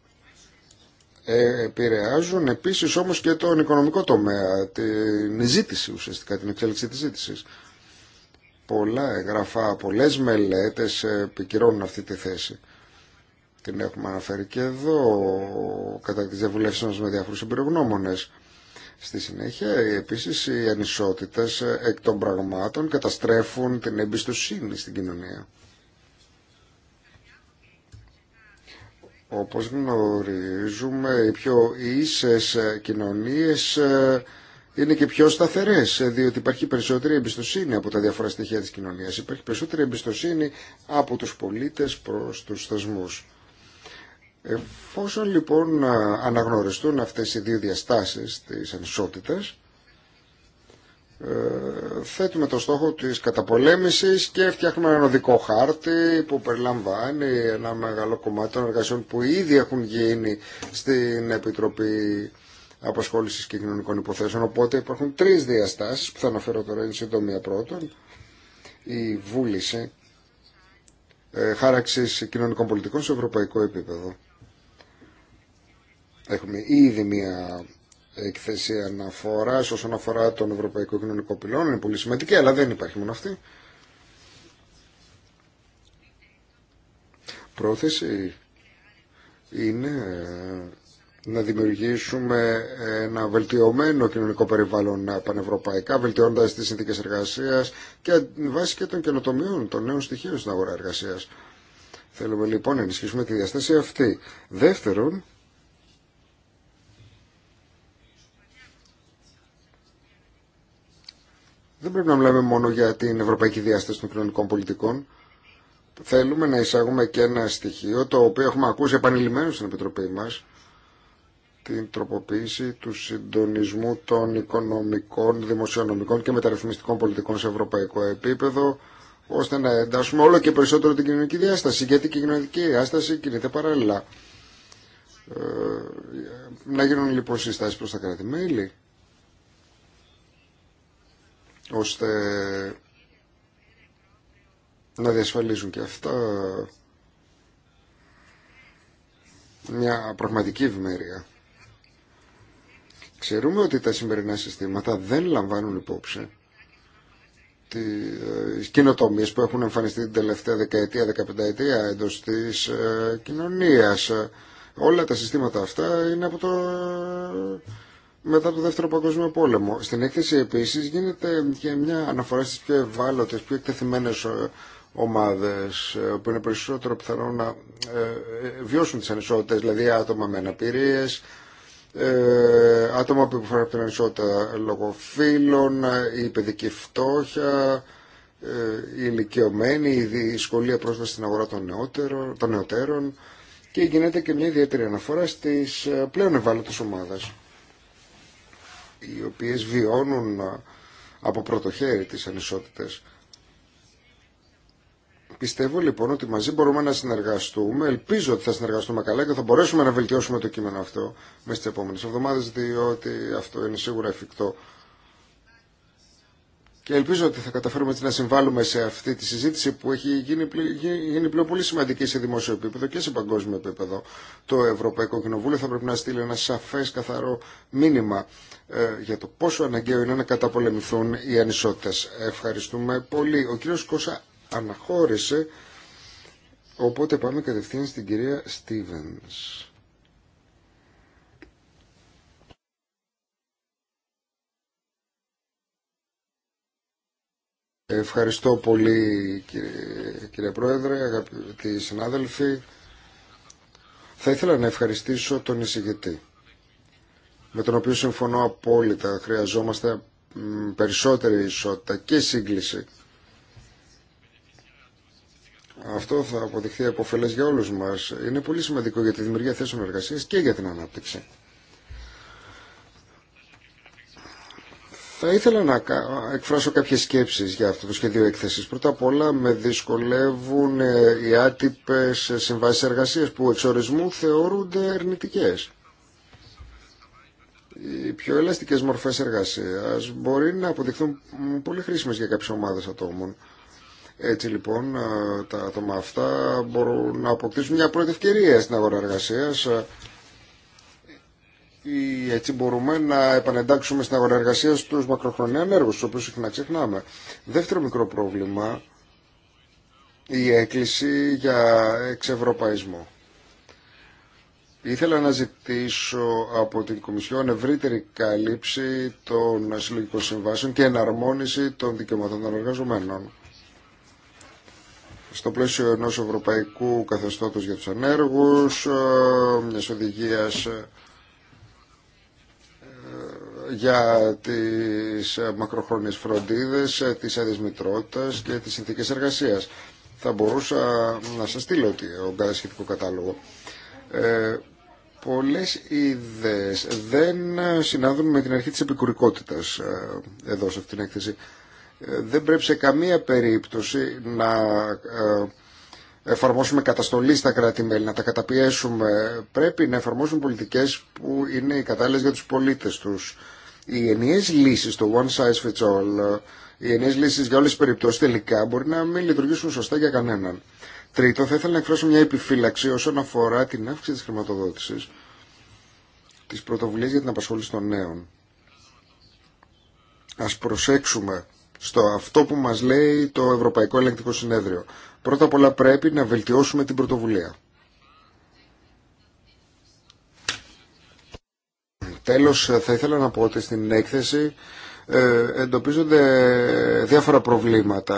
ε, επηρεάζουν επίσης όμως και τον οικονομικό τομέα, την ζήτηση ουσιαστικά, την εξέλιξη της ζήτησης. Πολλά εγγραφά, πολλές μελέτες ε, επικυρώνουν αυτή τη θέση. Την έχουμε αναφέρει και εδώ κατά τις διαβουλεύσεις μας με διάφορους εμπειρογνώμονες. Στη συνέχεια, επίσης, οι ανισότητες εκ των πραγμάτων καταστρέφουν την εμπιστοσύνη στην κοινωνία. Όπως γνωρίζουμε, οι πιο ίσες ε, κοινωνίες ε, είναι και πιο σταθερές, ε, διότι υπάρχει περισσότερη εμπιστοσύνη από τα διάφορα στοιχεία της κοινωνίας. Υπάρχει περισσότερη εμπιστοσύνη από τους πολίτες προς τους θεσμούς. Εφόσον λοιπόν αναγνωριστούν αυτές οι δύο διαστάσεις της ανισότητας, ε, θέτουμε το στόχο της καταπολέμησης και φτιάχνουμε έναν οδικό χάρτη που περιλαμβάνει ένα μεγάλο κομμάτι των εργασιών που ήδη έχουν γίνει στην Επιτροπή Απασχόλησης και Κοινωνικών Υποθέσεων. Οπότε υπάρχουν τρεις διαστάσεις που θα αναφέρω τώρα εν συντομία πρώτον. Η βούληση ε, χάραξης κοινωνικών πολιτικών σε ευρωπαϊκό επίπεδο. Έχουμε ήδη μια εκθέση αναφορά όσον αφορά τον Ευρωπαϊκό Κοινωνικό Πυλώνα. Είναι πολύ σημαντική, αλλά δεν υπάρχει μόνο αυτή. Πρόθεση είναι ε, να δημιουργήσουμε ένα βελτιωμένο κοινωνικό περιβάλλον πανευρωπαϊκά, βελτιώντα τι συνθήκε εργασία και βάσει και των καινοτομιών, των νέων στοιχείων στην αγορά εργασία. Θέλουμε λοιπόν να ενισχύσουμε τη διαστασία αυτή. Δεύτερον, Δεν πρέπει να μιλάμε μόνο για την ευρωπαϊκή διάσταση των κοινωνικών πολιτικών. Θέλουμε να εισάγουμε και ένα στοιχείο το οποίο έχουμε ακούσει επανειλημμένως στην Επιτροπή μας την τροποποίηση του συντονισμού των οικονομικών, δημοσιονομικών και μεταρρυθμιστικών πολιτικών σε ευρωπαϊκό επίπεδο, ώστε να εντάσσουμε όλο και περισσότερο την κοινωνική διάσταση, γιατί και η κοινωνική διάσταση κινείται παράλληλα. Ε, να γίνουν λοιπόν συστάσεις προς τα κράτη-μέλη ώστε να διασφαλίζουν και αυτά μια πραγματική ευημερία. Ξέρουμε ότι τα σημερινά συστήματα δεν λαμβάνουν υπόψη τις κοινοτομίες που έχουν εμφανιστεί την τελευταία δεκαετία, δεκαπενταετία εντός της ε, κοινωνίας. Όλα τα συστήματα αυτά είναι από το μετά το Δεύτερο Παγκόσμιο Πόλεμο. Στην έκθεση επίσης γίνεται και μια αναφορά στις πιο ευάλωτες, πιο εκτεθειμένες ε, ομάδες ε, που είναι περισσότερο πιθανό να ε, βιώσουν τις ανισότητες, δηλαδή άτομα με αναπηρίες, άτομα που υποφέρουν από την ανισότητα λόγω η παιδική φτώχεια, η ηλικιωμένη, η δυσκολία πρόσβαση στην αγορά των, νεότερων, των νεωτέρων και γίνεται και μια ιδιαίτερη αναφορά στις πλέον ευάλωτες ομάδες οι οποίες βιώνουν από πρώτο χέρι τις ανισότητες. Πιστεύω λοιπόν ότι μαζί μπορούμε να συνεργαστούμε. Ελπίζω ότι θα συνεργαστούμε καλά και θα μπορέσουμε να βελτιώσουμε το κείμενο αυτό μέσα στι επόμενε εβδομάδε, διότι αυτό είναι σίγουρα εφικτό και ελπίζω ότι θα καταφέρουμε να συμβάλλουμε σε αυτή τη συζήτηση που έχει γίνει, πλέον πολύ σημαντική σε δημόσιο επίπεδο και σε παγκόσμιο επίπεδο. Το Ευρωπαϊκό Κοινοβούλιο θα πρέπει να στείλει ένα σαφές καθαρό μήνυμα ε, για το πόσο αναγκαίο είναι να καταπολεμηθούν οι ανισότητες. Ευχαριστούμε πολύ. Ο κύριος Κώσα αναχώρησε, οπότε πάμε κατευθείαν στην κυρία Στίβενς. Ευχαριστώ πολύ κύριε, Πρόεδρε, αγαπητοί συνάδελφοι. Θα ήθελα να ευχαριστήσω τον εισηγητή, με τον οποίο συμφωνώ απόλυτα. Χρειαζόμαστε περισσότερη ισότητα και σύγκληση. Αυτό θα αποδειχθεί αποφελές για όλους μας. Είναι πολύ σημαντικό για τη δημιουργία θέσεων εργασίας και για την ανάπτυξη. Θα ήθελα να εκφράσω κάποιες σκέψεις για αυτό το σχέδιο έκθεσης. Πρώτα απ' όλα με δυσκολεύουν ε, οι άτυπες συμβάσεις εργασίας που εξορισμού θεωρούνται ερνητικές. Οι πιο ελαστικές μορφές εργασίας μπορεί να αποδειχθούν πολύ χρήσιμες για κάποιες ομάδες ατόμων. Έτσι λοιπόν ε, τα άτομα αυτά μπορούν να αποκτήσουν μια πρώτη ευκαιρία στην αγορά εργασίας έτσι μπορούμε να επανεντάξουμε στην αγορά στους του μακροχρονιά ανέργου, του συχνά ξεχνάμε. Δεύτερο μικρό πρόβλημα, η έκκληση για εξευρωπαϊσμό. Ήθελα να ζητήσω από την Κομισιόν ευρύτερη κάλυψη των συλλογικών συμβάσεων και εναρμόνιση των δικαιωμάτων των εργαζομένων. Στο πλαίσιο ενός ευρωπαϊκού καθεστώτος για τους ανέργους, ε, μιας οδηγίας ε, για τις ε, μακροχρόνιες φροντίδες, ε, τις άδειες και τις συνθήκες εργασίας. Θα μπορούσα να σας στείλω ο σχετικό κατάλογο. Ε, πολλές ιδέες δεν συνάδουν με την αρχή της επικουρικότητας ε, εδώ σε αυτήν την έκθεση. Δεν πρέπει σε καμία περίπτωση να εφαρμόσουμε καταστολή στα κράτη-μέλη, να τα καταπιέσουμε. Πρέπει να εφαρμόσουμε πολιτικές που είναι οι κατάλληλες για τους πολίτες τους οι ενιαίες λύσεις, το one size fits all, οι ενιαίες λύσεις για όλες τις περιπτώσεις τελικά μπορεί να μην λειτουργήσουν σωστά για κανέναν. Τρίτο, θα ήθελα να εκφράσω μια επιφύλαξη όσον αφορά την αύξηση της χρηματοδότησης της πρωτοβουλίας για την απασχόληση των νέων. Ας προσέξουμε στο αυτό που μας λέει το Ευρωπαϊκό Ελεγκτικό Συνέδριο. Πρώτα απ' όλα πρέπει να βελτιώσουμε την πρωτοβουλία. Τέλος, ε, θα ήθελα να πω ότι στην έκθεση ε, εντοπίζονται διάφορα προβλήματα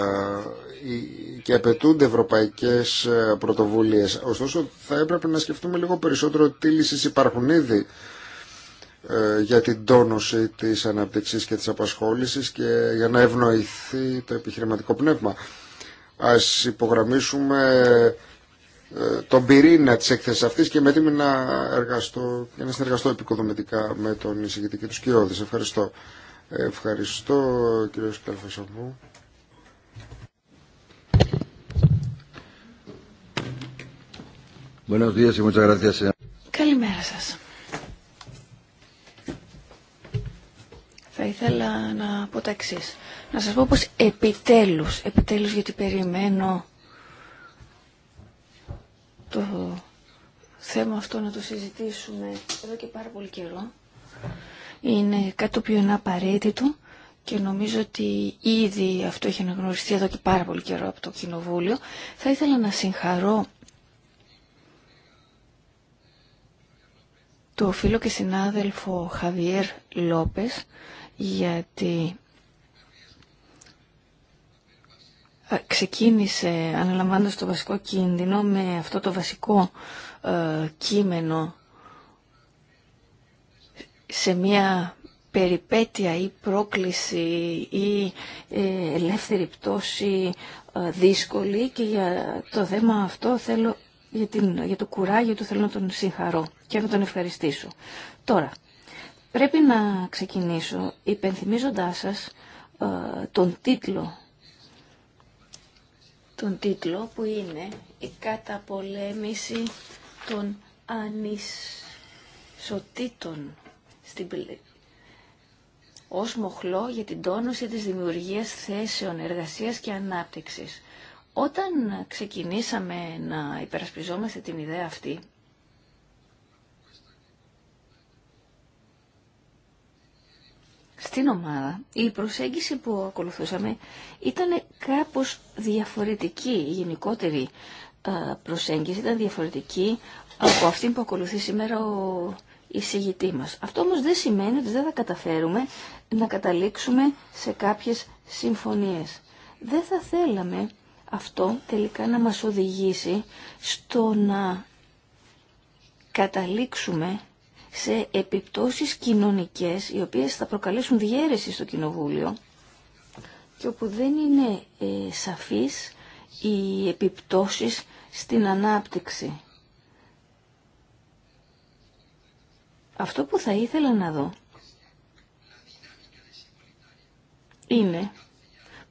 ε, και απαιτούνται ευρωπαϊκές πρωτοβουλίες. Ωστόσο, θα έπρεπε να σκεφτούμε λίγο περισσότερο τι λύσεις υπάρχουν ήδη για την τόνωση της αναπτυξής και της απασχόλησης και για να ευνοηθεί το επιχειρηματικό πνεύμα. Ας υπογραμμίσουμε τον πυρήνα της έκθεσης αυτής και είμαι έτοιμη να, εργαστώ, και να συνεργαστώ επικοδομητικά με τον εισηγητή και τους κοιόδης. Ευχαριστώ. Ευχαριστώ κύριο Καλφασοβού. Καλημέρα σας. Θα ήθελα να πω τα εξής. Να σας πω πως επιτέλους, επιτέλους γιατί περιμένω το θέμα αυτό να το συζητήσουμε εδώ και πάρα πολύ καιρό. Είναι κάτι το οποίο είναι απαραίτητο και νομίζω ότι ήδη αυτό έχει αναγνωριστεί εδώ και πάρα πολύ καιρό από το Κοινοβούλιο. Θα ήθελα να συγχαρώ το φίλο και συνάδελφο Χαβιέρ Λόπες γιατί Ε, ξεκίνησε αναλαμβάνοντας το βασικό κίνδυνο με αυτό το βασικό ε, κείμενο σε μια περιπέτεια ή πρόκληση ή ε, ελεύθερη πτώση δύσκολη και για το θέμα αυτό θέλω για, την, για το κουράγιο του θέλω να τον συγχαρώ και να τον ευχαριστήσω. Τώρα, πρέπει να ξεκινήσω υπενθυμίζοντάς σας τον τίτλο τον τίτλο που είναι «Η καταπολέμηση των ανισοτήτων στην ως μοχλό για την τόνωση της δημιουργίας θέσεων εργασίας και ανάπτυξης». Όταν ξεκινήσαμε να υπερασπιζόμαστε την ιδέα αυτή, στην ομάδα, η προσέγγιση που ακολουθούσαμε ήταν κάπως διαφορετική. Η γενικότερη ε, προσέγγιση ήταν διαφορετική από αυτή που ακολουθεί σήμερα ο εισηγητή μας. Αυτό όμως δεν σημαίνει ότι δεν θα καταφέρουμε να καταλήξουμε σε κάποιες συμφωνίες. Δεν θα θέλαμε αυτό τελικά να μας οδηγήσει στο να καταλήξουμε σε επιπτώσεις κοινωνικές οι οποίες θα προκαλέσουν διέρεση στο Κοινοβούλιο και όπου δεν είναι ε, σαφείς οι επιπτώσεις στην ανάπτυξη. Αυτό που θα ήθελα να δω είναι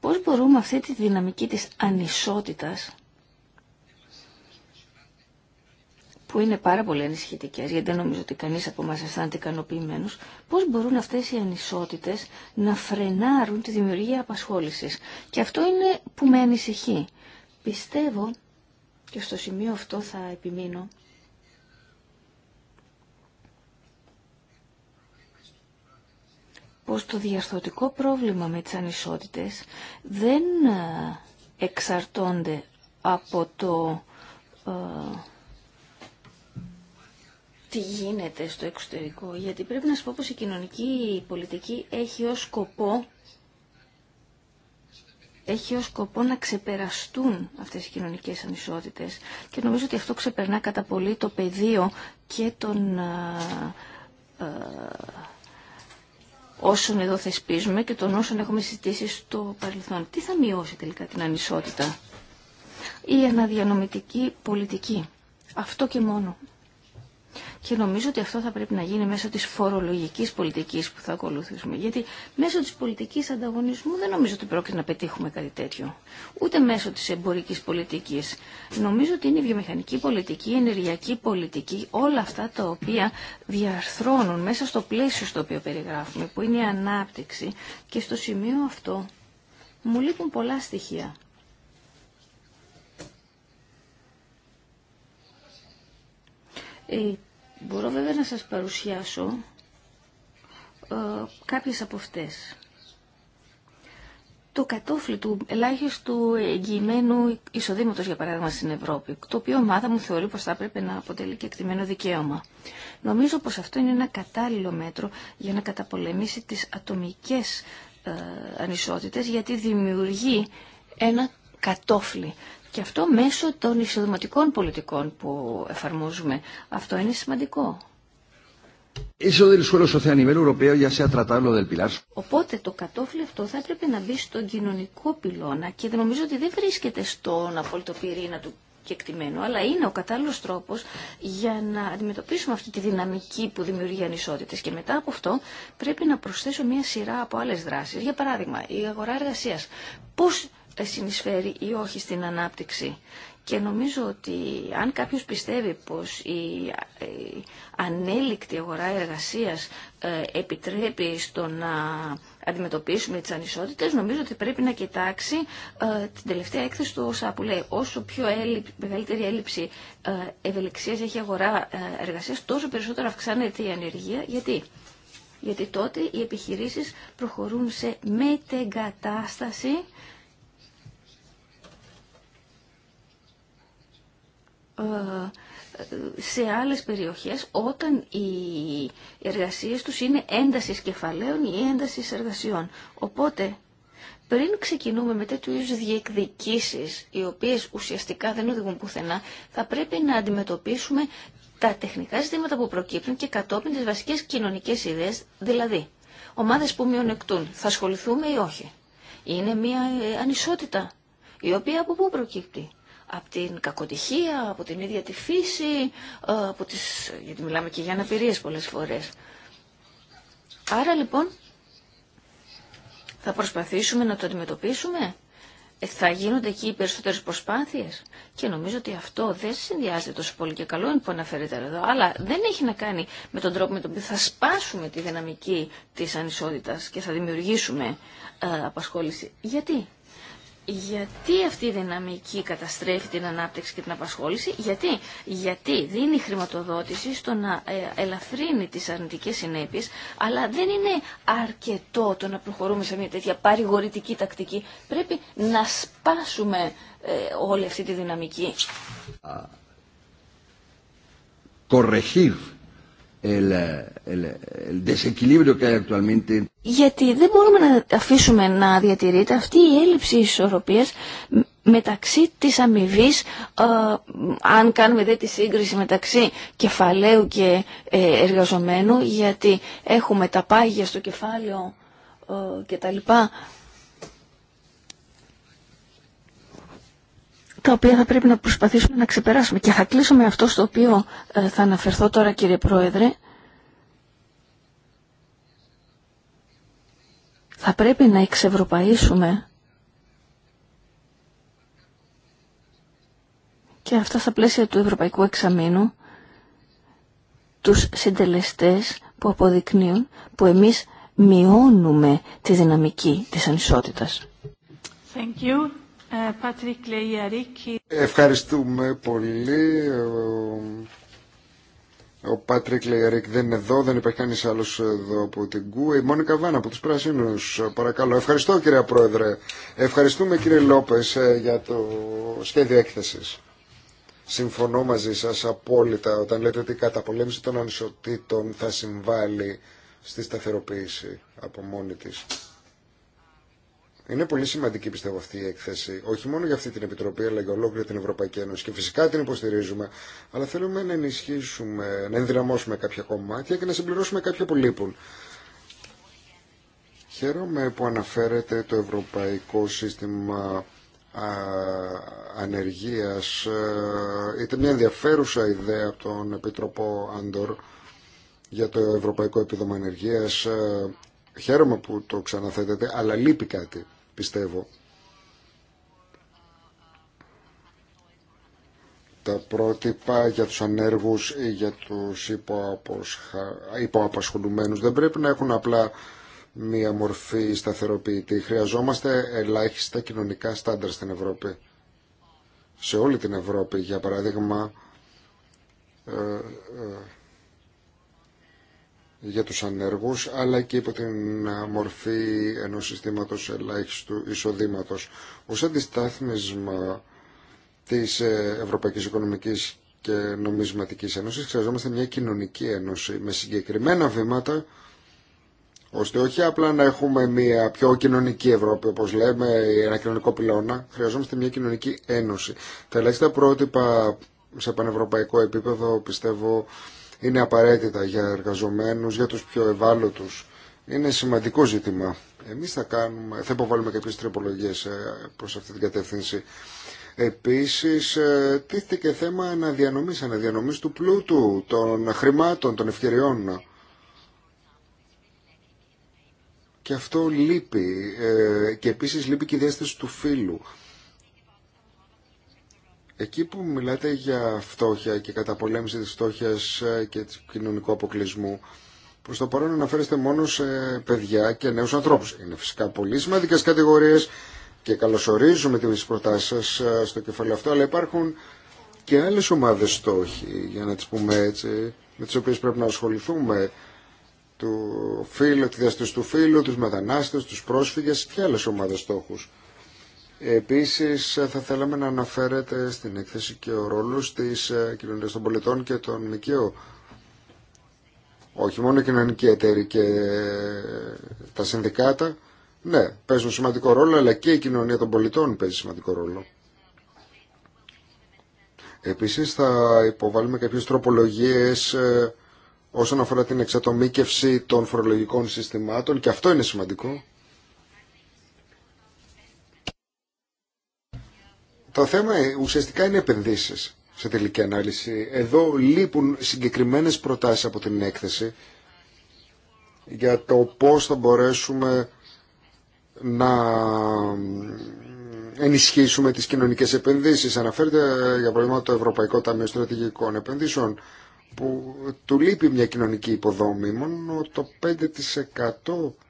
πώς μπορούμε αυτή τη δυναμική της ανισότητας που είναι πάρα πολύ ανησυχητικέ, γιατί δεν νομίζω ότι κανεί από εμά αισθάνεται ικανοποιημένο, πώ μπορούν αυτέ οι ανισότητε να φρενάρουν τη δημιουργία απασχόληση. Και αυτό είναι που με ανησυχεί. Πιστεύω, και στο σημείο αυτό θα επιμείνω, πως το διαστοτικό πρόβλημα με τις ανισότητες δεν ε, εξαρτώνται από το ε, τι γίνεται στο εξωτερικό, γιατί πρέπει να σου πω πως η κοινωνική πολιτική έχει ως σκοπό έχει ως σκοπό να ξεπεραστούν αυτές οι κοινωνικές ανισότητες και νομίζω ότι αυτό ξεπερνά κατά πολύ το πεδίο και των όσων εδώ θεσπίζουμε και των όσων έχουμε συζητήσει στο παρελθόν. Τι θα μειώσει τελικά την ανισότητα. Η αναδιανομητική πολιτική. Αυτό και μόνο. Και νομίζω ότι αυτό θα πρέπει να γίνει μέσω της φορολογικής πολιτικής που θα ακολουθήσουμε. Γιατί μέσω της πολιτικής ανταγωνισμού δεν νομίζω ότι πρόκειται να πετύχουμε κάτι τέτοιο. Ούτε μέσω της εμπορικής πολιτικής. Νομίζω ότι είναι η βιομηχανική πολιτική, η ενεργειακή πολιτική, όλα αυτά τα οποία διαρθρώνουν μέσα στο πλαίσιο στο οποίο περιγράφουμε, που είναι η ανάπτυξη. Και στο σημείο αυτό μου λείπουν πολλά στοιχεία. Ε, Μπορώ βέβαια να σας παρουσιάσω ε, κάποιες από αυτές. Το κατόφλι του ελάχιστου εγγυημένου εισοδήματος, για παράδειγμα, στην Ευρώπη, το οποίο ομάδα μου θεωρεί πως θα έπρεπε να αποτελεί και εκτιμένο δικαίωμα. Νομίζω πως αυτό είναι ένα κατάλληλο μέτρο για να καταπολεμήσει τις ατομικές ε, ανισότητες, γιατί δημιουργεί ένα κατόφλι. Και αυτό μέσω των ισοδηματικών πολιτικών που εφαρμόζουμε. Αυτό είναι σημαντικό. Οπότε το κατόφλι αυτό θα έπρεπε να μπει στον κοινωνικό πυλώνα και νομίζω ότι δεν βρίσκεται στον απόλυτο πυρήνα του κεκτημένου, αλλά είναι ο κατάλληλο τρόπο για να αντιμετωπίσουμε αυτή τη δυναμική που δημιουργεί ανισότητε. Και μετά από αυτό πρέπει να προσθέσω μία σειρά από άλλε δράσει. Για παράδειγμα, η αγορά εργασία. Πώ ε, συνεισφέρει ή όχι στην ανάπτυξη. Και νομίζω ότι αν κάποιος πιστεύει πως η ε, ανέλικτη αγορά εργασίας ε, επιτρέπει στο να αντιμετωπίσουμε τις ανισότητες, νομίζω ότι πρέπει να κοιτάξει την τελευταία έκθεση του ΩΣΑ που λέει όσο πιο μεγαλύτερη έλλειψη ευελιξίας έχει αγορά εργασίας, τόσο περισσότερο αυξάνεται η ανεργία. Γιατί? Γιατί τότε οι επιχειρήσεις προχωρούν σε μετεγκατάσταση σε άλλες περιοχές όταν οι εργασίες τους είναι έντασης κεφαλαίων ή έντασης εργασιών. Οπότε πριν ξεκινούμε με τέτοιου είδου διεκδικήσεις, οι οποίες ουσιαστικά δεν οδηγούν πουθενά, θα πρέπει να αντιμετωπίσουμε τα τεχνικά ζητήματα που προκύπτουν και κατόπιν τις βασικές κοινωνικές ιδέες, δηλαδή ομάδες που μειονεκτούν, θα ασχοληθούμε ή όχι. Είναι μια ανισότητα, η οποία από πού προκύπτει από την κακοτυχία, από την ίδια τη φύση, ε, από τις... γιατί μιλάμε και για αναπηρίες πολλές φορές. Άρα λοιπόν θα προσπαθήσουμε να το αντιμετωπίσουμε. Ε, θα γίνονται εκεί οι περισσότερες προσπάθειες και νομίζω ότι αυτό δεν συνδυάζεται τόσο πολύ και καλό είναι που αναφέρεται εδώ, αλλά δεν έχει να κάνει με τον τρόπο με τον οποίο θα σπάσουμε τη δυναμική της ανισότητας και θα δημιουργήσουμε ε, απασχόληση. Γιατί? Γιατί αυτή η δυναμική καταστρέφει την ανάπτυξη και την απασχόληση, γιατί, γιατί δίνει χρηματοδότηση στο να ε, ελαφρύνει τις αρνητικές συνέπειες, αλλά δεν είναι αρκετό το να προχωρούμε σε μια τέτοια παρηγορητική τακτική. Πρέπει να σπάσουμε ε, όλη αυτή τη δυναμική. Γιατί δεν μπορούμε να αφήσουμε να διατηρείται αυτή η έλλειψη ισορροπίας μεταξύ της αμοιβή, ε, αν κάνουμε δε τη σύγκριση μεταξύ κεφαλαίου και ε, εργαζομένου, γιατί έχουμε τα πάγια στο κεφάλαιο ε, και τα λοιπά τα οποία θα πρέπει να προσπαθήσουμε να ξεπεράσουμε. Και θα κλείσω με αυτό στο οποίο ε, θα αναφερθώ τώρα κύριε Πρόεδρε. Θα πρέπει να εξευρωπαίσουμε και αυτά στα πλαίσια του Ευρωπαϊκού Εξαμήνου τους συντελεστές που αποδεικνύουν που εμείς μειώνουμε τη δυναμική της ανισότητας. Thank you. Ευχαριστούμε πολύ. Ο Πάτρικ Λεϊαρίκ δεν είναι εδώ, δεν υπάρχει κανεί άλλο εδώ από την ΚΟΥΕ. Η Μόνικα Βάνα από του πράσινου. παρακαλώ. Ευχαριστώ κύριε Πρόεδρε. Ευχαριστούμε κύριε Λόπε ε, για το σχέδιο έκθεση. Συμφωνώ μαζί σα απόλυτα όταν λέτε ότι η καταπολέμηση των ανισοτήτων θα συμβάλλει στη σταθεροποίηση από μόνη τη. Είναι πολύ σημαντική πιστεύω αυτή η έκθεση, όχι μόνο για αυτή την Επιτροπή αλλά για ολόκληρη την Ευρωπαϊκή Ένωση και φυσικά την υποστηρίζουμε, αλλά θέλουμε να ενισχύσουμε, να ενδυναμώσουμε κάποια κομμάτια και να συμπληρώσουμε κάποια που λείπουν. Χαίρομαι που αναφέρεται το Ευρωπαϊκό Σύστημα Ανεργίας. Ε, ήταν μια ενδιαφέρουσα ιδέα από τον Επίτροπο Άντορ για το Ευρωπαϊκό Επίδομα Ανεργίας. Ε, χαίρομαι που το ξαναθέτετε, αλλά λείπει κάτι πιστεύω. Τα πρότυπα για τους ανέργους ή για τους υποαπασχολουμένους δεν πρέπει να έχουν απλά μία μορφή σταθεροποιητή. Χρειαζόμαστε ελάχιστα κοινωνικά στάνταρ στην Ευρώπη. Σε όλη την Ευρώπη, για παράδειγμα, ε, ε, για τους ανέργους αλλά και υπό την ε, μορφή ενός συστήματος ελάχιστου εισοδήματος. Ως αντιστάθμισμα της ε, Ευρωπαϊκής Οικονομικής και Νομισματικής Ένωσης χρειαζόμαστε μια κοινωνική ένωση με συγκεκριμένα βήματα ώστε όχι απλά να έχουμε μια πιο κοινωνική Ευρώπη, όπως λέμε, ένα κοινωνικό πυλώνα, χρειαζόμαστε μια κοινωνική ένωση. Τα ελάχιστα πρότυπα σε πανευρωπαϊκό επίπεδο, πιστεύω, είναι απαραίτητα για εργαζομένους, για τους πιο ευάλωτους. Είναι σημαντικό ζήτημα. Εμείς θα, κάνουμε, θα υποβάλουμε κάποιες τροπολογίες ε, προς αυτή την κατεύθυνση. Επίσης, ε, τίθεται θέμα αναδιανομής, αναδιανομής του πλούτου, των χρημάτων, των ευκαιριών. Και αυτό λείπει. Ε, και επίσης λείπει και η διάσταση του φύλου. Εκεί που μιλάτε για φτώχεια και καταπολέμηση της φτώχειας ε, και του κοινωνικού αποκλεισμού, προς το παρόν αναφέρεστε μόνο σε παιδιά και νέους ανθρώπους. Είναι φυσικά πολύ σημαντικέ κατηγορίες και καλωσορίζουμε τις προτάσεις σας ε, στο κεφάλαιο αυτό, αλλά υπάρχουν και άλλες ομάδες στόχοι, για να τις πούμε έτσι, με τις οποίες πρέπει να ασχοληθούμε. Του φίλου, τη διαστήση του φίλου, τους μετανάστες, τους πρόσφυγες και άλλες ομάδες στόχους. Επίσης θα θέλαμε να αναφέρεται στην έκθεση και ο ρόλος της ε, κοινωνίας των πολιτών και των ΜΚΟ. Όχι μόνο οι κοινωνικοί εταίροι και ε, τα συνδικάτα, ναι, παίζουν σημαντικό ρόλο, αλλά και η κοινωνία των πολιτών παίζει σημαντικό ρόλο. Επίσης θα υποβάλουμε κάποιες τροπολογίες ε, όσον αφορά την εξατομήκευση των φορολογικών συστημάτων και αυτό είναι σημαντικό. Το θέμα ουσιαστικά είναι επενδύσεις σε τελική ανάλυση. Εδώ λείπουν συγκεκριμένες προτάσεις από την έκθεση για το πώς θα μπορέσουμε να ενισχύσουμε τις κοινωνικές επενδύσεις. Αναφέρεται για παράδειγμα το Ευρωπαϊκό Ταμείο Στρατηγικών Επενδύσεων που του λείπει μια κοινωνική υποδόμη. Μόνο το 5%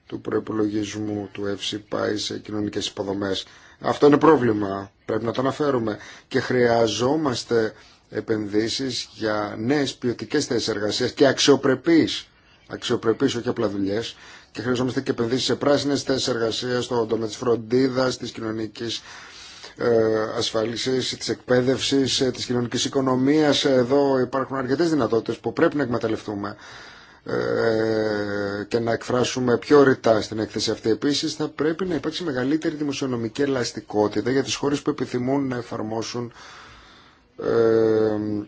του προϋπολογισμού του ΕΦΣΥ πάει σε κοινωνικές υποδομές. Αυτό είναι πρόβλημα, πρέπει να το αναφέρουμε. Και χρειαζόμαστε επενδύσεις για νέες ποιοτικές θέσεις εργασίας και αξιοπρεπείς, αξιοπρεπείς όχι απλά δουλειές, και χρειαζόμαστε και επενδύσεις σε πράσινες θέσεις εργασίας, στον τομέα της φροντίδας, της κοινωνικής ε, ασφάλισης, της εκπαίδευσης, ε, της κοινωνικής οικονομίας. Εδώ υπάρχουν αρκετές δυνατότητες που πρέπει να εκμεταλλευτούμε ε, και να εκφράσουμε πιο ρητά στην έκθεση αυτή. Επίσης θα πρέπει να υπάρξει μεγαλύτερη δημοσιονομική ελαστικότητα για τις χώρες που επιθυμούν να εφαρμόσουν ε,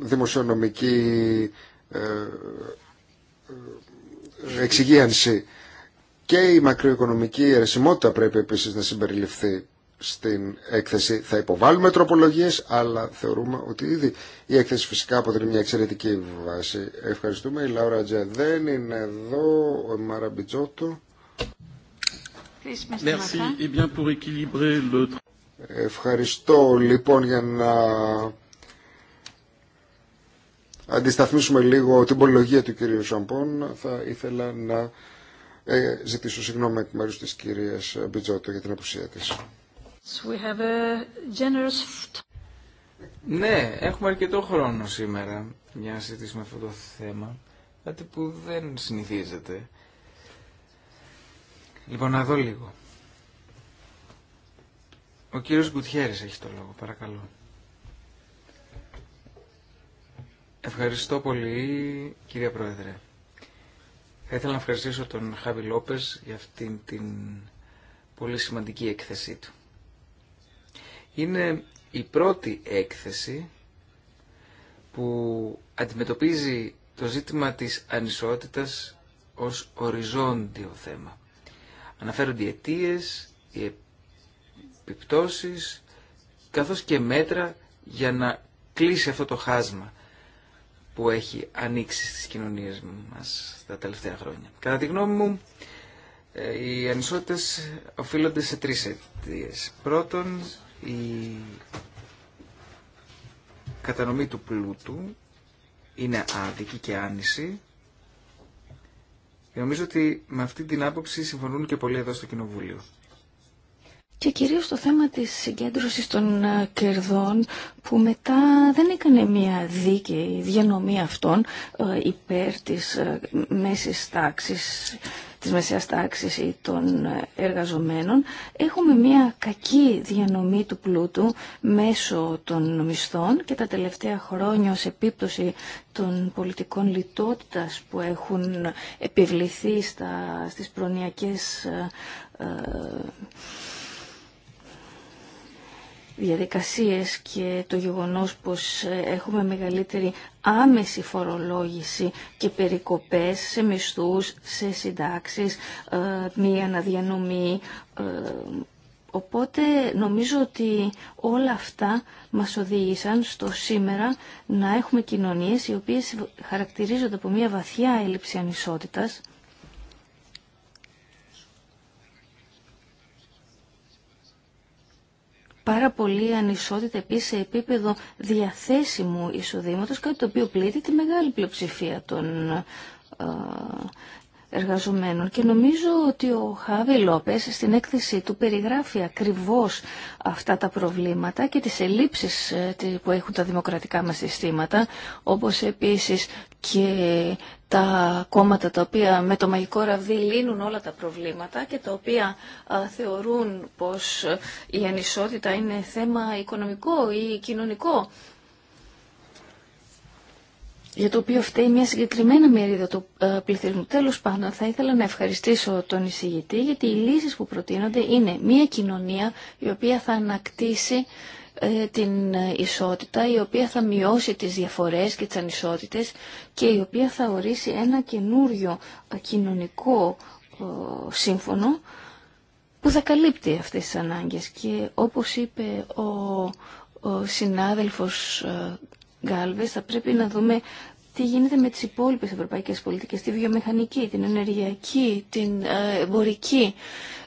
δημοσιονομική ε, εξυγίανση. Και η μακροοικονομική αιρεσιμότητα πρέπει επίσης να συμπεριληφθεί στην έκθεση. Θα υποβάλουμε τροπολογίες, αλλά θεωρούμε ότι ήδη η έκθεση φυσικά αποτελεί μια εξαιρετική βάση. Ευχαριστούμε. Η Λαούρα Τζε δεν είναι εδώ, ο Μαραμπιτζότο. Ευχαριστώ λοιπόν για να αντισταθμίσουμε λίγο την πολυλογία του κυρίου Σαμπών. Θα ήθελα να ε, ζητήσω συγγνώμη εκ μέρους της κυρίας Μπιτζότο για την απουσία της. Ναι, έχουμε αρκετό χρόνο σήμερα για να συζητήσουμε αυτό το θέμα. Κάτι που δεν συνηθίζεται. Λοιπόν, να δω λίγο. Ο κύριος Γκουτιέρης έχει το λόγο, παρακαλώ. Ευχαριστώ πολύ, κύριε Πρόεδρε. Θα ήθελα να ευχαριστήσω τον Χάβι Λόπες για αυτήν την πολύ σημαντική έκθεσή του. Είναι η πρώτη έκθεση που αντιμετωπίζει το ζήτημα της ανισότητας ως οριζόντιο θέμα. Αναφέρονται οι αιτίες, οι επιπτώσεις, καθώς και μέτρα για να κλείσει αυτό το χάσμα που έχει ανοίξει στις κοινωνίες μας τα τελευταία χρόνια. Κατά τη γνώμη μου, ε, οι ανισότητες οφείλονται σε τρεις αιτίες. Πρώτον, η κατανομή του πλούτου είναι άδικη και άνηση. Και νομίζω ότι με αυτή την άποψη συμφωνούν και πολλοί εδώ στο Κοινοβούλιο. Και κυρίως το θέμα της συγκέντρωσης των ε, κερδών που μετά δεν έκανε μια δίκαιη διανομή αυτών ε, υπέρ της ε, μέσης τάξης της μεσαίας τάξης ή των εργαζομένων, έχουμε μια κακή διανομή του πλούτου μέσω των μισθών και τα τελευταία χρόνια ως επίπτωση των πολιτικών λιτότητας που έχουν επιβληθεί στα, στις προνοιακές ε, διαδικασίες και το γεγονός πως ε, έχουμε μεγαλύτερη άμεση φορολόγηση και περικοπές σε μισθούς, σε συντάξεις, ε, μία αναδιανομή. Ε, οπότε νομίζω ότι όλα αυτά μας οδήγησαν στο σήμερα να έχουμε κοινωνίες οι οποίες χαρακτηρίζονται από μια βαθιά έλλειψη ανισότητας πάρα πολύ ανισότητα επίση σε επίπεδο διαθέσιμου εισοδήματο, κάτι το οποίο πλήττει τη μεγάλη πλειοψηφία των ε, εργαζομένων. Και νομίζω ότι ο Χάβι Λόπες στην έκθεσή του περιγράφει ακριβώς αυτά τα προβλήματα και τις ελλείψεις ε, που έχουν τα δημοκρατικά μας συστήματα, όπως επίσης και τα κόμματα τα οποία με το μαγικό ραβδί λύνουν όλα τα προβλήματα και τα οποία θεωρούν πως ε, η ανισότητα είναι θέμα οικονομικό ή κοινωνικό για το οποίο φταίει μια συγκεκριμένη μερίδα του ε, πληθυσμού. Τέλος πάντων, θα ήθελα να ευχαριστήσω τον εισηγητή, γιατί οι λύσεις που προτείνονται είναι μια κοινωνία η οποία θα ανακτήσει ε, την ε, ισότητα, η οποία θα μειώσει τις διαφορές και τις ανισότητες και η οποία θα ορίσει ένα καινούριο κοινωνικό σύμφωνο που θα καλύπτει αυτές τις ανάγκες. Και όπως είπε ο, ο συνάδελφος θα πρέπει να δούμε τι γίνεται με τις υπόλοιπες ευρωπαϊκές πολιτικές, τη βιομηχανική, την ενεργειακή, την ε, εμπορική.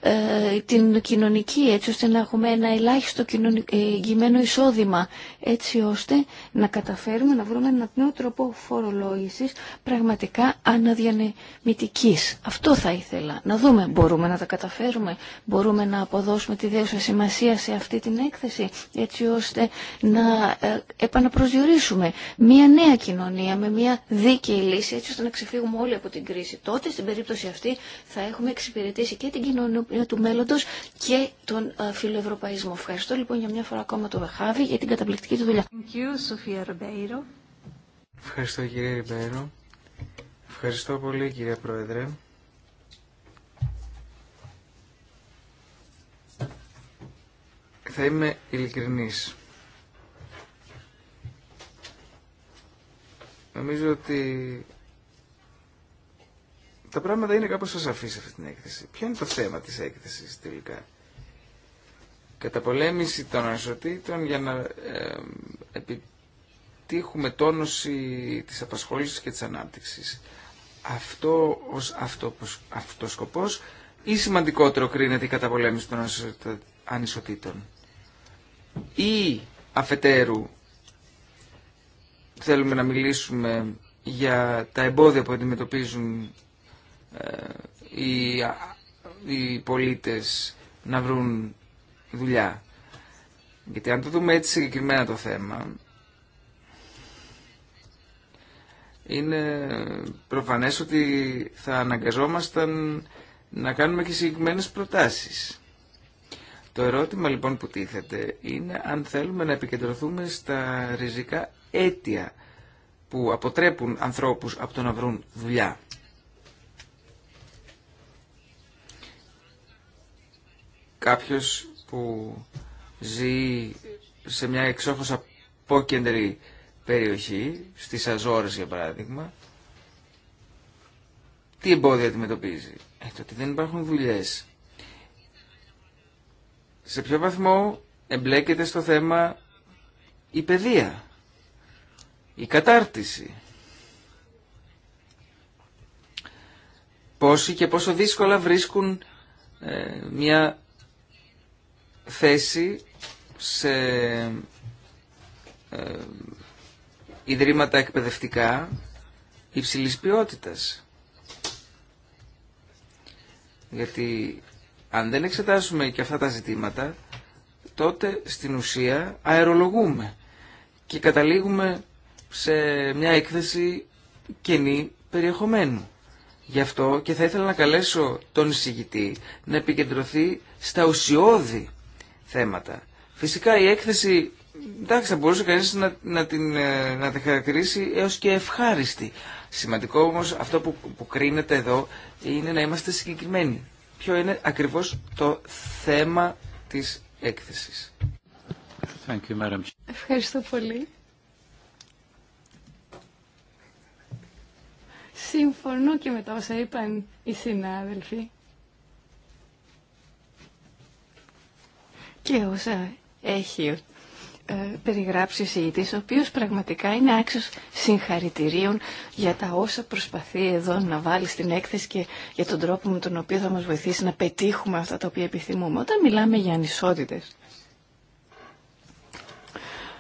Ε, την κοινωνική έτσι ώστε να έχουμε ένα ελάχιστο ε, εγγυημένο εισόδημα έτσι ώστε να καταφέρουμε να βρούμε έναν νέο τρόπο φορολόγησης πραγματικά αναδιανεμητικής. Αυτό θα ήθελα να δούμε. Μπορούμε να τα καταφέρουμε, μπορούμε να αποδώσουμε τη δέουσα σημασία σε αυτή την έκθεση έτσι ώστε να ε, επαναπροσδιορίσουμε μια νέα κοινωνία με μια δίκαιη λύση έτσι ώστε να ξεφύγουμε όλοι από την κρίση. Τότε στην περίπτωση αυτή θα έχουμε εξυπηρετήσει και την κοινωνία ε, του μέλλοντος και τον ε, φιλοευρωπαϊσμό. Ευχαριστώ λοιπόν για μια φορά ακόμα το Βεχάβη για την καταπληκτική του δουλειά. Ευχαριστώ κύριε Ριμπέρο. Ευχαριστώ πολύ κύριε Πρόεδρε. Θα είμαι ειλικρινής. Νομίζω ότι τα πράγματα είναι κάπως ασαφή σε αυτή την έκθεση. Ποιο είναι το θέμα της έκθεσης τελικά. Καταπολέμηση των ανισοτήτων για να επιτύχουμε τόνωση της απασχόλησης και της ανάπτυξης. Αυτό ως αυτό, αυτός σκοπός ή σημαντικότερο κρίνεται η καταπολέμηση των ανισοτήτων. Ή αφετέρου θέλουμε να μιλήσουμε για τα εμπόδια που αντιμετωπίζουν ε, οι, οι πολίτες να βρουν δουλειά. Γιατί αν το δούμε έτσι συγκεκριμένα το θέμα, είναι προφανές ότι θα αναγκαζόμασταν να κάνουμε και συγκεκριμένες προτάσεις. Το ερώτημα λοιπόν που τίθεται είναι αν θέλουμε να επικεντρωθούμε στα ριζικά αίτια που αποτρέπουν ανθρώπους από το να βρουν δουλειά. κάποιος που ζει σε μια εξόχως απόκεντρη περιοχή, στις Αζόρες για παράδειγμα, τι εμπόδια αντιμετωπίζει. Ε, το ότι δεν υπάρχουν δουλειές. Σε ποιο βαθμό εμπλέκεται στο θέμα η παιδεία, η κατάρτιση. Πόσοι και πόσο δύσκολα βρίσκουν ε, μια θέση σε ε, ιδρύματα εκπαιδευτικά υψηλής ποιότητας. Γιατί αν δεν εξετάσουμε και αυτά τα ζητήματα, τότε στην ουσία αερολογούμε και καταλήγουμε σε μια έκθεση κενή περιεχομένου. Γι' αυτό και θα ήθελα να καλέσω τον εισηγητή να επικεντρωθεί στα ουσιώδη θέματα. Φυσικά η έκθεση, εντάξει θα μπορούσε κανείς να, να, την, ε, να την χαρακτηρίσει έως και ευχάριστη. Σημαντικό όμως αυτό που, που κρίνεται εδώ είναι να είμαστε συγκεκριμένοι. Ποιο είναι ακριβώς το θέμα της έκθεσης. Thank you, Madam. Ευχαριστώ πολύ. Συμφωνώ και με τα όσα είπαν οι συνάδελφοι. και όσα έχει ε, περιγράψει η ο οποίος πραγματικά είναι άξιος συγχαρητηρίων για τα όσα προσπαθεί εδώ να βάλει στην έκθεση και για τον τρόπο με τον οποίο θα μας βοηθήσει να πετύχουμε αυτά τα οποία επιθυμούμε. Όταν μιλάμε για ανισότητες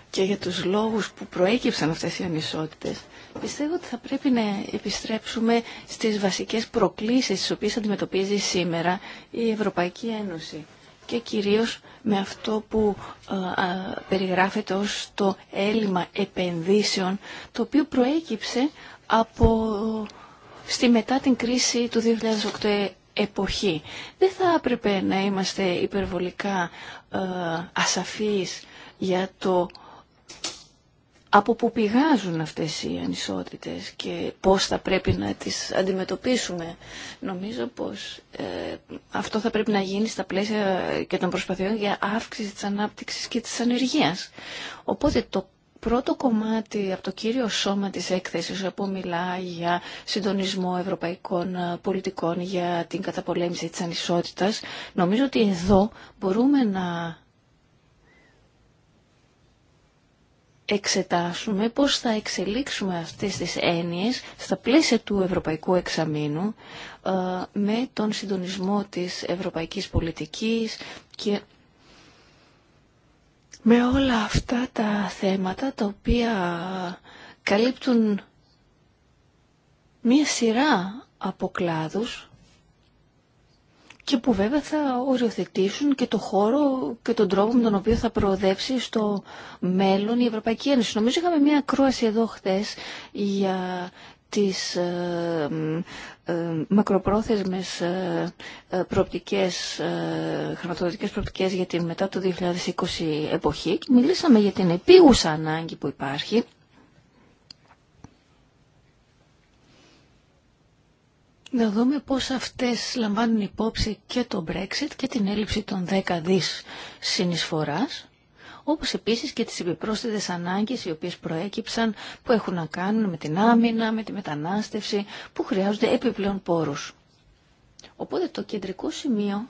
και για τους λόγους που προέκυψαν αυτές οι ανισότητες, πιστεύω ότι θα πρέπει να επιστρέψουμε στις βασικές προκλήσεις τις οποίες αντιμετωπίζει σήμερα η Ευρωπαϊκή Ένωση και κυρίως με αυτό που ε, περιγράφεται ως το έλλειμμα επενδύσεων, το οποίο προέκυψε από στη μετά την κρίση του 2008 ε, εποχή. Δεν θα έπρεπε να είμαστε υπερβολικά ε, ασαφείς για το από πού πηγάζουν αυτές οι ανισότητες και πώς θα πρέπει να τις αντιμετωπίσουμε. Νομίζω πως ε, αυτό θα πρέπει να γίνει στα πλαίσια και των προσπαθειών για αύξηση της ανάπτυξης και της ανεργίας. Οπότε το πρώτο κομμάτι από το κύριο σώμα της έκθεσης όπου μιλά για συντονισμό ευρωπαϊκών πολιτικών για την καταπολέμηση της ανισότητας, νομίζω ότι εδώ μπορούμε να εξετάσουμε πώς θα εξελίξουμε αυτές τις έννοιες στα πλαίσια του Ευρωπαϊκού Εξαμήνου ε, με τον συντονισμό της ευρωπαϊκής πολιτικής και με όλα αυτά τα θέματα τα οποία καλύπτουν μία σειρά από κλάδους και που βέβαια θα οριοθετήσουν και το χώρο και τον τρόπο με τον οποίο θα προοδεύσει στο μέλλον η Ευρωπαϊκή Ένωση. Νομίζω είχαμε μια ακρόαση εδώ χθες για τις ε, ε, μακροπρόθεσμες ε, ε, προοπτικές, ε, χρηματοδοτικές προοπτικές για την μετά το 2020 εποχή μιλήσαμε για την επίγουσα ανάγκη που υπάρχει να δούμε πώς αυτές λαμβάνουν υπόψη και το Brexit και την έλλειψη των 10 δις συνεισφοράς, όπως επίσης και τις επιπρόσθετες ανάγκες οι οποίες προέκυψαν που έχουν να κάνουν με την άμυνα, με τη μετανάστευση, που χρειάζονται επιπλέον πόρους. Οπότε το κεντρικό σημείο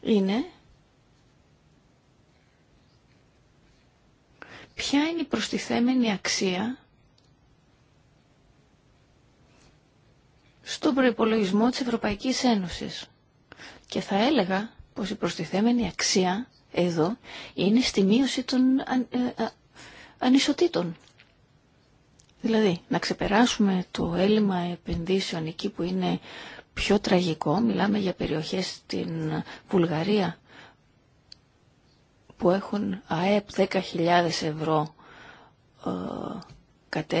είναι ποια είναι η προστιθέμενη αξία στον προϋπολογισμό της Ευρωπαϊκής Ένωσης. Και θα έλεγα πως η προστιθέμενη αξία εδώ είναι στη μείωση των ε, ε, ανισοτήτων. Δηλαδή, να ξεπεράσουμε το έλλειμμα επενδύσεων εκεί που είναι πιο τραγικό, μιλάμε για περιοχές στην Βουλγαρία που έχουν ΑΕΠ 10.000 ευρώ ε, κατ'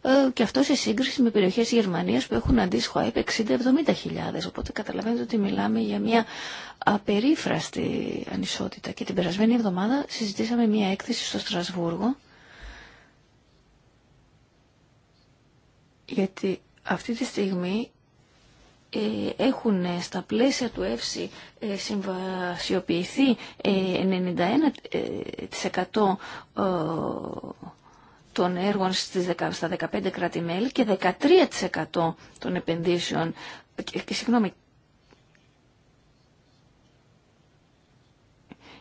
Ε, και αυτό σε σύγκριση με περιοχές Γερμανία Γερμανίας που έχουν αντίστοιχο ΑΕΠ 60-70 Οπότε καταλαβαίνετε ότι μιλάμε για μια απερίφραστη ανισότητα. Και την περασμένη εβδομάδα συζητήσαμε μια έκθεση στο Στρασβούργο γιατί αυτή τη στιγμή ε, έχουν στα πλαίσια του ΕΦΣΙ ε, συμβασιοποιηθεί 91% των έργων στις, στα 15 κράτη-μέλη και 13% των επενδύσεων, και, συγγνώμη,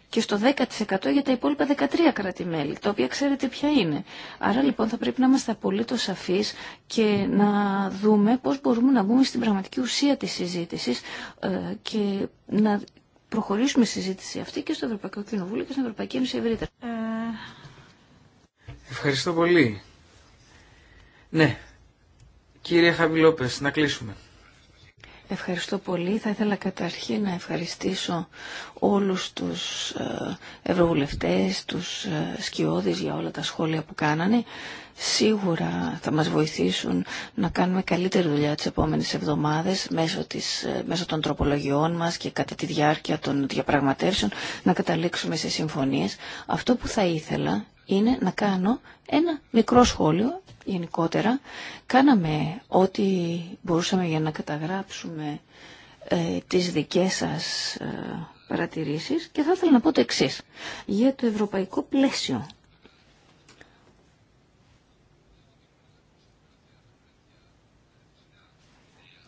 και στο 10% για τα υπόλοιπα 13 κράτη-μέλη, τα οποία ξέρετε ποια είναι. Άρα λοιπόν θα πρέπει να είμαστε απολύτω σαφεί και να δούμε πώς μπορούμε να μπούμε στην πραγματική ουσία της συζήτησης ε, και να προχωρήσουμε στη συζήτηση αυτή και στο Ευρωπαϊκό Κοινοβούλιο και στην Ευρωπαϊκή Ένωση ευρύτερα. Ε, Ευχαριστώ πολύ. Ναι. Κύριε Χαβιλόπε, να κλείσουμε. Ευχαριστώ πολύ. Θα ήθελα καταρχήν να ευχαριστήσω όλους τους ε, ευρωβουλευτές, τους ε, σκιώδεις για όλα τα σχόλια που κάνανε. Σίγουρα θα μας βοηθήσουν να κάνουμε καλύτερη δουλειά τις επόμενες εβδομάδες μέσω, ε, μέσω των τροπολογιών μας και κατά τη διάρκεια των διαπραγματεύσεων να καταλήξουμε σε συμφωνίες. Αυτό που θα ήθελα είναι να κάνω ένα μικρό σχόλιο γενικότερα. Κάναμε ό,τι μπορούσαμε για να καταγράψουμε ε, τις δικές σας ε, παρατηρήσεις και θα ήθελα να πω το εξής. Για το ευρωπαϊκό πλαίσιο.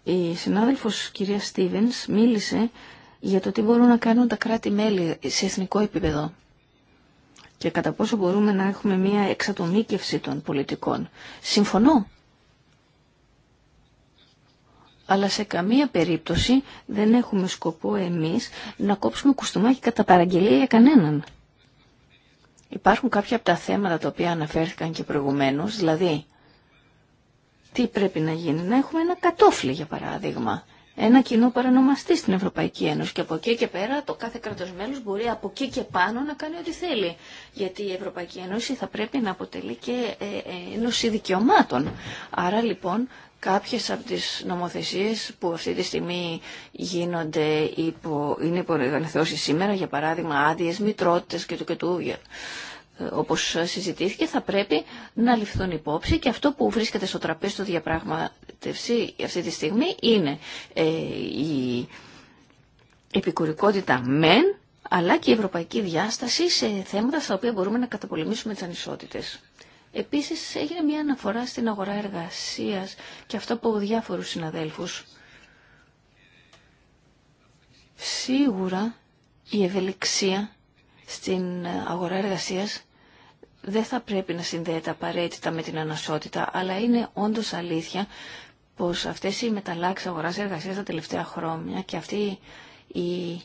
Η συνάδελφος κυρία Στίβενς μίλησε για το τι μπορούν να κάνουν τα κράτη-μέλη σε εθνικό επίπεδο και κατά πόσο μπορούμε να έχουμε μια εξατομίκευση των πολιτικών. Συμφωνώ. Αλλά σε καμία περίπτωση δεν έχουμε σκοπό εμείς να κόψουμε κουστούμάκι κατά παραγγελία για κανέναν. Υπάρχουν κάποια από τα θέματα τα οποία αναφέρθηκαν και προηγουμένως, δηλαδή τι πρέπει να γίνει, να έχουμε ένα κατόφλι για παράδειγμα ένα κοινό παρανομαστή στην Ευρωπαϊκή Ένωση. Και από εκεί και πέρα το κάθε κράτο μπορεί από εκεί και πάνω να κάνει ό,τι θέλει. Γιατί η Ευρωπαϊκή Ένωση θα πρέπει να αποτελεί και ένωση δικαιωμάτων. Άρα λοιπόν κάποιες από τις νομοθεσίες που αυτή τη στιγμή γίνονται υπό, είναι υπό σήμερα, για παράδειγμα άδειες, μητρότητες και του και του, όπως συζητήθηκε, θα πρέπει να ληφθούν υπόψη και αυτό που βρίσκεται στο τραπέζι του διαπραγματευσή αυτή τη στιγμή είναι ε, η επικουρικότητα μεν, αλλά και η ευρωπαϊκή διάσταση σε θέματα στα οποία μπορούμε να καταπολεμήσουμε τις ανισότητες. Επίσης έγινε μια αναφορά στην αγορά εργασίας και αυτό από διάφορους συναδέλφους. Σίγουρα η ευελιξία στην αγορά εργασίας δεν θα πρέπει να συνδέεται απαραίτητα με την ανασότητα, αλλά είναι όντως αλήθεια πως αυτές οι μεταλλάξεις αγοράς εργασίας τα τελευταία χρόνια και αυτή η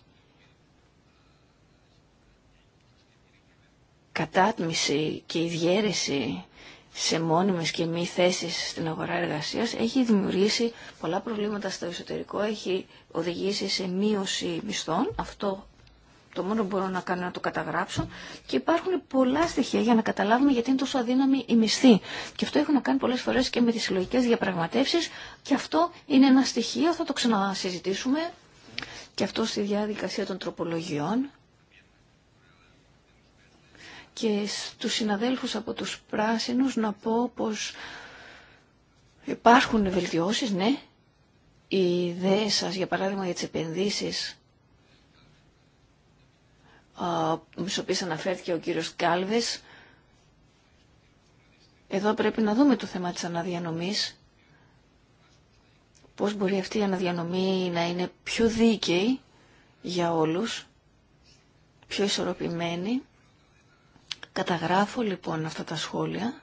κατάτμιση και η διέρεση σε μόνιμες και μη θέσεις στην αγορά εργασίας έχει δημιουργήσει πολλά προβλήματα στο εσωτερικό, έχει οδηγήσει σε μείωση μισθών, αυτό το μόνο που μπορώ να κάνω είναι να το καταγράψω. Και υπάρχουν πολλά στοιχεία για να καταλάβουμε γιατί είναι τόσο αδύναμη η μισθή. Και αυτό έχουν να κάνει πολλέ φορέ και με τι συλλογικέ διαπραγματεύσει. Και αυτό είναι ένα στοιχείο, θα το ξανασυζητήσουμε. Και αυτό στη διαδικασία των τροπολογιών. Και στους συναδέλφους από τους πράσινους να πω πως υπάρχουν βελτιώσεις, ναι. Οι ιδέες σας, για παράδειγμα, για τις επενδύσεις στις οποίες αναφέρθηκε ο κύριος Κάλβης. Εδώ πρέπει να δούμε το θέμα της αναδιανομής, πώς μπορεί αυτή η αναδιανομή να είναι πιο δίκαιη για όλους, πιο ισορροπημένη. Καταγράφω λοιπόν αυτά τα σχόλια.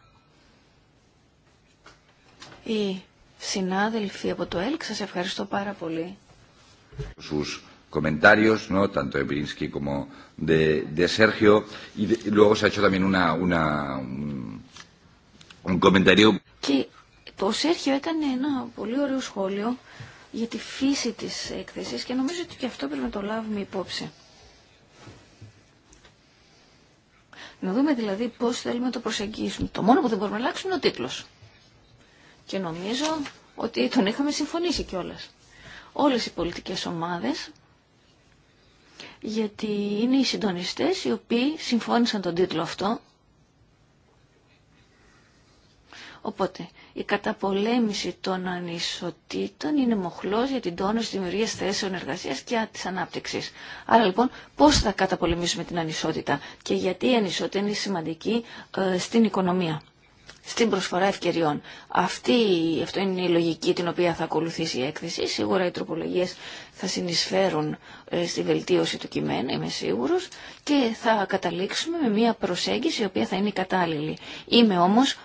Οι συνάδελφοι από το ΕΛΚ σας ευχαριστώ πάρα πολύ comentarios, ¿no? tanto de Brinsky como de, de Sergio, y, de, luego se ha hecho también una, una, un, un comentario. Και το Σέρχιο έκανε ένα πολύ ωραίο σχόλιο για τη φύση της έκθεσης και νομίζω ότι και αυτό πρέπει να το λάβουμε υπόψη. Να δούμε δηλαδή πώς θέλουμε να το προσεγγίσουμε. Το μόνο που δεν μπορούμε να αλλάξουμε είναι ο τίτλος. Και νομίζω ότι τον είχαμε συμφωνήσει κιόλα. Όλες οι πολιτικές ομάδες γιατί είναι οι συντονιστές οι οποίοι συμφώνησαν τον τίτλο αυτό. Οπότε, η καταπολέμηση των ανισοτήτων είναι μοχλός για την τόνωση δημιουργία δημιουργίας θέσεων εργασίας και της ανάπτυξης. Άρα λοιπόν, πώς θα καταπολεμήσουμε την ανισότητα και γιατί η ανισότητα είναι σημαντική ε, στην οικονομία στην προσφορά ευκαιριών. Αυτή, αυτό είναι η λογική την οποία θα ακολουθήσει η έκθεση. Σίγουρα οι τροπολογίε θα συνεισφέρουν ε, στη βελτίωση του κειμένου, είμαι σίγουρος, και θα καταλήξουμε με μια προσέγγιση η οποία θα είναι κατάλληλη. Είμαι όμως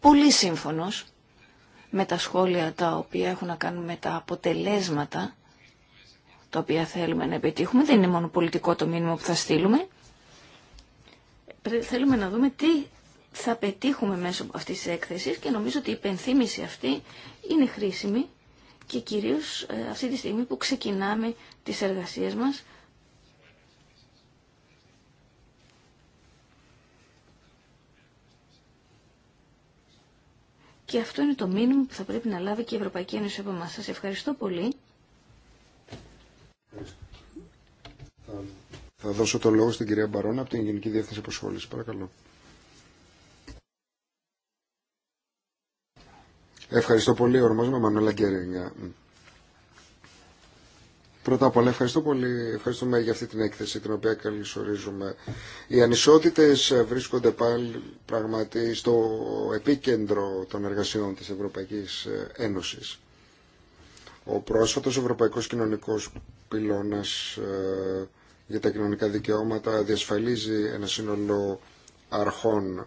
πολύ σύμφωνος με τα σχόλια τα οποία έχουν να κάνουν με τα αποτελέσματα τα οποία θέλουμε να επιτύχουμε. Δεν είναι μόνο πολιτικό το μήνυμα που θα στείλουμε. Θέλουμε να δούμε τι θα πετύχουμε μέσω αυτής της έκθεσης και νομίζω ότι η υπενθύμηση αυτή είναι χρήσιμη και κυρίως ε, αυτή τη στιγμή που ξεκινάμε τις εργασίες μας Και αυτό είναι το μήνυμα που θα πρέπει να λάβει και η Ευρωπαϊκή Ένωση από εμάς. Σας ευχαριστώ πολύ. Θα δώσω το λόγο στην κυρία Μπαρόνα από την Γενική Διεύθυνση Προσχόληση. Παρακαλώ. Ευχαριστώ πολύ, ονομάζομαι Μανώλα Γκέρινγκα. Πρώτα απ' όλα ευχαριστώ πολύ, ευχαριστούμε για αυτή την έκθεση την οποία καλωσορίζουμε. Οι ανισότητες ε, βρίσκονται πάλι πραγματι στο επίκεντρο των εργασιών της Ευρωπαϊκής ε, Ένωσης. Ο πρόσφατος Ευρωπαϊκός Κοινωνικός Πυλώνας ε, για τα κοινωνικά δικαιώματα διασφαλίζει ένα σύνολο αρχών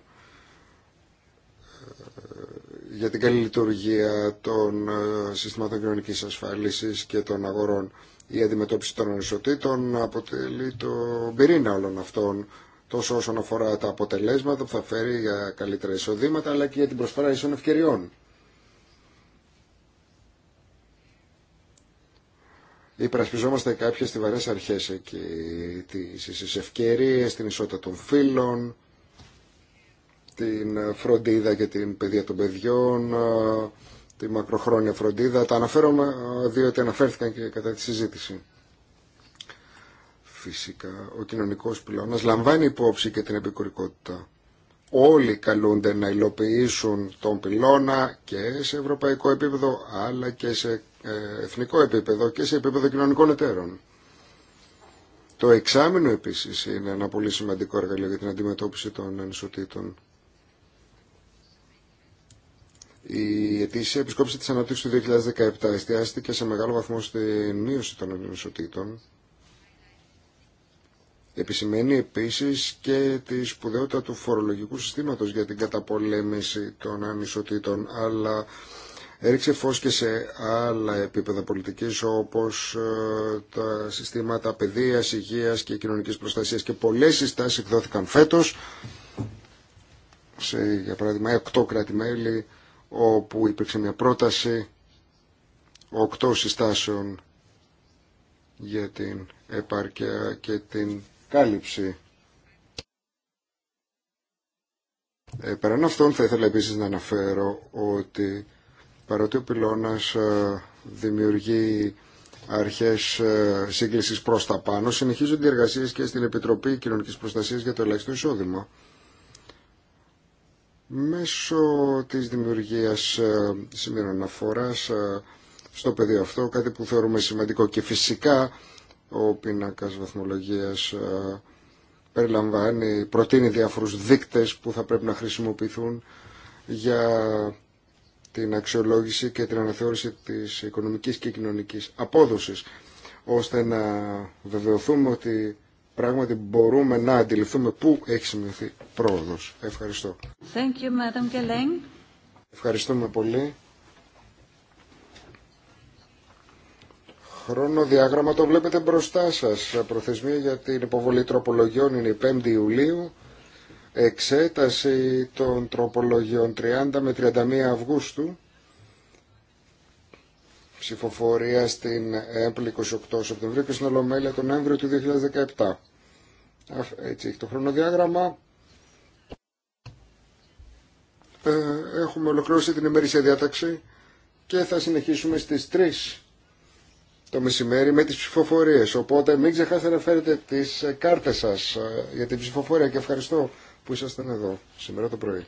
για την καλή λειτουργία των ε, συστημάτων κοινωνικής ασφάλισης και των αγορών. Η αντιμετώπιση των ανισοτήτων αποτελεί το πυρήνα όλων αυτών, τόσο όσον αφορά τα αποτελέσματα που θα φέρει για καλύτερα εισοδήματα, αλλά και για την προσφορά ίσων ευκαιριών. Υπερασπιζόμαστε κάποιες στιβαρές αρχές εκεί, τις ευκαιρίες, την ισότητα των φύλων, την ε, φροντίδα και την παιδεία των παιδιών, ε, τη μακροχρόνια φροντίδα. Τα αναφέρομαι ε, διότι αναφέρθηκαν και κατά τη συζήτηση. Φυσικά, ο κοινωνικός πυλώνας λαμβάνει υπόψη και την επικουρικότητα. Όλοι καλούνται να υλοποιήσουν τον πυλώνα και σε ευρωπαϊκό επίπεδο, αλλά και σε εθνικό επίπεδο και σε επίπεδο κοινωνικών εταίρων. Το εξάμεινο επίσης είναι ένα πολύ σημαντικό εργαλείο για την αντιμετώπιση των ανισοτήτων. Η ετήσια επισκόπηση της ανάπτυξης του 2017 εστιάστηκε σε μεγάλο βαθμό στην μείωση των ανισοτήτων. Επισημαίνει επίσης και τη σπουδαιότητα του φορολογικού συστήματος για την καταπολέμηση των ανισοτήτων, αλλά έριξε φως και σε άλλα επίπεδα πολιτικής όπως ε, τα συστήματα παιδείας, υγείας και κοινωνικής προστασίας και πολλές συστάσεις εκδόθηκαν φέτος σε, για παράδειγμα, 8 κράτη-μέλη όπου υπήρξε μια πρόταση οκτώ συστάσεων για την επάρκεια και την κάλυψη. Ε, πέραν αυτών θα ήθελα επίσης να αναφέρω ότι παρότι ο πυλώνας ε, δημιουργεί αρχές ε, σύγκλησης προς τα πάνω, συνεχίζονται οι εργασίες και στην Επιτροπή Κοινωνικής Προστασίας για το ελάχιστο εισόδημα μέσω της δημιουργίας ε, σημείων αναφοράς ε, στο πεδίο αυτό, κάτι που θεωρούμε σημαντικό και φυσικά ο πίνακας βαθμολογίας ε, περιλαμβάνει, προτείνει διάφορους δείκτες που θα πρέπει να χρησιμοποιηθούν για την αξιολόγηση και την αναθεώρηση της οικονομικής και κοινωνικής απόδοσης, ώστε να βεβαιωθούμε ότι πράγματι μπορούμε να αντιληφθούμε πού έχει σημειωθεί πρόοδος. Ευχαριστώ. Thank you, Madam Ευχαριστούμε πολύ. Χρόνο διάγραμμα το βλέπετε μπροστά σας. Προθεσμία για την υποβολή τροπολογιών είναι η 5η Ιουλίου. Εξέταση των τροπολογιών 30 με 31 Αυγούστου ψηφοφορία στην ΕΜΠΛ 28 Σεπτεμβρίου και στην Ολομέλεια τον Νοέμβριο του 2017. Έτσι έχει το χρονοδιάγραμμα. Ε, έχουμε ολοκληρώσει την ημερήσια διάταξη και θα συνεχίσουμε στις 3 το μεσημέρι με τις ψηφοφορίες. Οπότε μην ξεχάσετε να φέρετε τις κάρτες σας ε, για την ψηφοφορία και ευχαριστώ που ήσασταν εδώ σήμερα το πρωί.